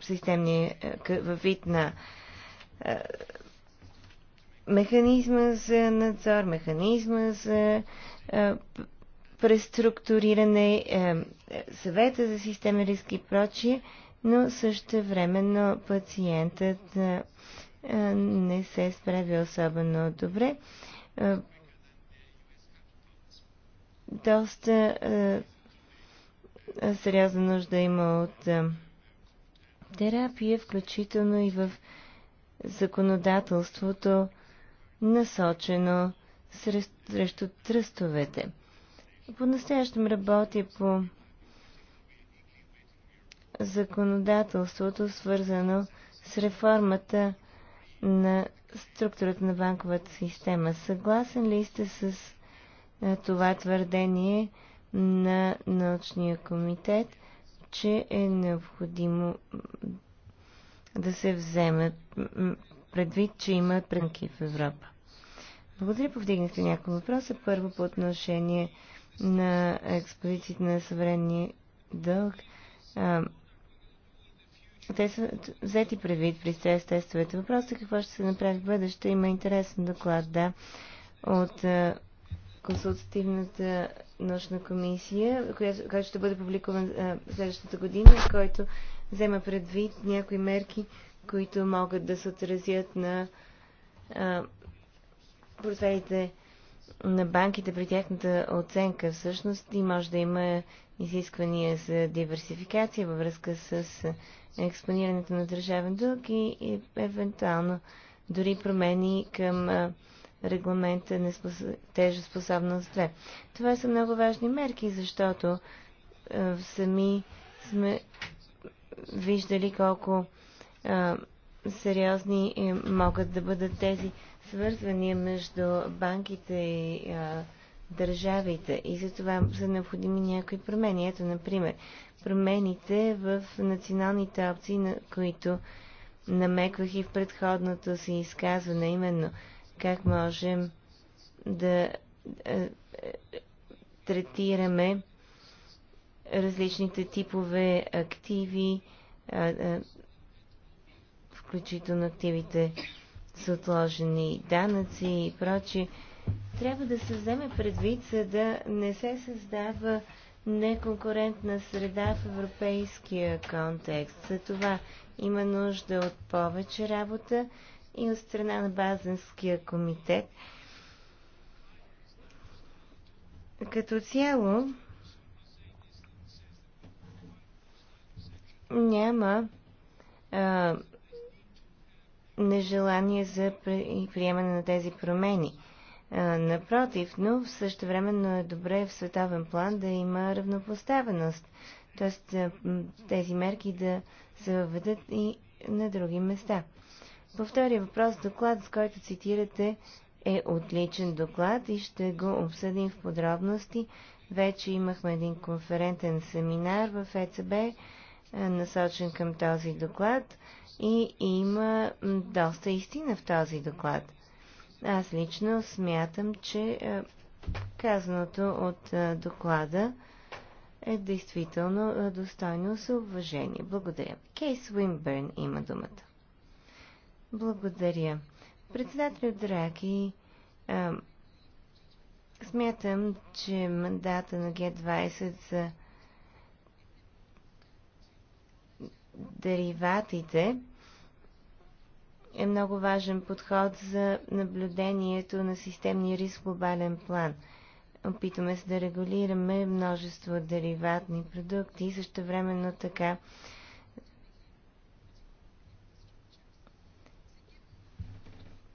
системни, във вид на механизма за надзор, механизма за преструктуриране, е, е, съвета за системен риск и прочие, но също времено пациентът е, не се справи особено добре. Доста сериозна нужда има от терапия, включително и в законодателството, насочено срещу тръстовете. По-настоящем работи по законодателството, свързано с реформата на структурата на банковата система. Съгласен ли сте с е, това твърдение на научния комитет, че е необходимо да се вземе предвид, че има прънки в Европа? Благодаря, повдигнахте някои въпроса. Първо по отношение на експозициите на съвременния дълг. те са взети предвид при стрес тестовете. Въпросът е какво ще се направи в бъдеще. Има интересен доклад, да, от консултативната нощна комисия, която, ще бъде публикуван следващата година, който взема предвид някои мерки, които могат да се отразят на портфелите на банките при тяхната оценка всъщност и може да има изисквания за диверсификация във връзка с експонирането на държавен дълг и, и евентуално дори промени към регламента на тежеспособност 2. Това са много важни мерки, защото а, сами сме виждали колко а, сериозни е, могат да бъдат тези свързвания между банките и а, държавите и за това са необходими някои промени. Ето, например, промените в националните опции, на които намеквах и в предходното си изказване, именно как можем да а, е, е, третираме различните типове активи, а, включително активите са отложени данъци и прочи. трябва да се вземе предвид, за да не се създава неконкурентна среда в европейския контекст. За това има нужда от повече работа и от страна на Базенския комитет. Като цяло няма а, нежелание за приемане на тези промени. Напротив, но в също времено е добре в световен план да има равнопоставеност. Тоест тези мерки да се въведат и на други места. По втория въпрос, доклад, с който цитирате, е отличен доклад и ще го обсъдим в подробности. Вече имахме един конферентен семинар в ЕЦБ е, насочен към този доклад и има доста истина в този доклад. Аз лично смятам, че е, казаното от е, доклада е действително достойно уважение. Благодаря. Кейс Уинбърн има думата. Благодаря. Председател Драки, смятам, че мандата на Г20 за дериватите е много важен подход за наблюдението на системния риск в глобален план. Опитваме се да регулираме множество дериватни продукти и също времено така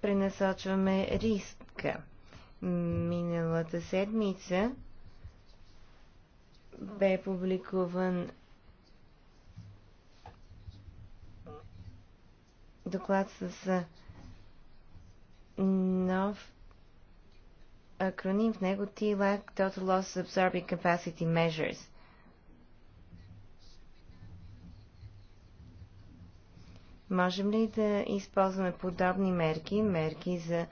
пренасочваме риска. Миналата седмица бе публикуван доклад с нов акроним в него TLAC Total Loss Absorbing Capacity Measures. Можем ли да използваме подобни мерки, мерки за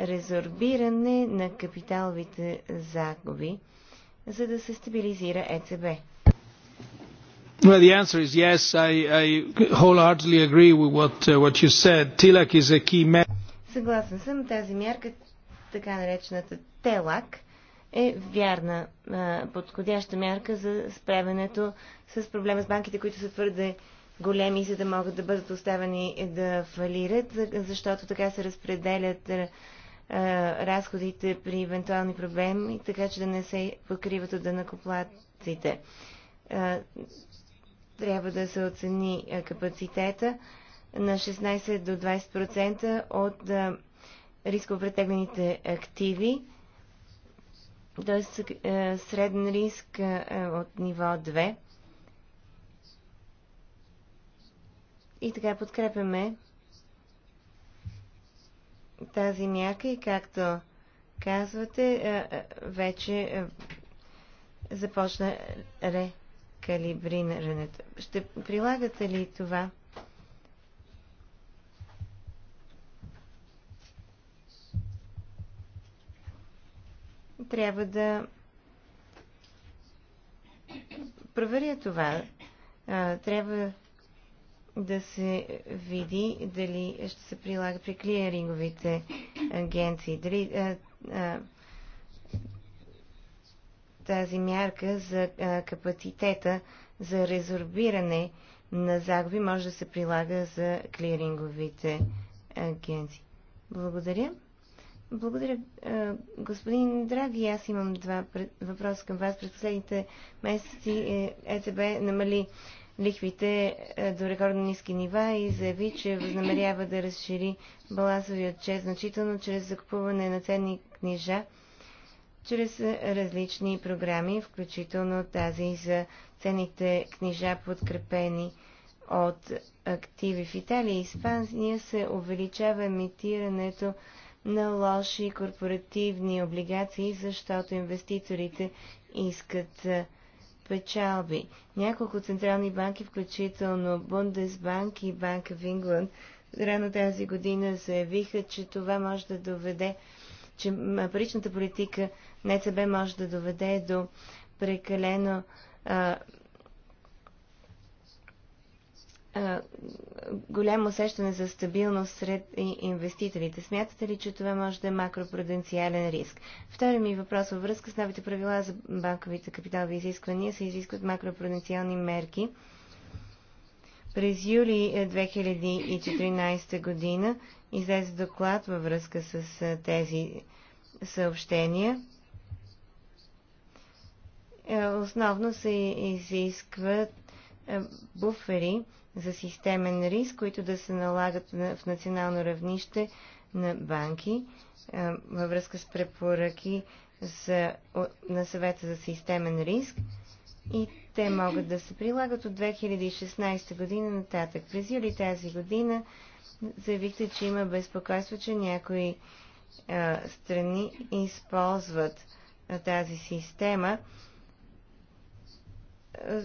резорбиране на капиталовите загуби, за да се стабилизира ЕЦБ? Well, the answer is yes. I, I wholeheartedly agree with what, uh, what you said. TILAC is a key measure. Съгласен съм. Тази мярка, така наречената ТЕЛАК, е вярна, подходяща мярка за справянето с проблема с банките, които са твърде големи, за да могат да бъдат оставени да фалират, защото така се разпределят разходите при евентуални проблеми, така че да не се покриват от дънакоплаците трябва да се оцени капацитета на 16 до 20% от рископретеглените активи, т.е. среден риск е, от ниво 2. И така подкрепяме тази мяка и както казвате, вече започна ре калибрирането. Ще прилагате ли това? Трябва да проверя това. Трябва да се види дали ще се прилага при клиринговите агенции. Дали а, а, тази мярка за капацитета за резорбиране на загуби може да се прилага за клиринговите агенции. Благодаря. Благодаря, господин Драги. Аз имам два въпроса към вас. През последните месеци е, ЕЦБ намали лихвите е, до рекордно ниски нива и заяви, че възнамерява да разшири балансовият чест значително чрез закупуване на ценни книжа чрез различни програми, включително тази за ценните книжа, подкрепени от активи в Италия и Испания, се увеличава емитирането на лоши корпоративни облигации, защото инвеститорите искат печалби. Няколко централни банки, включително Бундесбанк и Банка в Ингланд, рано тази година заявиха, че това може да доведе че паричната политика на ЕЦБ може да доведе до прекалено а, а, голямо усещане за стабилност сред инвеститорите. Смятате ли, че това може да е макропруденциален риск? Втори ми въпрос във връзка с новите правила за банковите капиталови изисквания се изискват макропруденциални мерки през юли 2014 е, година излезе доклад във връзка с е, тези съобщения. Е, основно се изискват буфери за системен риск, които да се налагат в национално равнище на банки във връзка с препоръки за, на съвета за системен риск и те могат да се прилагат от 2016 година нататък. През юли тази година заявихте, че има безпокойство, че някои а, страни използват а, тази система а,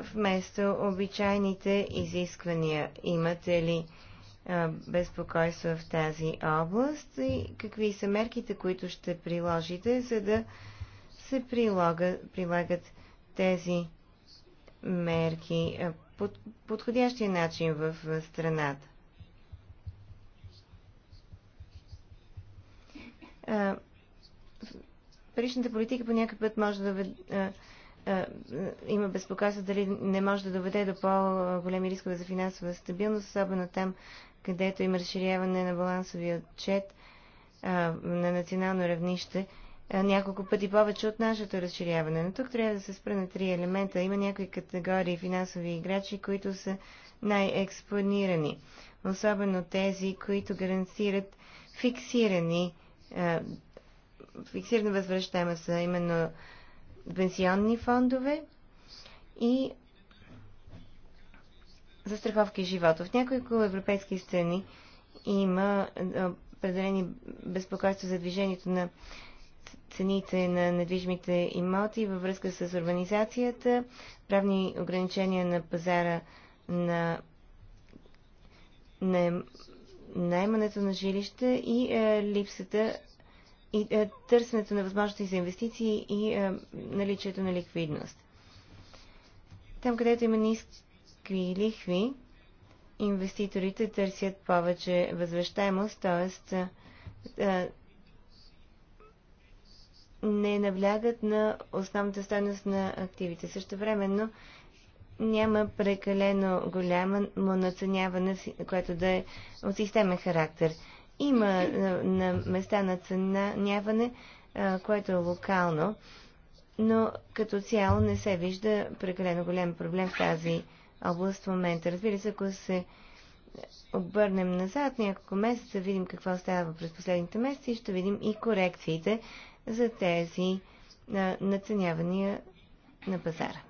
вместо обичайните изисквания. Имате ли а, безпокойство в тази област и какви са мерките, които ще приложите, за да се прилага, прилагат тези мерки по подходящия начин в страната. Паричната политика по някакъв път може да има безпокойство дали не може да доведе до по-големи рискове за финансова стабилност, особено там, където има разширяване на балансовия отчет на национално равнище няколко пъти повече от нашето разширяване. Но тук трябва да се спра на три елемента. Има някои категории финансови играчи, които са най-експонирани. Особено тези, които гарантират фиксирани, а, фиксирана възвръщаема са именно пенсионни фондове и застраховки живота. В някои европейски страни има определени безпокойства за движението на цените на недвижимите имоти във връзка с урбанизацията, правни ограничения на пазара на наймането на жилища и е, липсата и е, търсенето на възможности за инвестиции и е, наличието на ликвидност. Там, където има ниски лихви, инвеститорите търсят повече възвещаемост, т.е. Е, не навлягат на основната стойност на активите. Също времено няма прекалено голямо наценяване, което да е от системен характер. Има на, места наценяване, което е локално, но като цяло не се вижда прекалено голям проблем в тази област в момента. Разбира се, ако се обърнем назад няколко месеца, видим какво става през последните месеци, ще видим и корекциите за тези на, наценявания на пазара.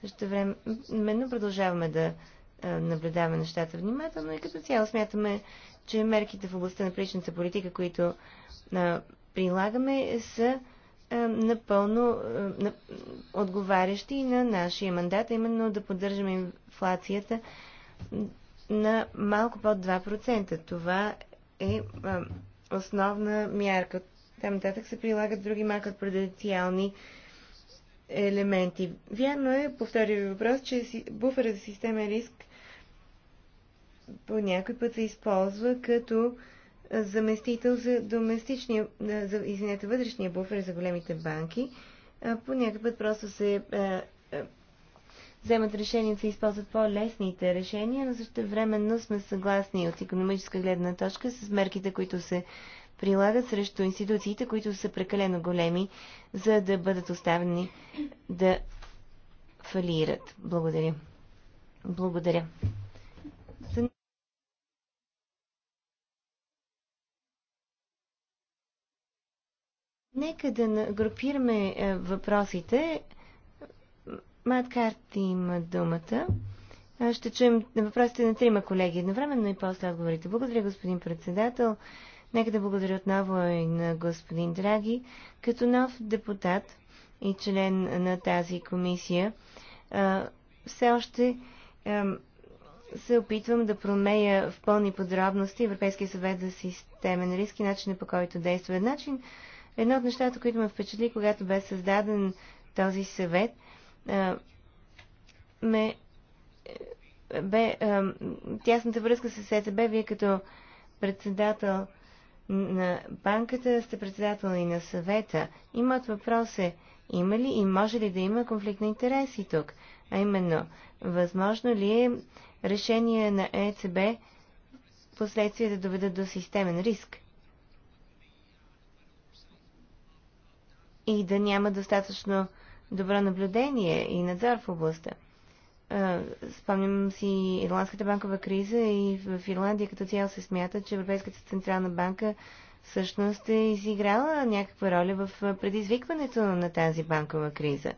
Също време, менно продължаваме да а, наблюдаваме нещата внимателно и като цяло смятаме, че мерките в областта на приличната политика, които а, прилагаме, са а, напълно а, на, отговарящи на нашия мандат, именно да поддържаме инфлацията на малко под 2%. Това е а, основна мярка, там нататък се прилагат други макропруденциални елементи. Вярно е, повторя ви въпрос, че буфера за системен риск по някой път се използва като заместител за доместичния, за, извинете, вътрешния буфер за големите банки. По някой път просто се вземат решения да се използват по-лесните решения, но също времено сме съгласни от економическа гледна точка с мерките, които се прилагат срещу институциите, които са прекалено големи, за да бъдат оставени да фалират. Благодаря. Благодаря. Нека да групираме е, въпросите. Мат Карти има думата. Е, ще чуем въпросите на трима колеги едновременно и после отговорите. Благодаря, господин председател. Нека да благодаря отново и на господин Драги. Като нов депутат и член на тази комисия, все още се опитвам да промея в пълни подробности Европейския съвет за системен риск и начинът по който действа. Начин, едно от нещата, които ме впечатли, когато бе създаден този съвет, ме бе тясната връзка с ЕЦБ. Вие като председател на банката, сте председател и на съвета. Имат въпрос е, има ли и може ли да има конфликт на интереси тук? А именно, възможно ли е решение на ЕЦБ последствие да доведат до системен риск? И да няма достатъчно добро наблюдение и надзор в областта. Спомням си ирландската банкова криза и в Ирландия като цяло се смята, че Европейската централна банка всъщност е изиграла някаква роля в предизвикването на тази банкова криза.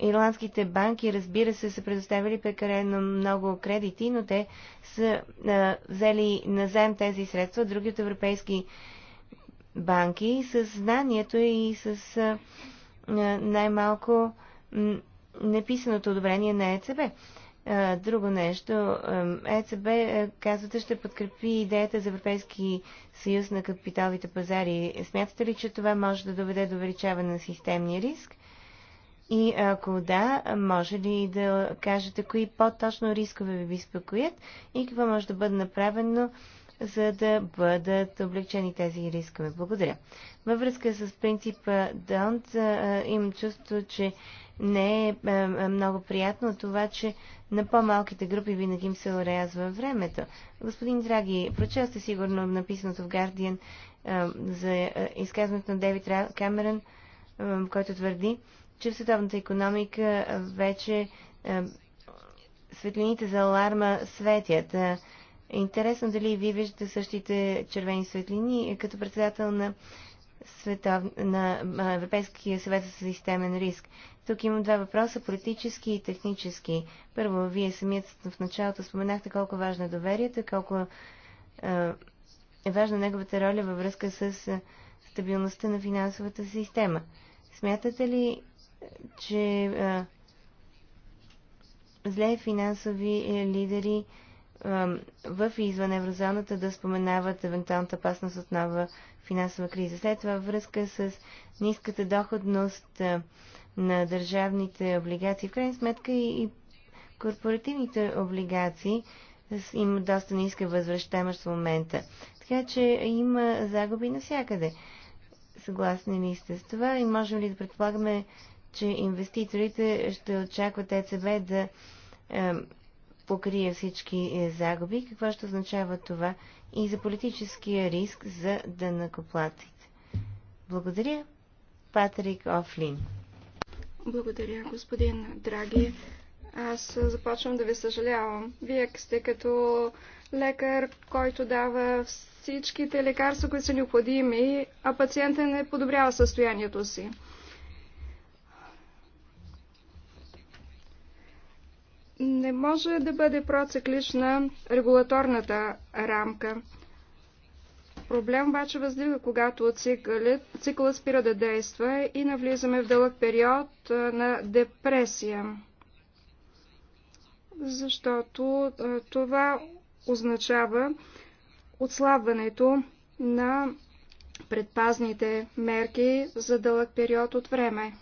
Ирландските банки, разбира се, са предоставили прекалено много кредити, но те са а, взели назаем тези средства от други от европейски банки с знанието и с най-малко неписаното одобрение на ЕЦБ. Друго нещо, ЕЦБ е, казвате ще подкрепи идеята за Европейски съюз на капиталите пазари. Смятате ли, че това може да доведе до увеличаване на системния риск? И ако да, може ли да кажете кои по-точно рискове ви безпокоят и какво може да бъде направено, за да бъдат облегчени тези рискове? Благодаря. Във връзка с принципа Don't, имам чувство, че не е, е, е много приятно това, че на по-малките групи винаги им се урязва времето. Господин Драги, прочел сте сигурно написаното в Guardian е, за изказването на Дейвид Камерън, който твърди, че в световната економика вече светлините за аларма светят. Интересно дали вие виждате същите червени светлини като председател на светов... на Европейския съвет за системен риск. Тук имам два въпроса, политически и технически. Първо, вие самият в началото споменахте колко важно е доверието, колко е важна неговата роля във връзка с стабилността на финансовата система. Смятате ли, че зле финансови лидери в и извън еврозоната да споменават евентуалната опасност от нова финансова криза. След това връзка с ниската доходност на държавните облигации. В крайна сметка и корпоративните облигации има доста ниска възвръщаемост в момента. Така че има загуби навсякъде. Съгласни ли сте с това и можем ли да предполагаме, че инвеститорите ще очакват ЕЦБ да покрие всички е, загуби, какво ще означава това и за политическия риск за дънакоплатите. Благодаря, Патрик Офлин. Благодаря, господин Драги. Аз започвам да ви съжалявам. Вие сте като лекар, който дава всичките лекарства, които са необходими, а пациента не подобрява състоянието си. Не може да бъде проциклична регулаторната рамка. Проблем обаче възлига, когато цикълът, цикълът спира да действа и навлизаме в дълъг период на депресия. Защото това означава отслабването на предпазните мерки за дълъг период от време.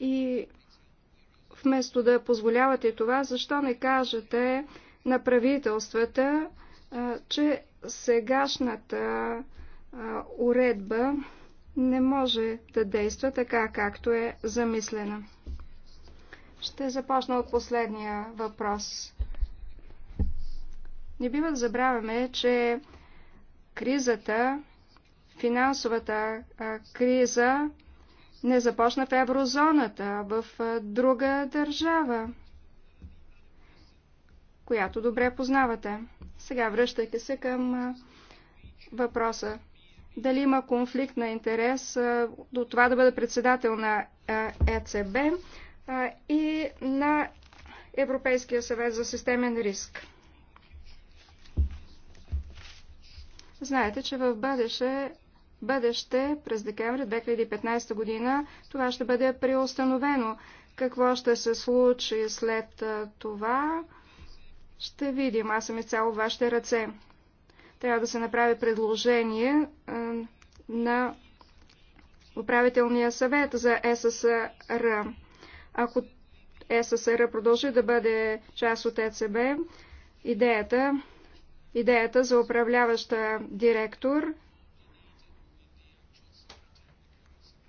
И Вместо да позволявате това, защо не кажете на правителствата, че сегашната уредба не може да действа така, както е замислена. Ще започна от последния въпрос. Не бива да забравяме, че кризата, финансовата криза, не започна в еврозоната, а в друга държава, която добре познавате. Сега връщайте се към въпроса. Дали има конфликт на интерес до това да бъде председател на ЕЦБ и на Европейския съвет за системен риск? Знаете, че в бъдеще бъдеще, през декември 2015 година, това ще бъде преустановено. Какво ще се случи след това, ще видим. Аз съм изцяло в вашите ръце. Трябва да се направи предложение на управителния съвет за ССР. Ако ССР продължи да бъде част от ЕЦБ, идеята, идеята за управляваща директор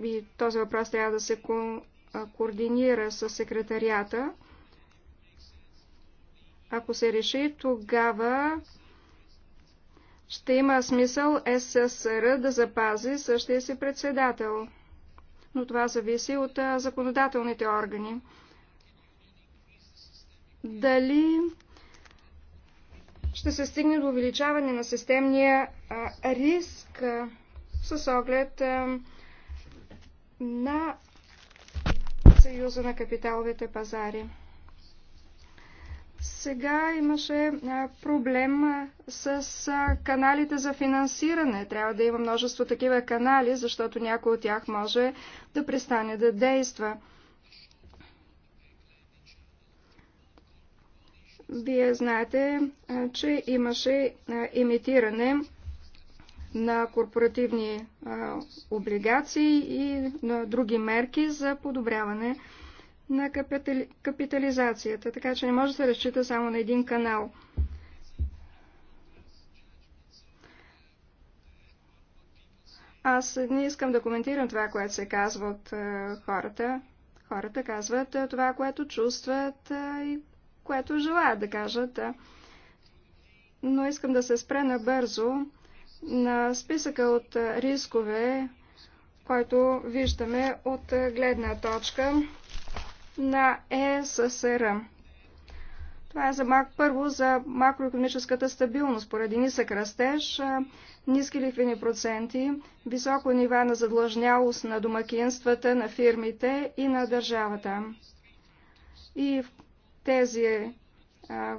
и този въпрос трябва да се ко координира с секретарията. Ако се реши, тогава ще има смисъл СССР да запази същия си председател. Но това зависи от законодателните органи. Дали ще се стигне до увеличаване на системния риск с оглед на Съюза на капиталовите пазари. Сега имаше проблем с каналите за финансиране. Трябва да има множество такива канали, защото някой от тях може да престане да действа. Вие знаете, че имаше имитиране на корпоративни облигации и на други мерки за подобряване на капитали... капитализацията. Така че не може да се разчита само на един канал. Аз не искам да коментирам това, което се казва от е, хората. Хората казват е, това, което чувстват е, и което желаят да кажат. Но искам да се спре набързо на списъка от рискове, който виждаме от гледна точка на ЕССР. Това е за мак, първо за макроекономическата стабилност поради нисък растеж, ниски лихвени проценти, високо нива на задлъжнялост на домакинствата, на фирмите и на държавата. И в тези а,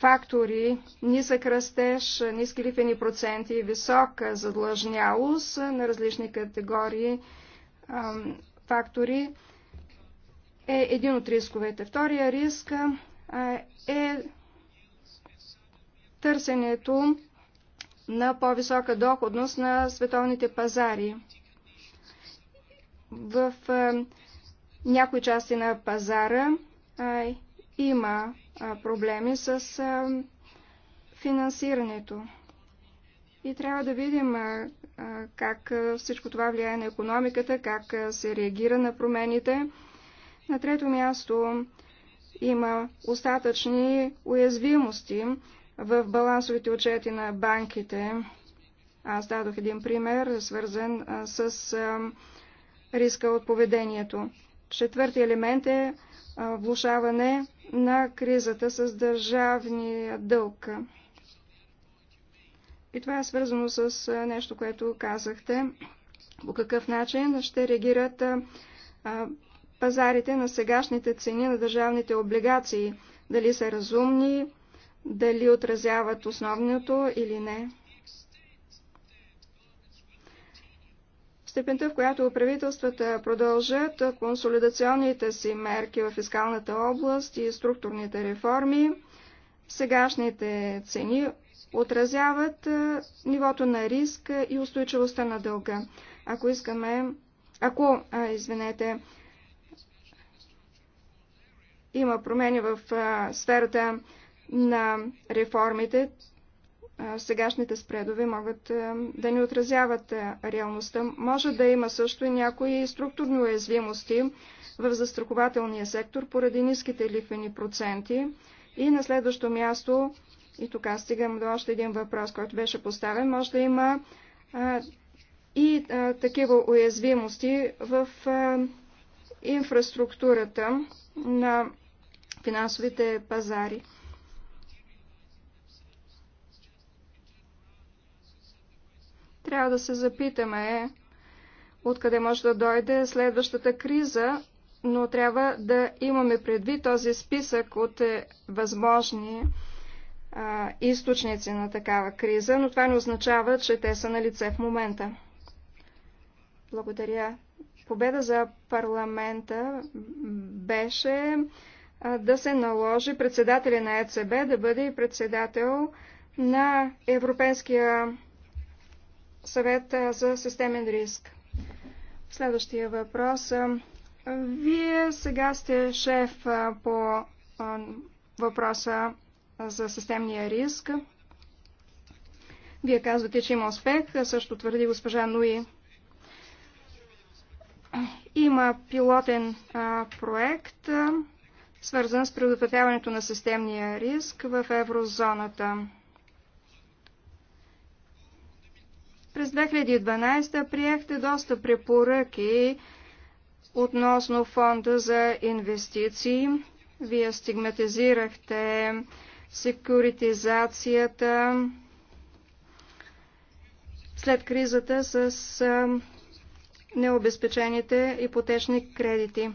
фактори, нисък растеж, ниски лихвени проценти, висока задлъжнялост на различни категории фактори е един от рисковете. Втория риск е търсенето на по-висока доходност на световните пазари. В някои части на пазара има проблеми с финансирането. И трябва да видим как всичко това влияе на економиката, как се реагира на промените. На трето място има остатъчни уязвимости в балансовите отчети на банките. Аз дадох един пример, свързан с риска от поведението. Четвърти елемент е влушаване на кризата с държавния дълг. И това е свързано с нещо, което казахте. По какъв начин ще реагират пазарите на сегашните цени на държавните облигации? Дали са разумни, дали отразяват основното или не? степента, в която правителствата продължат консолидационните си мерки в фискалната област и структурните реформи, сегашните цени отразяват нивото на риск и устойчивостта на дълга. Ако искаме, ако, а, извинете, има промени в а, сферата на реформите, сегашните спредове могат да не отразяват реалността. Може да има също и някои структурни уязвимости в застрахователния сектор поради ниските лихвени проценти. И на следващо място, и тук аз стигам до още един въпрос, който беше поставен, може да има и такива уязвимости в инфраструктурата на финансовите пазари. Трябва да се запитаме откъде може да дойде следващата криза, но трябва да имаме предвид този списък от е, възможни а, източници на такава криза, но това не означава, че те са на лице в момента. Благодаря. Победа за парламента беше а, да се наложи председателя на ЕЦБ да бъде и председател на Европейския съвет за системен риск. Следващия въпрос. Вие сега сте шеф по въпроса за системния риск. Вие казвате, че има успех, също твърди госпожа Нуи. Има пилотен проект, свързан с предотвратяването на системния риск в еврозоната. През 2012 приехте доста препоръки относно фонда за инвестиции. Вие стигматизирахте секюритизацията след кризата с необезпечените ипотечни кредити.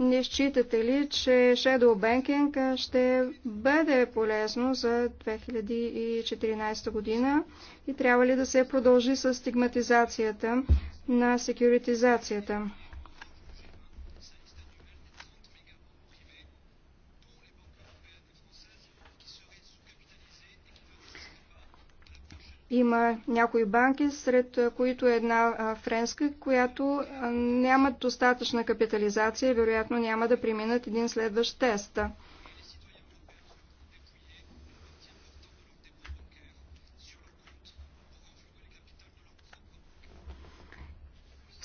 Не считате ли, че Shadow Banking ще бъде полезно за 2014 година и трябва ли да се продължи с стигматизацията на секюритизацията? Има някои банки, сред които е една френска, която нямат достатъчна капитализация и вероятно няма да преминат един следващ тест.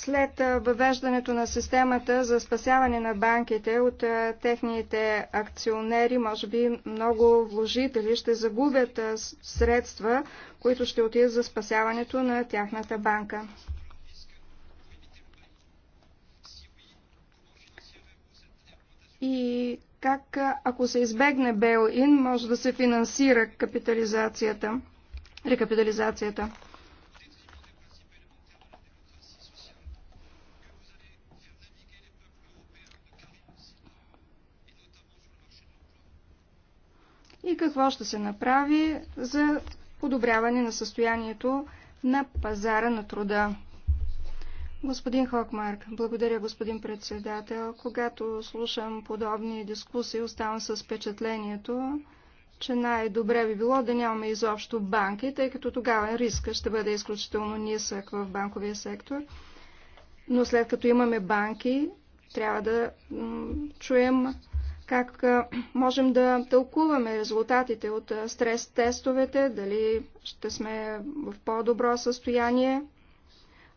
След въвеждането на системата за спасяване на банките от техните акционери, може би много вложители ще загубят средства, които ще отидат за спасяването на тяхната банка. И как, ако се избегне бейл-ин, може да се финансира капитализацията, рекапитализацията. и какво ще се направи за подобряване на състоянието на пазара на труда. Господин Хокмарк, благодаря господин председател. Когато слушам подобни дискусии, оставам с впечатлението, че най-добре би било да нямаме изобщо банки, тъй като тогава риска ще бъде изключително нисък в банковия сектор. Но след като имаме банки, трябва да чуем как можем да тълкуваме резултатите от стрес-тестовете, дали ще сме в по-добро състояние,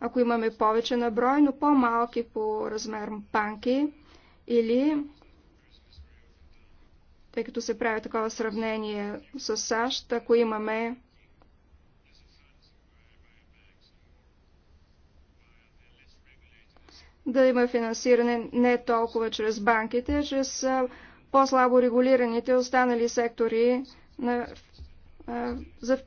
ако имаме повече на брой, но по-малки по размер банки или тъй като се прави такова сравнение с САЩ, ако имаме да има финансиране не толкова чрез банките, а чрез по-слабо регулираните останали сектори на, а, за,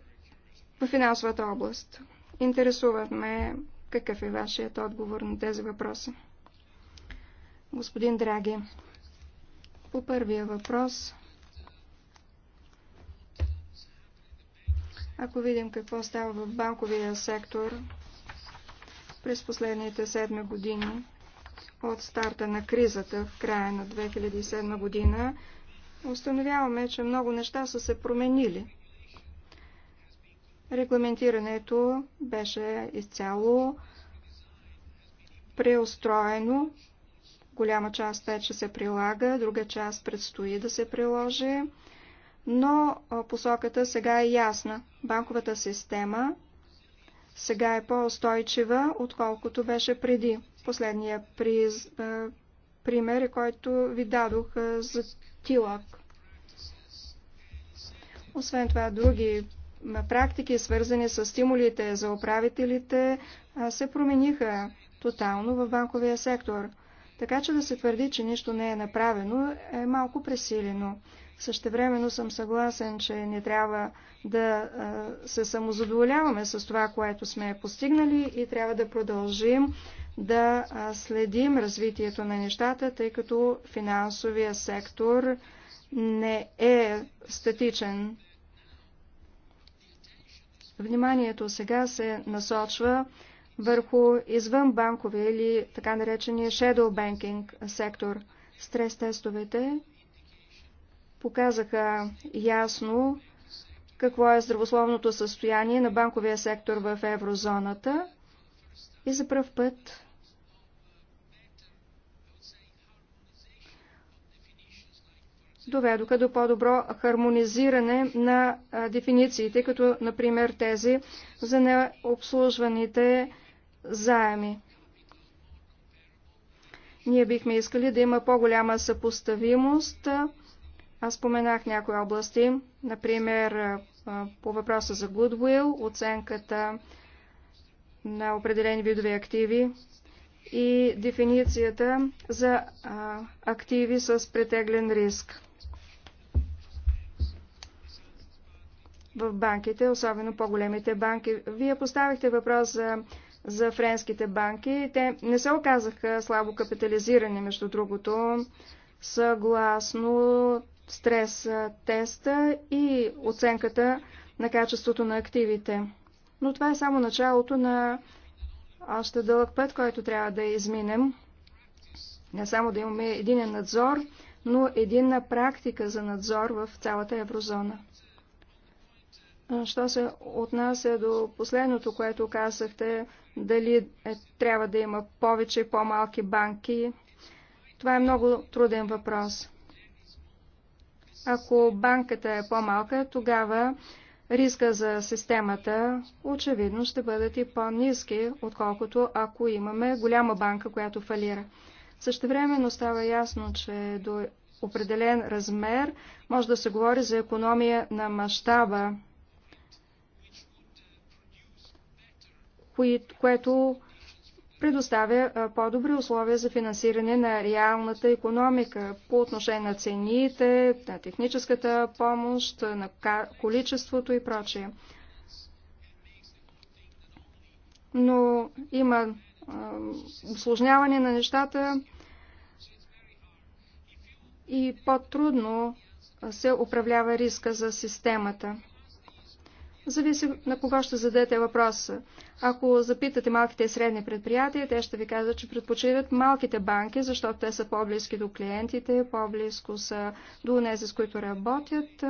в финансовата област. Интересуват ме какъв е вашият отговор на тези въпроси. Господин Драги, по първия въпрос, ако видим какво става в банковия сектор, през последните седми години от старта на кризата в края на 2007 година установяваме, че много неща са се променили. Регламентирането беше изцяло преустроено. Голяма част вече се прилага, друга част предстои да се приложи, но посоката сега е ясна. Банковата система сега е по-устойчива, отколкото беше преди. Последния приз, пример, е, който ви дадох за тилък. Освен това, други практики, свързани с стимулите за управителите, се промениха тотално в банковия сектор. Така че да се твърди, че нищо не е направено, е малко пресилено. Същевременно съм съгласен, че не трябва да се самозадоволяваме с това, което сме постигнали и трябва да продължим да следим развитието на нещата, тъй като финансовия сектор не е статичен. Вниманието сега се насочва върху извънбанковия или така наречения shadow banking сектор. Стрес тестовете показаха ясно какво е здравословното състояние на банковия сектор в еврозоната и за пръв път доведоха до по-добро хармонизиране на дефинициите, като например тези за необслужваните заеми. Ние бихме искали да има по-голяма съпоставимост аз споменах някои области, например по въпроса за Goodwill, оценката на определени видове активи и дефиницията за активи с претеглен риск. В банките, особено по-големите банки. Вие поставихте въпрос за, за френските банки. Те не се оказаха слабо капитализирани, между другото съгласно стрес теста и оценката на качеството на активите. Но това е само началото на още дълъг път, който трябва да изминем. Не само да имаме един надзор, но един практика за надзор в цялата еврозона. Що се отнася до последното, което казахте, дали е, трябва да има повече и по-малки банки, това е много труден въпрос. Ако банката е по-малка, тогава риска за системата очевидно ще бъдат и по-низки, отколкото ако имаме голяма банка, която фалира. времено става ясно, че до определен размер може да се говори за економия на мащаба, което предоставя по-добри условия за финансиране на реалната економика по отношение на цените, на техническата помощ, на количеството и прочее. Но има усложняване на нещата и по-трудно се управлява риска за системата. Зависи на кого ще зададете въпроса. Ако запитате малките и средни предприятия, те ще ви кажат, че предпочитат малките банки, защото те са по-близки до клиентите, по-близко са до тези, с които работят.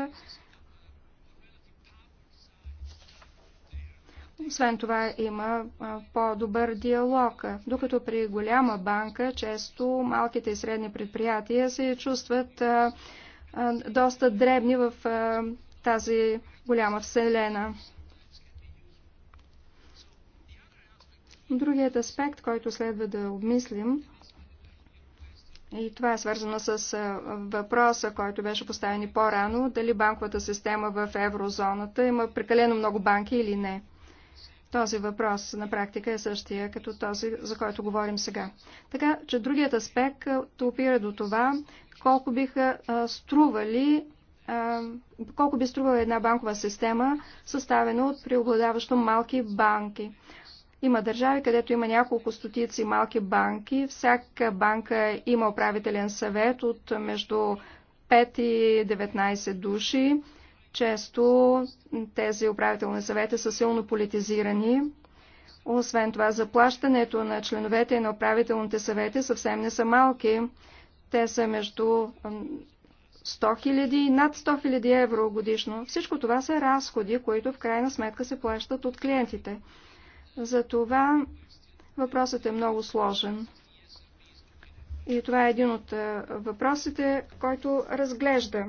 Освен това има по-добър диалог, докато при голяма банка често малките и средни предприятия се чувстват доста дребни в тази голяма вселена. Другият аспект, който следва да обмислим, и това е свързано с въпроса, който беше поставен и по-рано, дали банковата система в еврозоната има прекалено много банки или не. Този въпрос на практика е същия, като този, за който говорим сега. Така че другият аспект опира до това, колко биха стрували колко би струвала една банкова система, съставена от преобладаващо малки банки. Има държави, където има няколко стотици малки банки. Всяка банка има управителен съвет от между 5 и 19 души. Често тези управителни съвети са силно политизирани. Освен това, заплащането на членовете на управителните съвети съвсем не са малки. Те са между 100 000 и над 100 000 евро годишно. Всичко това са разходи, които в крайна сметка се плащат от клиентите. Затова въпросът е много сложен. И това е един от въпросите, който разглежда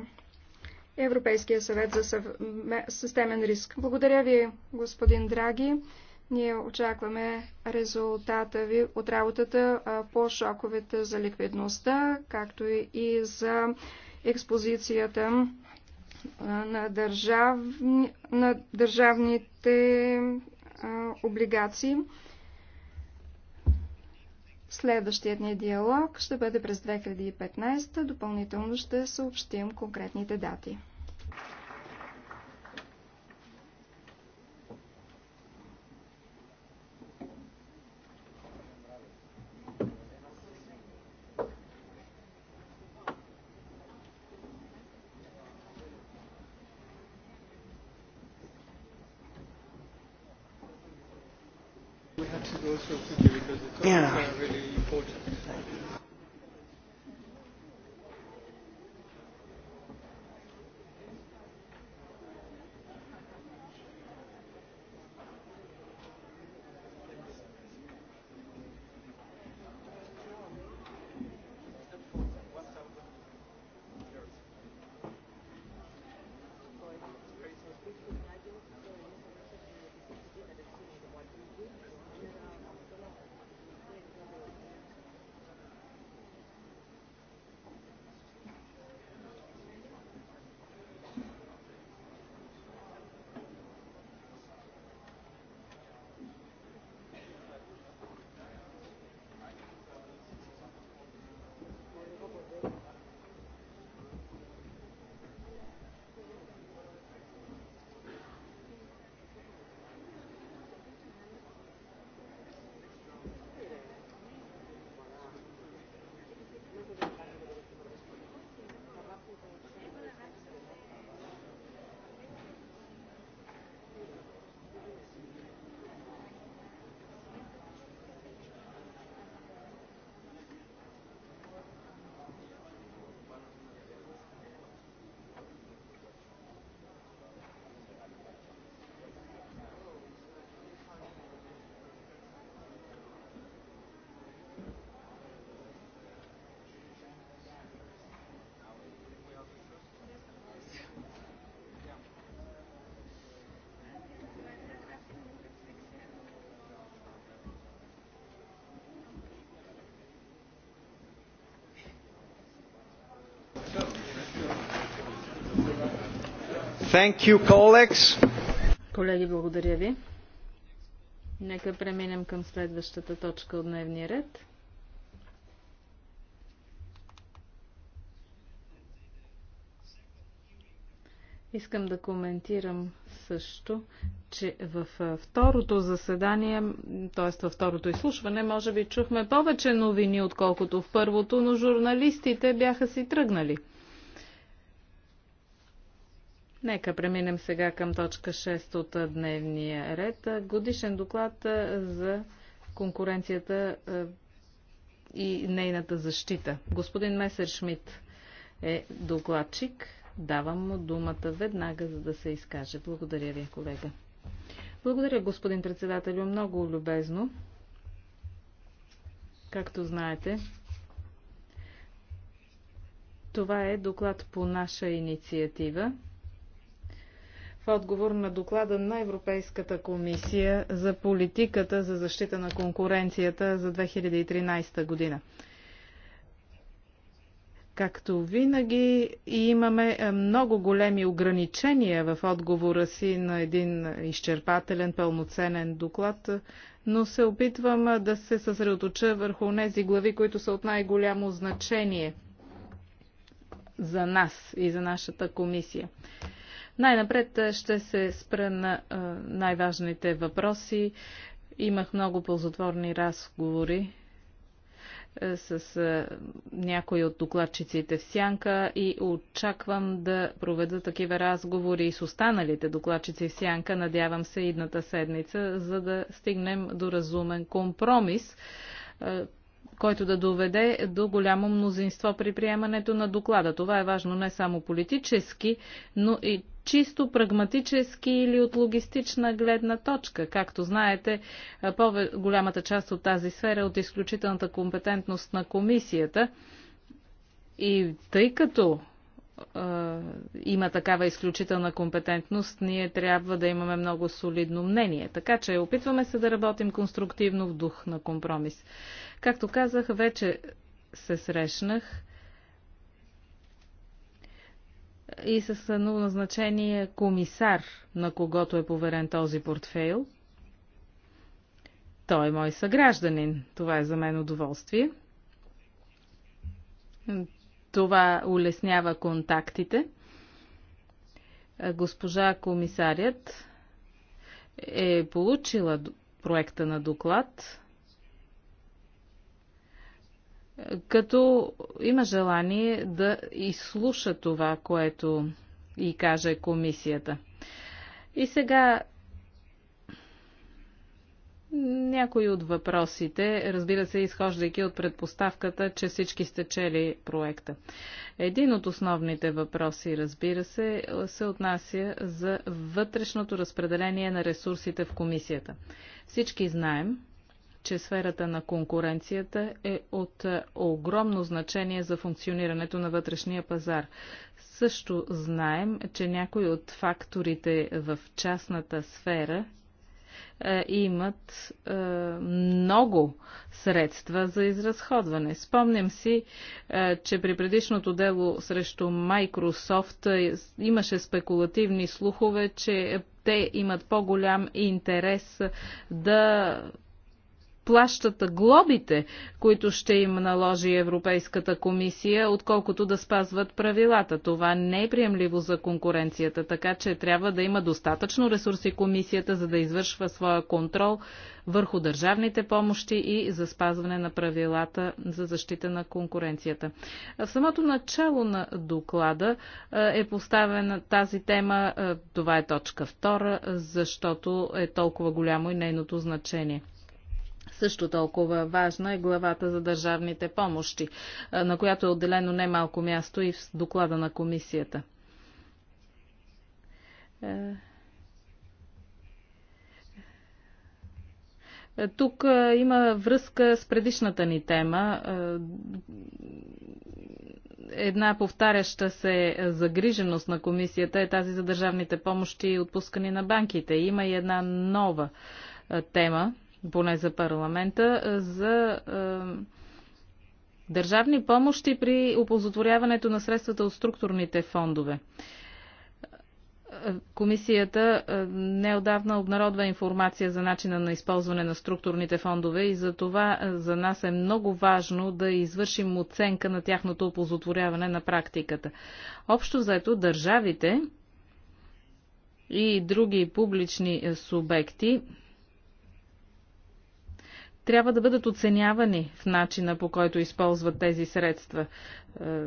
Европейския съвет за системен риск. Благодаря ви, господин Драги. Ние очакваме резултата ви от работата по шоковете за ликвидността, както и за експозицията на, държав... на държавните а, облигации. Следващият ни диалог ще бъде през 2015. Допълнително ще съобщим конкретните дати. Колеги, благодаря ви. Нека преминем към следващата точка от дневния ред. Искам да коментирам също, че във второто заседание, т.е. във второто изслушване, може би чухме повече новини, отколкото в първото, но журналистите бяха си тръгнали. Нека преминем сега към точка 6 от дневния ред. Годишен доклад за конкуренцията и нейната защита. Господин Месер Шмидт е докладчик. Давам му думата веднага, за да се изкаже. Благодаря ви, колега. Благодаря, господин председателю. Много любезно. Както знаете, това е доклад по наша инициатива в отговор на доклада на Европейската комисия за политиката за защита на конкуренцията за 2013 година. Както винаги, имаме е, много големи ограничения в отговора си на един изчерпателен, пълноценен доклад, но се опитвам е, да се съсредоточа върху тези глави, които са от най-голямо значение за нас и за нашата комисия. Най-напред ще се спра на най-важните въпроси. Имах много ползотворни разговори с някои от докладчиците в Сянка и очаквам да проведа такива разговори и с останалите докладчици в Сянка, надявам се, идната седмица, за да стигнем до разумен компромис, който да доведе до голямо мнозинство при приемането на доклада. Това е важно не само политически, но и чисто прагматически или от логистична гледна точка. Както знаете, по-голямата част от тази сфера е от изключителната компетентност на комисията. И тъй като има такава изключителна компетентност, ние трябва да имаме много солидно мнение. Така че опитваме се да работим конструктивно в дух на компромис. Както казах, вече се срещнах и с назначение комисар, на когото е поверен този портфейл. Той е мой съгражданин. Това е за мен удоволствие. Това улеснява контактите. Госпожа комисарят е получила проекта на доклад като има желание да изслуша това, което и каже комисията. И сега някои от въпросите, разбира се, изхождайки от предпоставката, че всички сте чели проекта. Един от основните въпроси, разбира се, се отнася за вътрешното разпределение на ресурсите в комисията. Всички знаем, че сферата на конкуренцията е от е, огромно значение за функционирането на вътрешния пазар. Също знаем, че някои от факторите в частната сфера е, имат е, много средства за изразходване. Спомням си, е, че при предишното дело срещу Microsoft е, имаше спекулативни слухове, че те имат по-голям интерес да плащат глобите, които ще им наложи Европейската комисия, отколкото да спазват правилата. Това не е приемливо за конкуренцията, така че трябва да има достатъчно ресурси комисията, за да извършва своя контрол върху държавните помощи и за спазване на правилата за защита на конкуренцията. В самото начало на доклада е, е поставена тази тема, е, това е точка втора, защото е толкова голямо и нейното значение. Също толкова важна е главата за държавните помощи, на която е отделено немалко място и в доклада на комисията. Е, е, тук е, има връзка с предишната ни тема. Една повтаряща се загриженост на комисията е тази за държавните помощи, отпускани на банките. Има и една нова тема поне за парламента, за държавни помощи при оползотворяването на средствата от структурните фондове. Комисията неодавна обнародва информация за начина на използване на структурните фондове и за това за нас е много важно да извършим оценка на тяхното оползотворяване на практиката. Общо взето държавите и други публични субекти трябва да бъдат оценявани в начина по който използват тези средства. Е,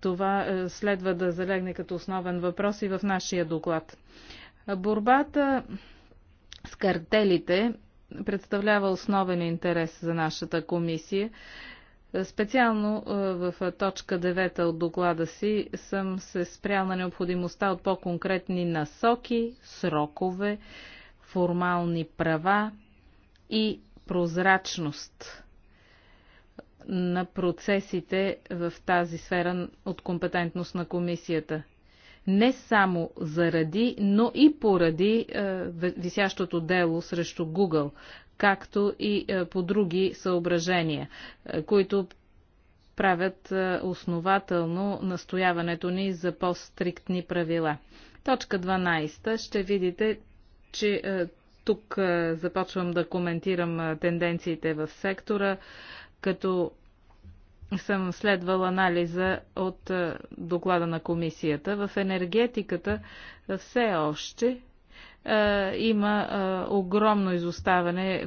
това е, следва да залегне като основен въпрос и в нашия доклад. Борбата с картелите представлява основен интерес за нашата комисия. Специално е, в точка 9 от доклада си съм се спрял на необходимостта от по-конкретни насоки, срокове, формални права и прозрачност на процесите в тази сфера от компетентност на комисията. Не само заради, но и поради е, висящото дело срещу Google, както и е, по други съображения, е, които правят е, основателно настояването ни за по-стриктни правила. Точка 12 ще видите, че е, тук започвам да коментирам тенденциите в сектора, като съм следвал анализа от доклада на комисията. В енергетиката все още е, има е, огромно изоставане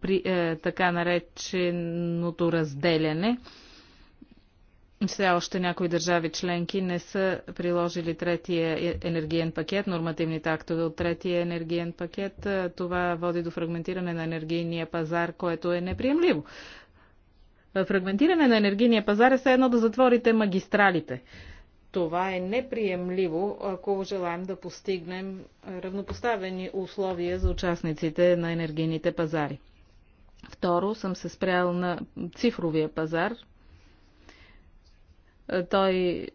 при е, така нареченото разделяне. Е, все още някои държави членки не са приложили третия е, енергиен пакет, нормативните актове от третия енергиен пакет. Това води до фрагментиране на енергийния пазар, което е неприемливо. Фрагментиране на енергийния пазар е все едно да затворите магистралите. Това е неприемливо, ако желаем да постигнем равнопоставени условия за участниците на енергийните пазари. Второ, съм се спрял на цифровия пазар, е, той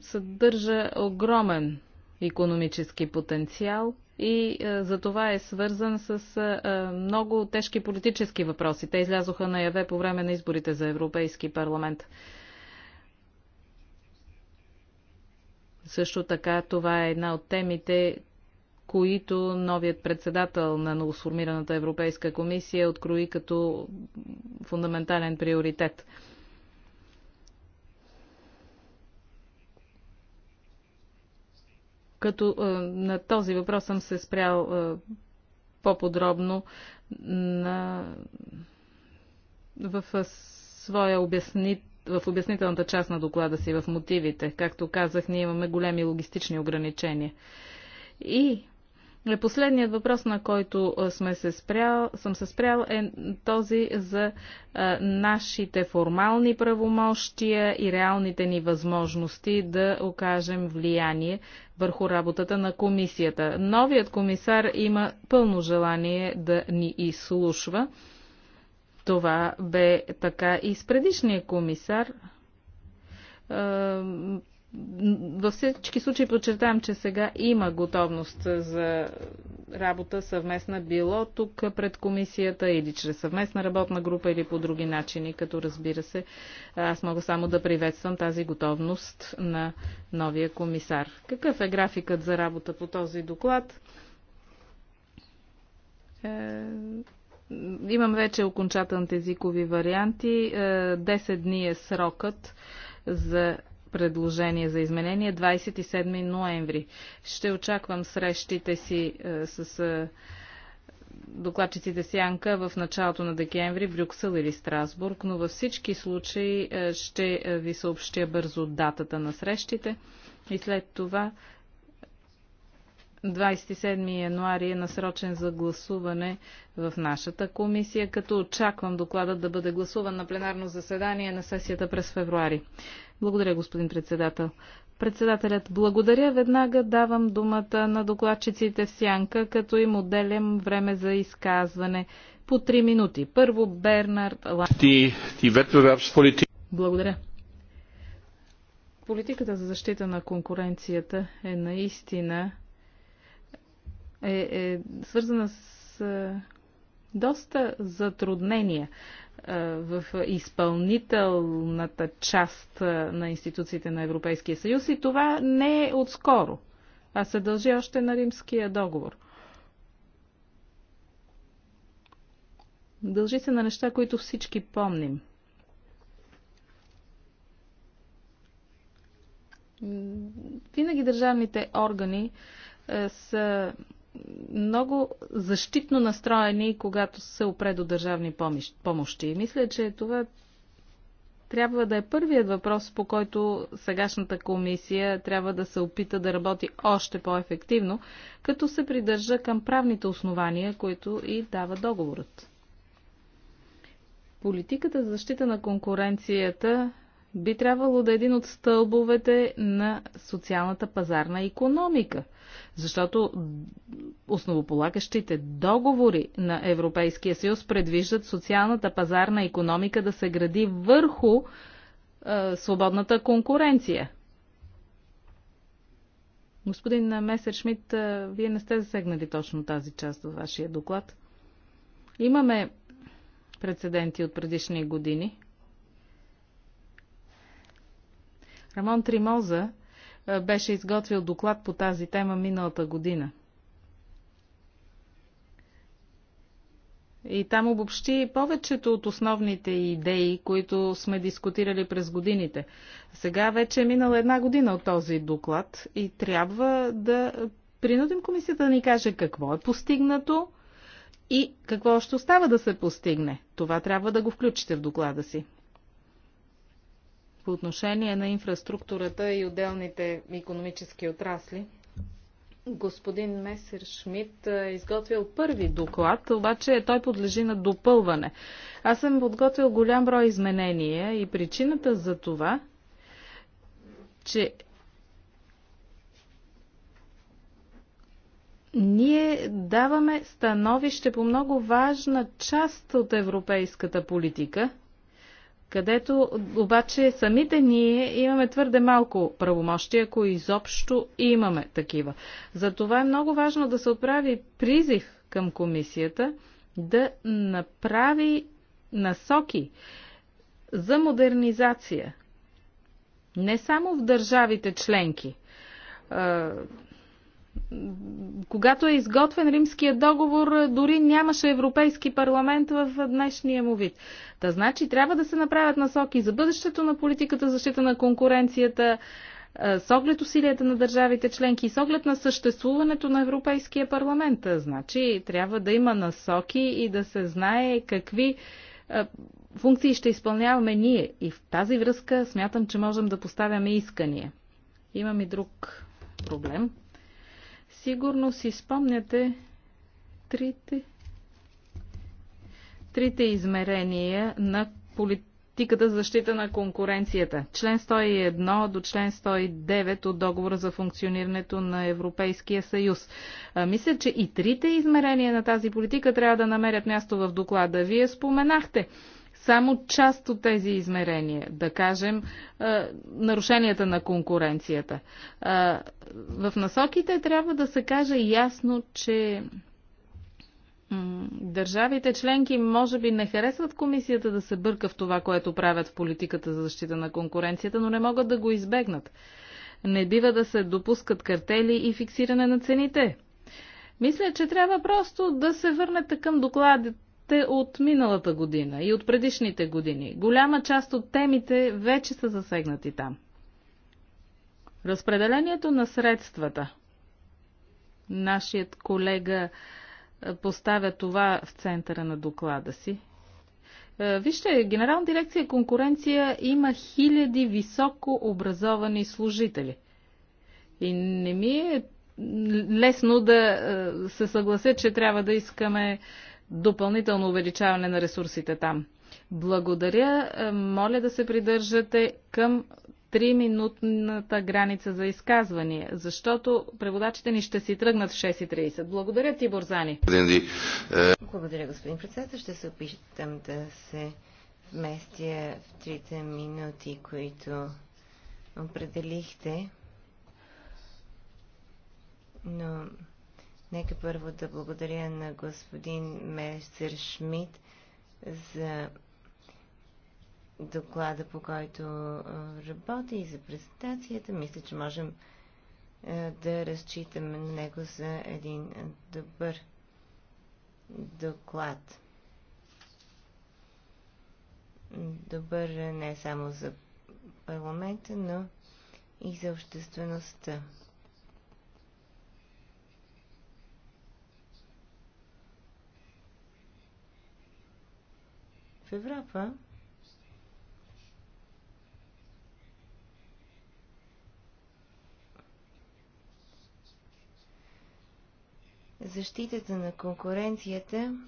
съдържа огромен економически потенциал и е, за това е свързан с е, много тежки политически въпроси. Те излязоха наяве по време на изборите за Европейски парламент. Също така това е една от темите, които новият председател на новосформираната Европейска комисия открои като фундаментален приоритет – като е, на този въпрос съм се спрял е, по-подробно на... в е, своя обяснит в обяснителната част на доклада си, в мотивите. Както казах, ние имаме големи логистични ограничения. И е, последният въпрос, на който сме се спрял, съм се спрял, е този за нашите формални правомощия и реалните ни възможности да окажем влияние върху работата на комисията. Новият комисар има пълно желание да ни изслушва. Това бе така и с предишния комисар във всички случаи подчертавам, че сега има готовност за работа съвместна, било тук пред комисията или чрез съвместна работна група или по други начини, като разбира се, аз мога само да приветствам тази готовност на новия комисар. Какъв е графикът за работа по този доклад? Е... Имам вече окончателните езикови варианти. 10 е, дни е срокът за предложение за изменение 27 ноември. Ще очаквам срещите си е, с е, докладчиците Сянка в началото на декември, Брюксел или Страсбург, но във всички случаи е, ще ви съобщя бързо датата на срещите и след това 27 януари е насрочен за гласуване в нашата комисия, като очаквам докладът да бъде гласуван на пленарно заседание на сесията през февруари. Благодаря, господин председател. Председателят, благодаря. Веднага давам думата на докладчиците в сянка, като им отделям време за изказване по 3 минути. Първо Бернард Ланти. Благодаря. Политиката за защита на конкуренцията е наистина е, е свързана с е, доста затруднения е, в изпълнителната част е, на институциите на Европейския съюз и това не е отскоро, а се дължи още на Римския договор. Дължи се на неща, които всички помним. Винаги държавните органи е, са много защитно настроени, когато се опре до държавни помощи. И мисля, че това трябва да е първият въпрос, по който сегашната комисия трябва да се опита да работи още по-ефективно, като се придържа към правните основания, които и дава договорът. Политиката за защита на конкуренцията би трябвало да е един от стълбовете на социалната пазарна економика. Защото основополагащите договори на Европейския съюз предвиждат социалната пазарна економика да се гради върху е, свободната конкуренция. Господин Месершмит, е, вие не сте засегнали точно тази част от вашия доклад. Имаме прецеденти от предишни години – Рамон Тримоза е, беше изготвил доклад по тази тема миналата година. И там обобщи повечето от основните идеи, които сме дискутирали през годините. Сега вече е минала една година от този доклад и трябва да принудим комисията да ни каже какво е постигнато и какво още остава да се постигне. Това трябва да го включите в доклада си по отношение на инфраструктурата и отделните економически отрасли. Господин Месер Шмидт е изготвил първи доклад, обаче той подлежи на допълване. Аз съм подготвил голям брой изменения и причината за това, че ние даваме становище по много важна част от европейската политика – където обаче самите ние имаме твърде малко правомощия, ако изобщо имаме такива. Затова е много важно да се отправи призив към комисията да направи насоки за модернизация не само в държавите членки когато е изготвен римския договор, дори нямаше Европейски парламент в днешния му вид. Та значи трябва да се направят насоки за бъдещето на политиката защита на конкуренцията, е, с оглед усилията на държавите членки и с оглед на съществуването на Европейския парламент. Значи трябва да има насоки и да се знае какви е, функции ще изпълняваме ние. И в тази връзка смятам, че можем да поставяме искания. Имам и друг проблем. Сигурно си спомняте трите, трите измерения на политиката за защита на конкуренцията. Член 101 до член 109 от договора за функционирането на Европейския съюз. А, мисля, че и трите измерения на тази политика трябва да намерят място в доклада. Вие споменахте само част от тези измерения, да кажем, е, нарушенията на конкуренцията. Е, в насоките трябва да се каже ясно, че Държавите членки може би не харесват комисията да се бърка в това, което правят в политиката за защита на конкуренцията, но не могат да го избегнат. Не бива да се допускат картели и фиксиране на цените. Мисля, че трябва просто да се върнете към докладите още от миналата година и от предишните години. Голяма част от темите вече са засегнати там. Разпределението на средствата. Нашият колега е, поставя това в центъра на доклада си. Е, вижте, Генерална дирекция конкуренция има хиляди високо образовани служители. И не ми е лесно да е, се съглася, че трябва да искаме допълнително увеличаване на ресурсите там. Благодаря. Е, моля да се придържате към 3-минутната граница за изказвания, защото преводачите ни ще си тръгнат в 6.30. Благодаря ти, Борзани. Е, Благодаря, господин председател. Ще се опитам да се вместя в трите минути, които определихте. Но... No Нека първо да благодаря на господин Мейстер Шмидт за доклада, по който работи и за презентацията. Мисля, че можем да разчитаме на него за един добър доклад. Добър не само за парламента, но и за обществеността. Европа защитата на конкуренцията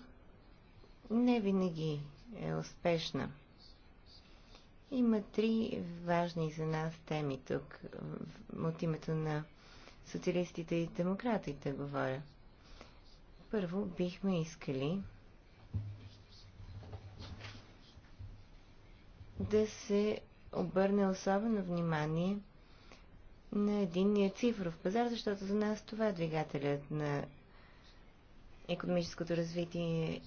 не винаги е успешна. Има три важни за нас теми тук, от името на социалистите и демократите говоря. Първо, бихме искали да се обърне особено внимание на единния цифров пазар, защото за нас това е двигателят на економическото развитие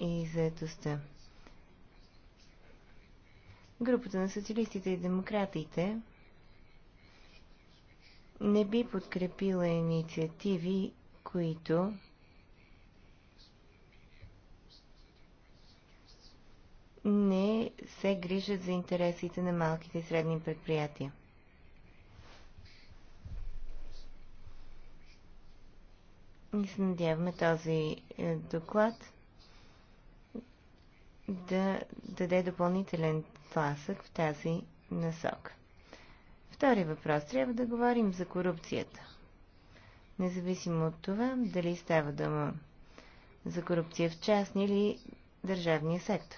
и заедостта. Групата на социалистите и демократите не би подкрепила инициативи, които не се грижат за интересите на малките и средни предприятия. И се надяваме този е, доклад да даде допълнителен тласък в тази насок. Втори въпрос. Трябва да говорим за корупцията. Независимо от това, дали става дума за корупция в частни или държавния сектор.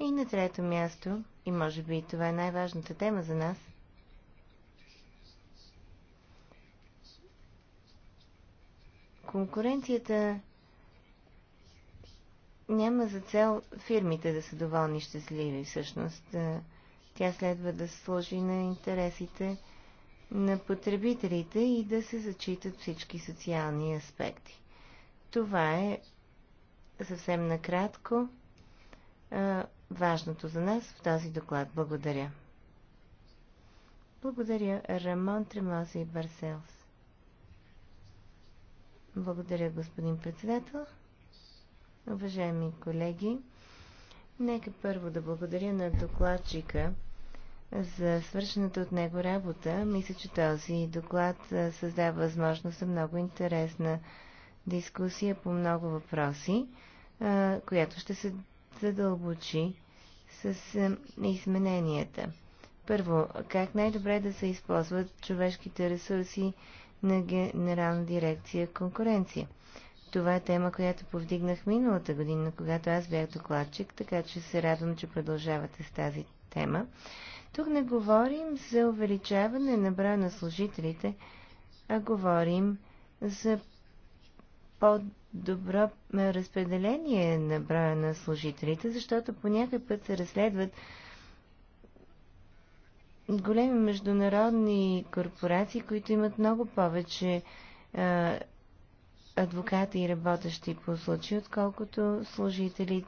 И на трето място, и може би това е най-важната тема за нас, конкуренцията няма за цел фирмите да са доволни щастливи. Всъщност, тя следва да служи на интересите на потребителите и да се зачитат всички социални аспекти. Това е съвсем накратко важното за нас в този доклад. Благодаря. Благодаря, Рамон Тремози и Барселс. Благодаря, господин председател. Уважаеми колеги, нека първо да благодаря на докладчика за свършената от него работа. Мисля, че този доклад създава възможност за много интересна дискусия по много въпроси, която ще се задълбочи с е, измененията. Първо, как най-добре да се използват човешките ресурси на Генерална дирекция конкуренция? Това е тема, която повдигнах миналата година, когато аз бях докладчик, така че се радвам, че продължавате с тази тема. Тук не говорим за увеличаване на броя на служителите, а говорим за по-добро е, разпределение на броя на служителите, защото по някой път се разследват големи международни корпорации, които имат много повече а, е, адвокати и работещи по случай, отколкото служители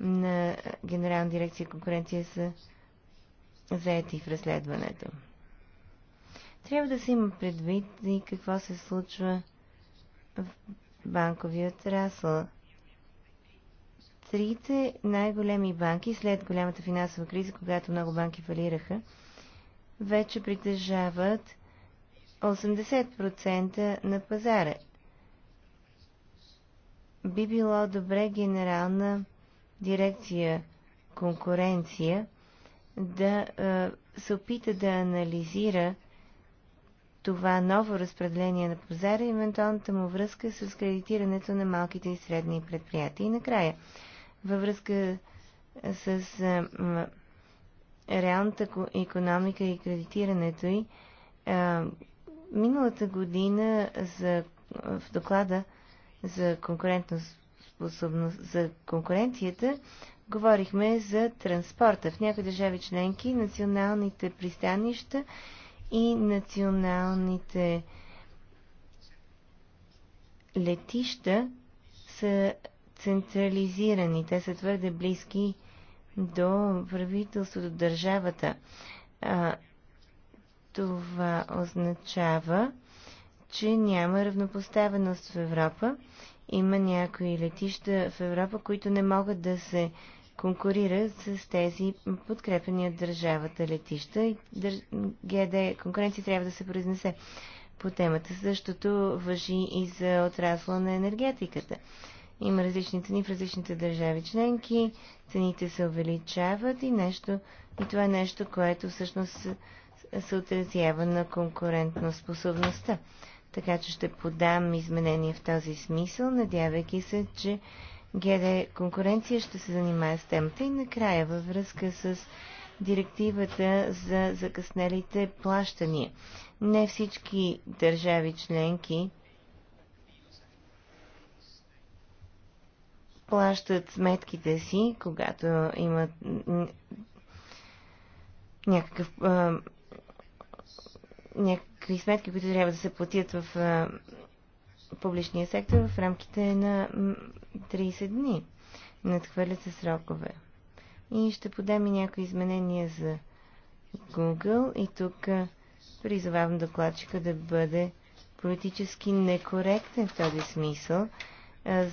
на Генерална дирекция конкуренция са заети в разследването. Трябва да се има предвид и какво се случва в банковия отрасъл. Трите най-големи банки след голямата финансова криза, когато много банки фалираха, вече притежават 80% на пазара. Би било добре генерална дирекция конкуренция да се опита да анализира това ново разпределение на пазара и евентуалната му връзка с кредитирането на малките и средни предприятия. И накрая, във връзка с реалната економика и кредитирането й, миналата година за, в доклада за, за конкуренцията говорихме за транспорта. В някои държави членки националните пристанища и националните летища са централизирани. Те са твърде близки до правителството, до държавата. А, това означава, че няма равнопоставеност в Европа. Има някои летища в Европа, които не могат да се конкурира с тези подкрепени от държавата летища и ГД конкуренция трябва да се произнесе по темата. Същото въжи и за отрасла на енергетиката. Има различни цени в различните държави членки, цените се увеличават и, нещо, и това е нещо, което всъщност се отразява на конкурентна способността. Така че ще подам изменения в този смисъл, надявайки се, че ГД Конкуренция ще се занимае с темата и накрая във връзка с директивата за закъснелите плащания. Не всички държави членки плащат сметките си, когато имат някакъв, а, някакви сметки, които трябва да се платят в а, публичния сектор в рамките на 30 дни. Надхвърлят се срокове. И ще подам и някои изменения за Google и тук призовавам докладчика да бъде политически некоректен в този смисъл.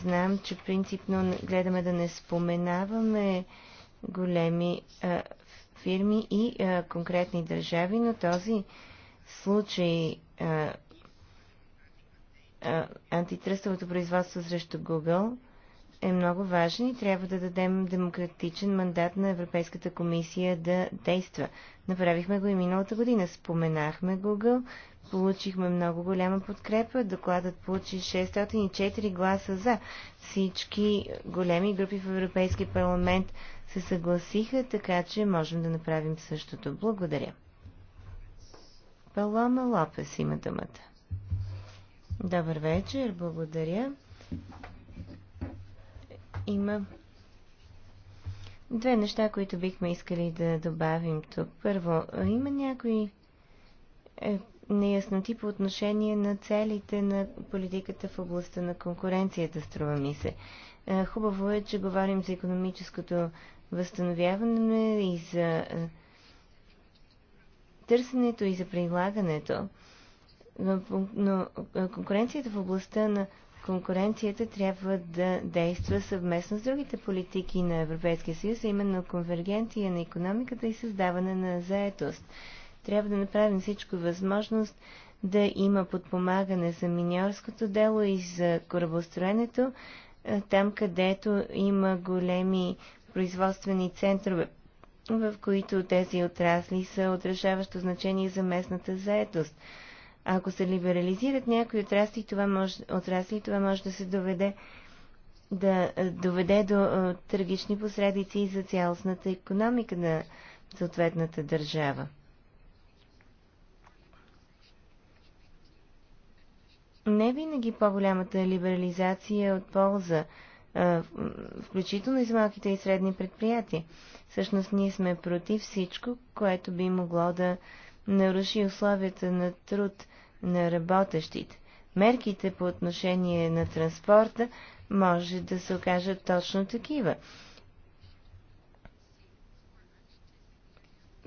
Знам, че принципно гледаме да не споменаваме големи фирми и конкретни държави, но този случай антитръстовото производство срещу Google е много важен и трябва да дадем демократичен мандат на Европейската комисия да действа. Направихме го и миналата година. Споменахме Google, получихме много голяма подкрепа. Докладът получи 604 гласа за. Всички големи групи в Европейския парламент се съгласиха, така че можем да направим същото. Благодаря. Палома Лопес има думата. Добър вечер, благодаря. Има две неща, които бихме искали да добавим тук. Първо, има някои е, неясноти по отношение на целите на политиката в областта на конкуренцията, струва ми се. Е, хубаво е, че говорим за економическото възстановяване и за е, търсенето и за прилагането но, но конкуренцията в областта на конкуренцията трябва да действа съвместно с другите политики на Европейския съюз, а именно конвергенция на економиката и създаване на заетост. Трябва да направим всичко възможност да има подпомагане за миньорското дело и за корабостроенето, там където има големи производствени центрове, в които тези отрасли са отрешаващо значение за местната заетост. Ако се либерализират някои отрасли, това може, отрасли, това може да се доведе да доведе до а, трагични посредици и за цялостната економика на съответната държава. Не винаги по-голямата либерализация е от полза, включително и за малките и средни предприятия. Всъщност ние сме против всичко, което би могло да наруши условията на труд на работещите. Мерките по отношение на транспорта може да се окажат точно такива.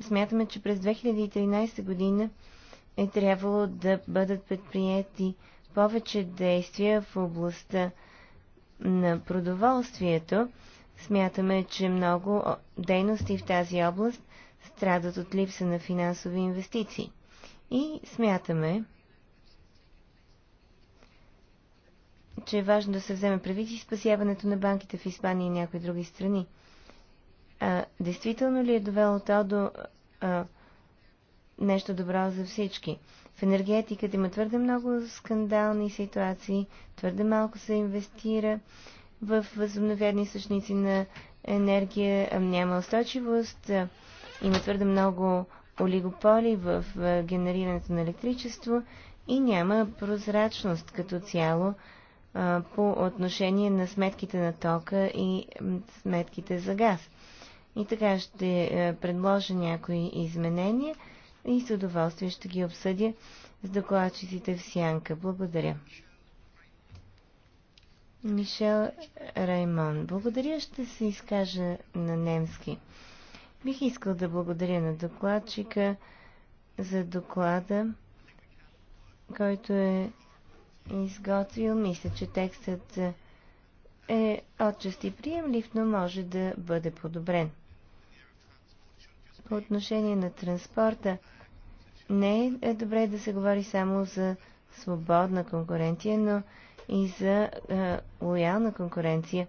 Смятаме, че през 2013 година е трябвало да бъдат предприяти повече действия в областта на продоволствието. Смятаме, че много дейности в тази област страдат от липса на финансови инвестиции. И смятаме, че е важно да се вземе предвид и спасяването на банките в Испания и някои други страни. А, действително ли е довело то до а, нещо добро за всички? В енергетиката има твърде много скандални ситуации, твърде малко се инвестира в възобновяеми същници на енергия, няма устойчивост, има твърде много олигополи в генерирането на електричество и няма прозрачност като цяло по отношение на сметките на тока и сметките за газ. И така ще е, предложа някои изменения и с удоволствие ще ги обсъдя с докладчиците в Сянка. Благодаря. Мишел Раймон. Благодаря, ще се изкажа на немски. Бих искал да благодаря на докладчика за доклада, който е изготвил. Мисля, че текстът е отчасти приемлив, но може да бъде подобрен. По отношение на транспорта, не е добре да се говори само за свободна конкуренция, но и за е, лоялна конкуренция.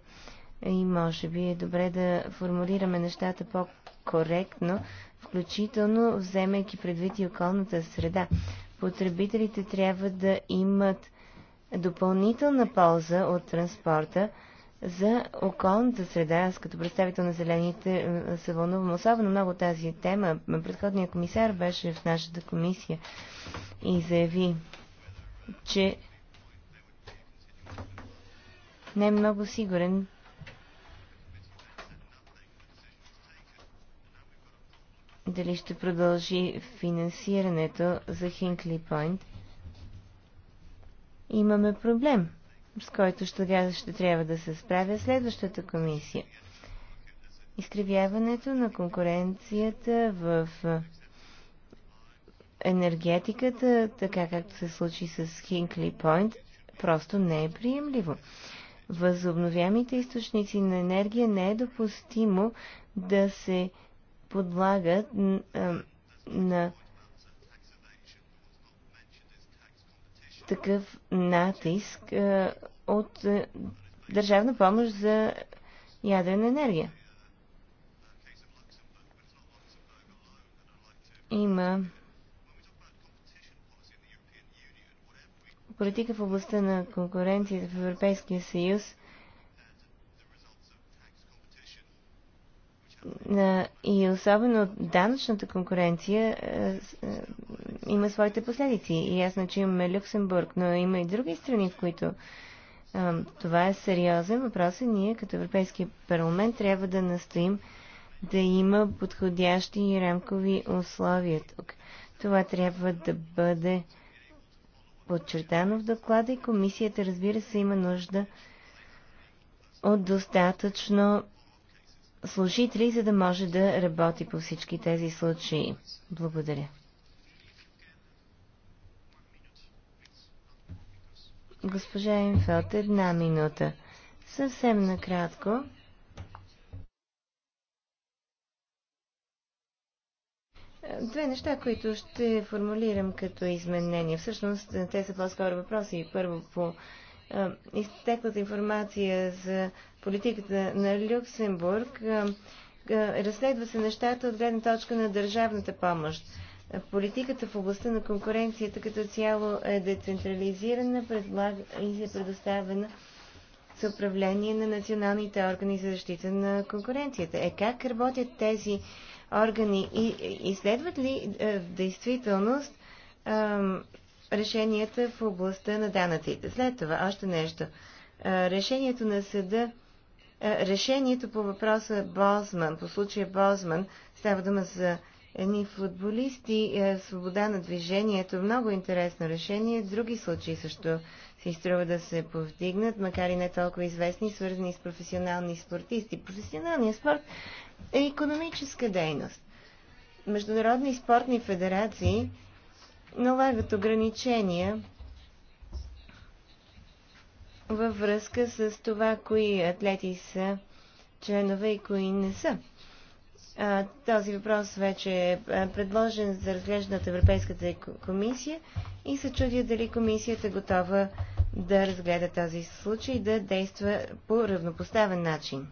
И може би е добре да формулираме нещата по-коректно, включително вземайки предвид и околната среда. Потребителите трябва да имат допълнителна полза от транспорта за околната среда. Аз като представител на зелените се вълнувам особено много тази тема. Предходният комисар беше в нашата комисия и заяви, че не е много сигурен дали ще продължи финансирането за Хинкли Пойнт имаме проблем, с който ще, ще трябва да се справя следващата комисия. Изкривяването на конкуренцията в енергетиката, така както се случи с Хинкли Пойнт, просто не е приемливо. Възобновямите източници на енергия не е допустимо да се подлагат на такъв натиск а, от а, държавна помощ за ядрена енергия. Има политика в областта на конкуренцията в Европейския съюз – и особено данъчната конкуренция има своите последици. И ясно, че имаме Люксембург, но има и други страни, в които това е сериозен въпрос и ние като Европейски парламент трябва да настоим да има подходящи рамкови условия тук. Това трябва да бъде подчертано в доклада и комисията, разбира се, има нужда от достатъчно служители, за да може да работи по всички тези случаи. Благодаря. Госпожа Инфелт, една минута. Съвсем накратко. Две неща, които ще формулирам като изменения. Всъщност, те са по-скоро въпроси. Първо, по изтеклата информация за политиката на Люксембург. Разследва се нещата от гледна точка на държавната помощ. Политиката в областта на конкуренцията като цяло е децентрализирана предлага и се предоставена с управление на националните органи за защита на конкуренцията. Е как работят тези органи и изследват ли в действителност решенията в областта на данъците? След това още нещо. решението на съда е, решението по въпроса Бозман, по случая Бозман, става дума за едни футболисти, е, свобода на движението, много интересно решение. Други случаи също се изтрува да се повдигнат, макар и не толкова известни, свързани с професионални спортисти. Професионалният спорт е економическа дейност. Международни спортни федерации налагат ограничения във връзка с това, кои атлети са членове и кои не са. А, този въпрос вече е предложен за разглеждане от Европейската комисия и се чудя дали комисията е готова да разгледа този случай и да действа по равнопоставен начин.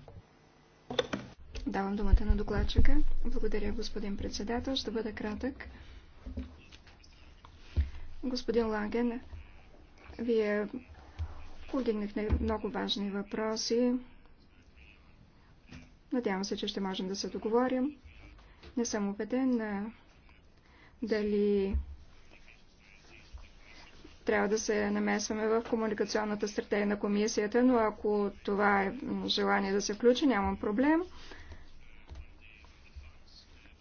Давам думата на докладчика. Благодаря, господин председател. Ще бъда кратък. Господин Лаген, вие Повдигнахме много важни въпроси. Надявам се, че ще можем да се договорим. Не съм убеден дали трябва да се намесваме в комуникационната стратегия на комисията, но ако това е желание да се включи, нямам проблем.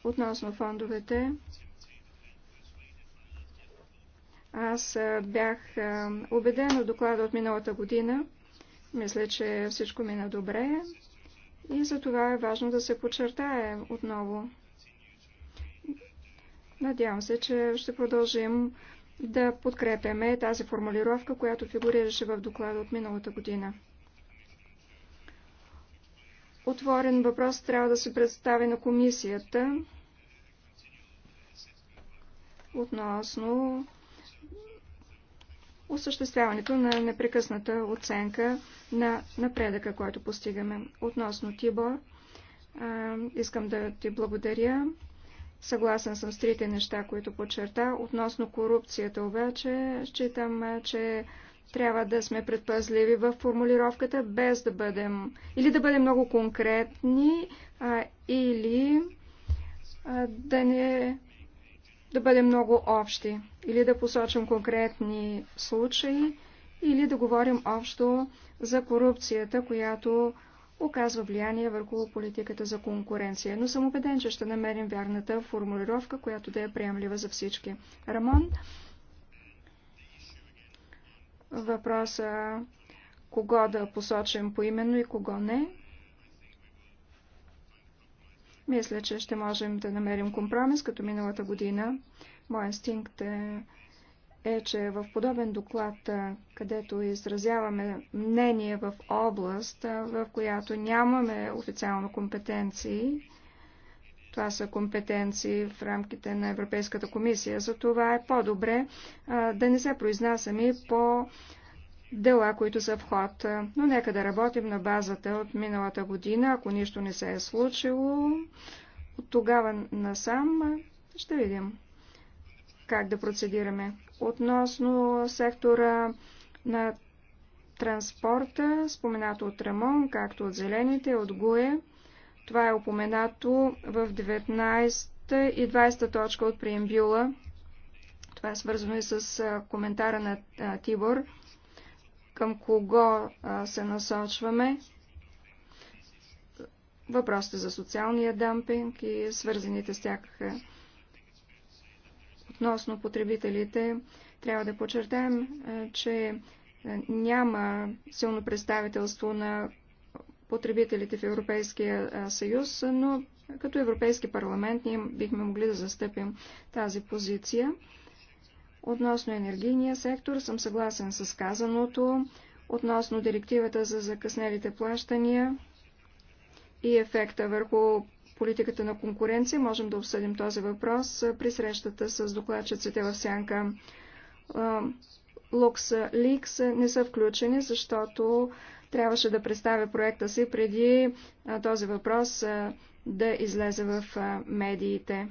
Относно фондовете, аз бях убеден от доклада от миналата година. Мисля, че всичко мина добре и за това е важно да се подчертае отново. Надявам се, че ще продължим да подкрепяме тази формулировка, която фигурираше в доклада от миналата година. Отворен въпрос трябва да се представи на комисията относно осъществяването на непрекъсната оценка на напредъка, който постигаме. Относно Тибор, искам да ти благодаря. Съгласен съм с трите неща, които подчерта. Относно корупцията обаче, считам, че трябва да сме предпазливи в формулировката, без да бъдем или да бъдем много конкретни, а, или а, да не да бъдем много общи, или да посочим конкретни случаи, или да говорим общо за корупцията, която оказва влияние върху политиката за конкуренция. Но съм убеден, че ще намерим вярната формулировка, която да е приемлива за всички. Рамон, въпроса кого да посочим поименно и кого не. Мисля, че ще можем да намерим компромис, като миналата година. Моя инстинкт е, е че в подобен доклад, където изразяваме мнение в област, в която нямаме официално компетенции, това са компетенции в рамките на Европейската комисия. За това е по-добре да не се произнасяме по дела, които са в ход. Но нека да работим на базата от миналата година. Ако нищо не се е случило, от тогава насам ще видим как да процедираме. Относно сектора на транспорта, споменато от Рамон, както от Зелените, от ГУЕ, това е упоменато в 19 и 20 точка от преембюла. Това е свързано и с коментара на Тибор към кого се насочваме. Въпросите за социалния дампинг и свързаните с тях е, относно потребителите, трябва да подчертаем, е, че е, няма силно представителство на потребителите в Европейския съюз, но като Европейски парламент ние бихме могли да застъпим тази позиция. Относно енергийния сектор съм съгласен с казаното. Относно директивата за закъснелите плащания и ефекта върху политиката на конкуренция, можем да обсъдим този въпрос при срещата с докладчиците в Сянка. Лукс Ликс не са включени, защото трябваше да представя проекта си преди този въпрос да излезе в медиите.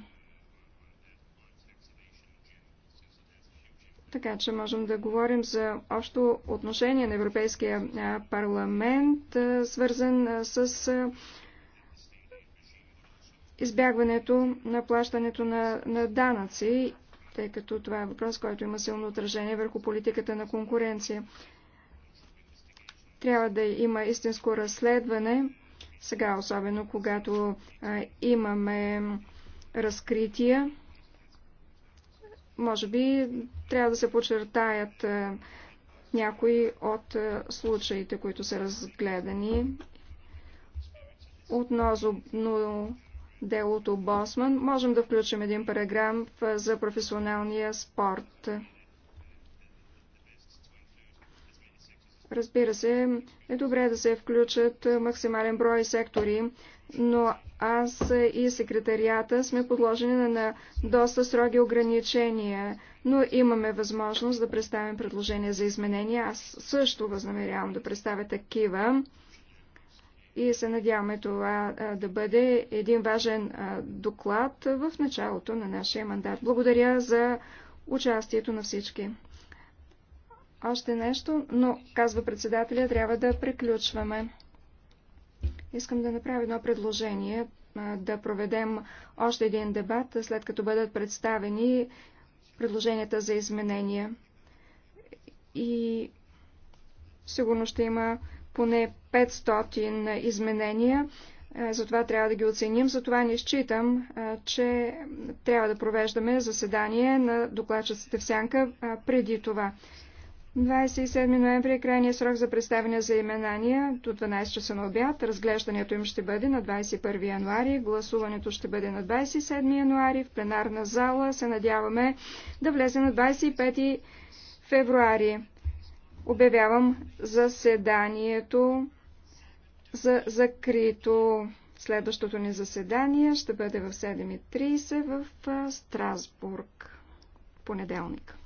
Така че можем да говорим за общо отношение на Европейския парламент, свързан с избягването на плащането на, на данъци, тъй като това е въпрос, който има силно отражение върху политиката на конкуренция. Трябва да има истинско разследване, сега особено когато а, имаме разкрития може би трябва да се подчертаят е, някои от е, случаите, които са разгледани относно делото Босман. Можем да включим един параграф е, за професионалния спорт. Разбира се, е добре да се включат максимален брой сектори, но аз и секретарията сме подложени на доста строги ограничения, но имаме възможност да представим предложения за изменения. Аз също възнамерявам да представя такива и се надяваме това да бъде един важен доклад в началото на нашия мандат. Благодаря за участието на всички. Още нещо, но казва председателя, трябва да приключваме. Искам да направя едно предложение да проведем още един дебат, след като бъдат представени предложенията за изменения. И сигурно ще има поне 500 изменения, затова трябва да ги оценим. Затова не считам, че трябва да провеждаме заседание на докладчиците в сянка преди това. 27 ноември е крайният срок за представяне за именания до 12 часа на обяд. Разглеждането им ще бъде на 21 януари, гласуването ще бъде на 27 януари. В пленарна зала се надяваме да влезе на 25 февруари. Обявявам заседанието за закрито. Следващото ни заседание ще бъде в 7.30 в Страсбург, понеделник.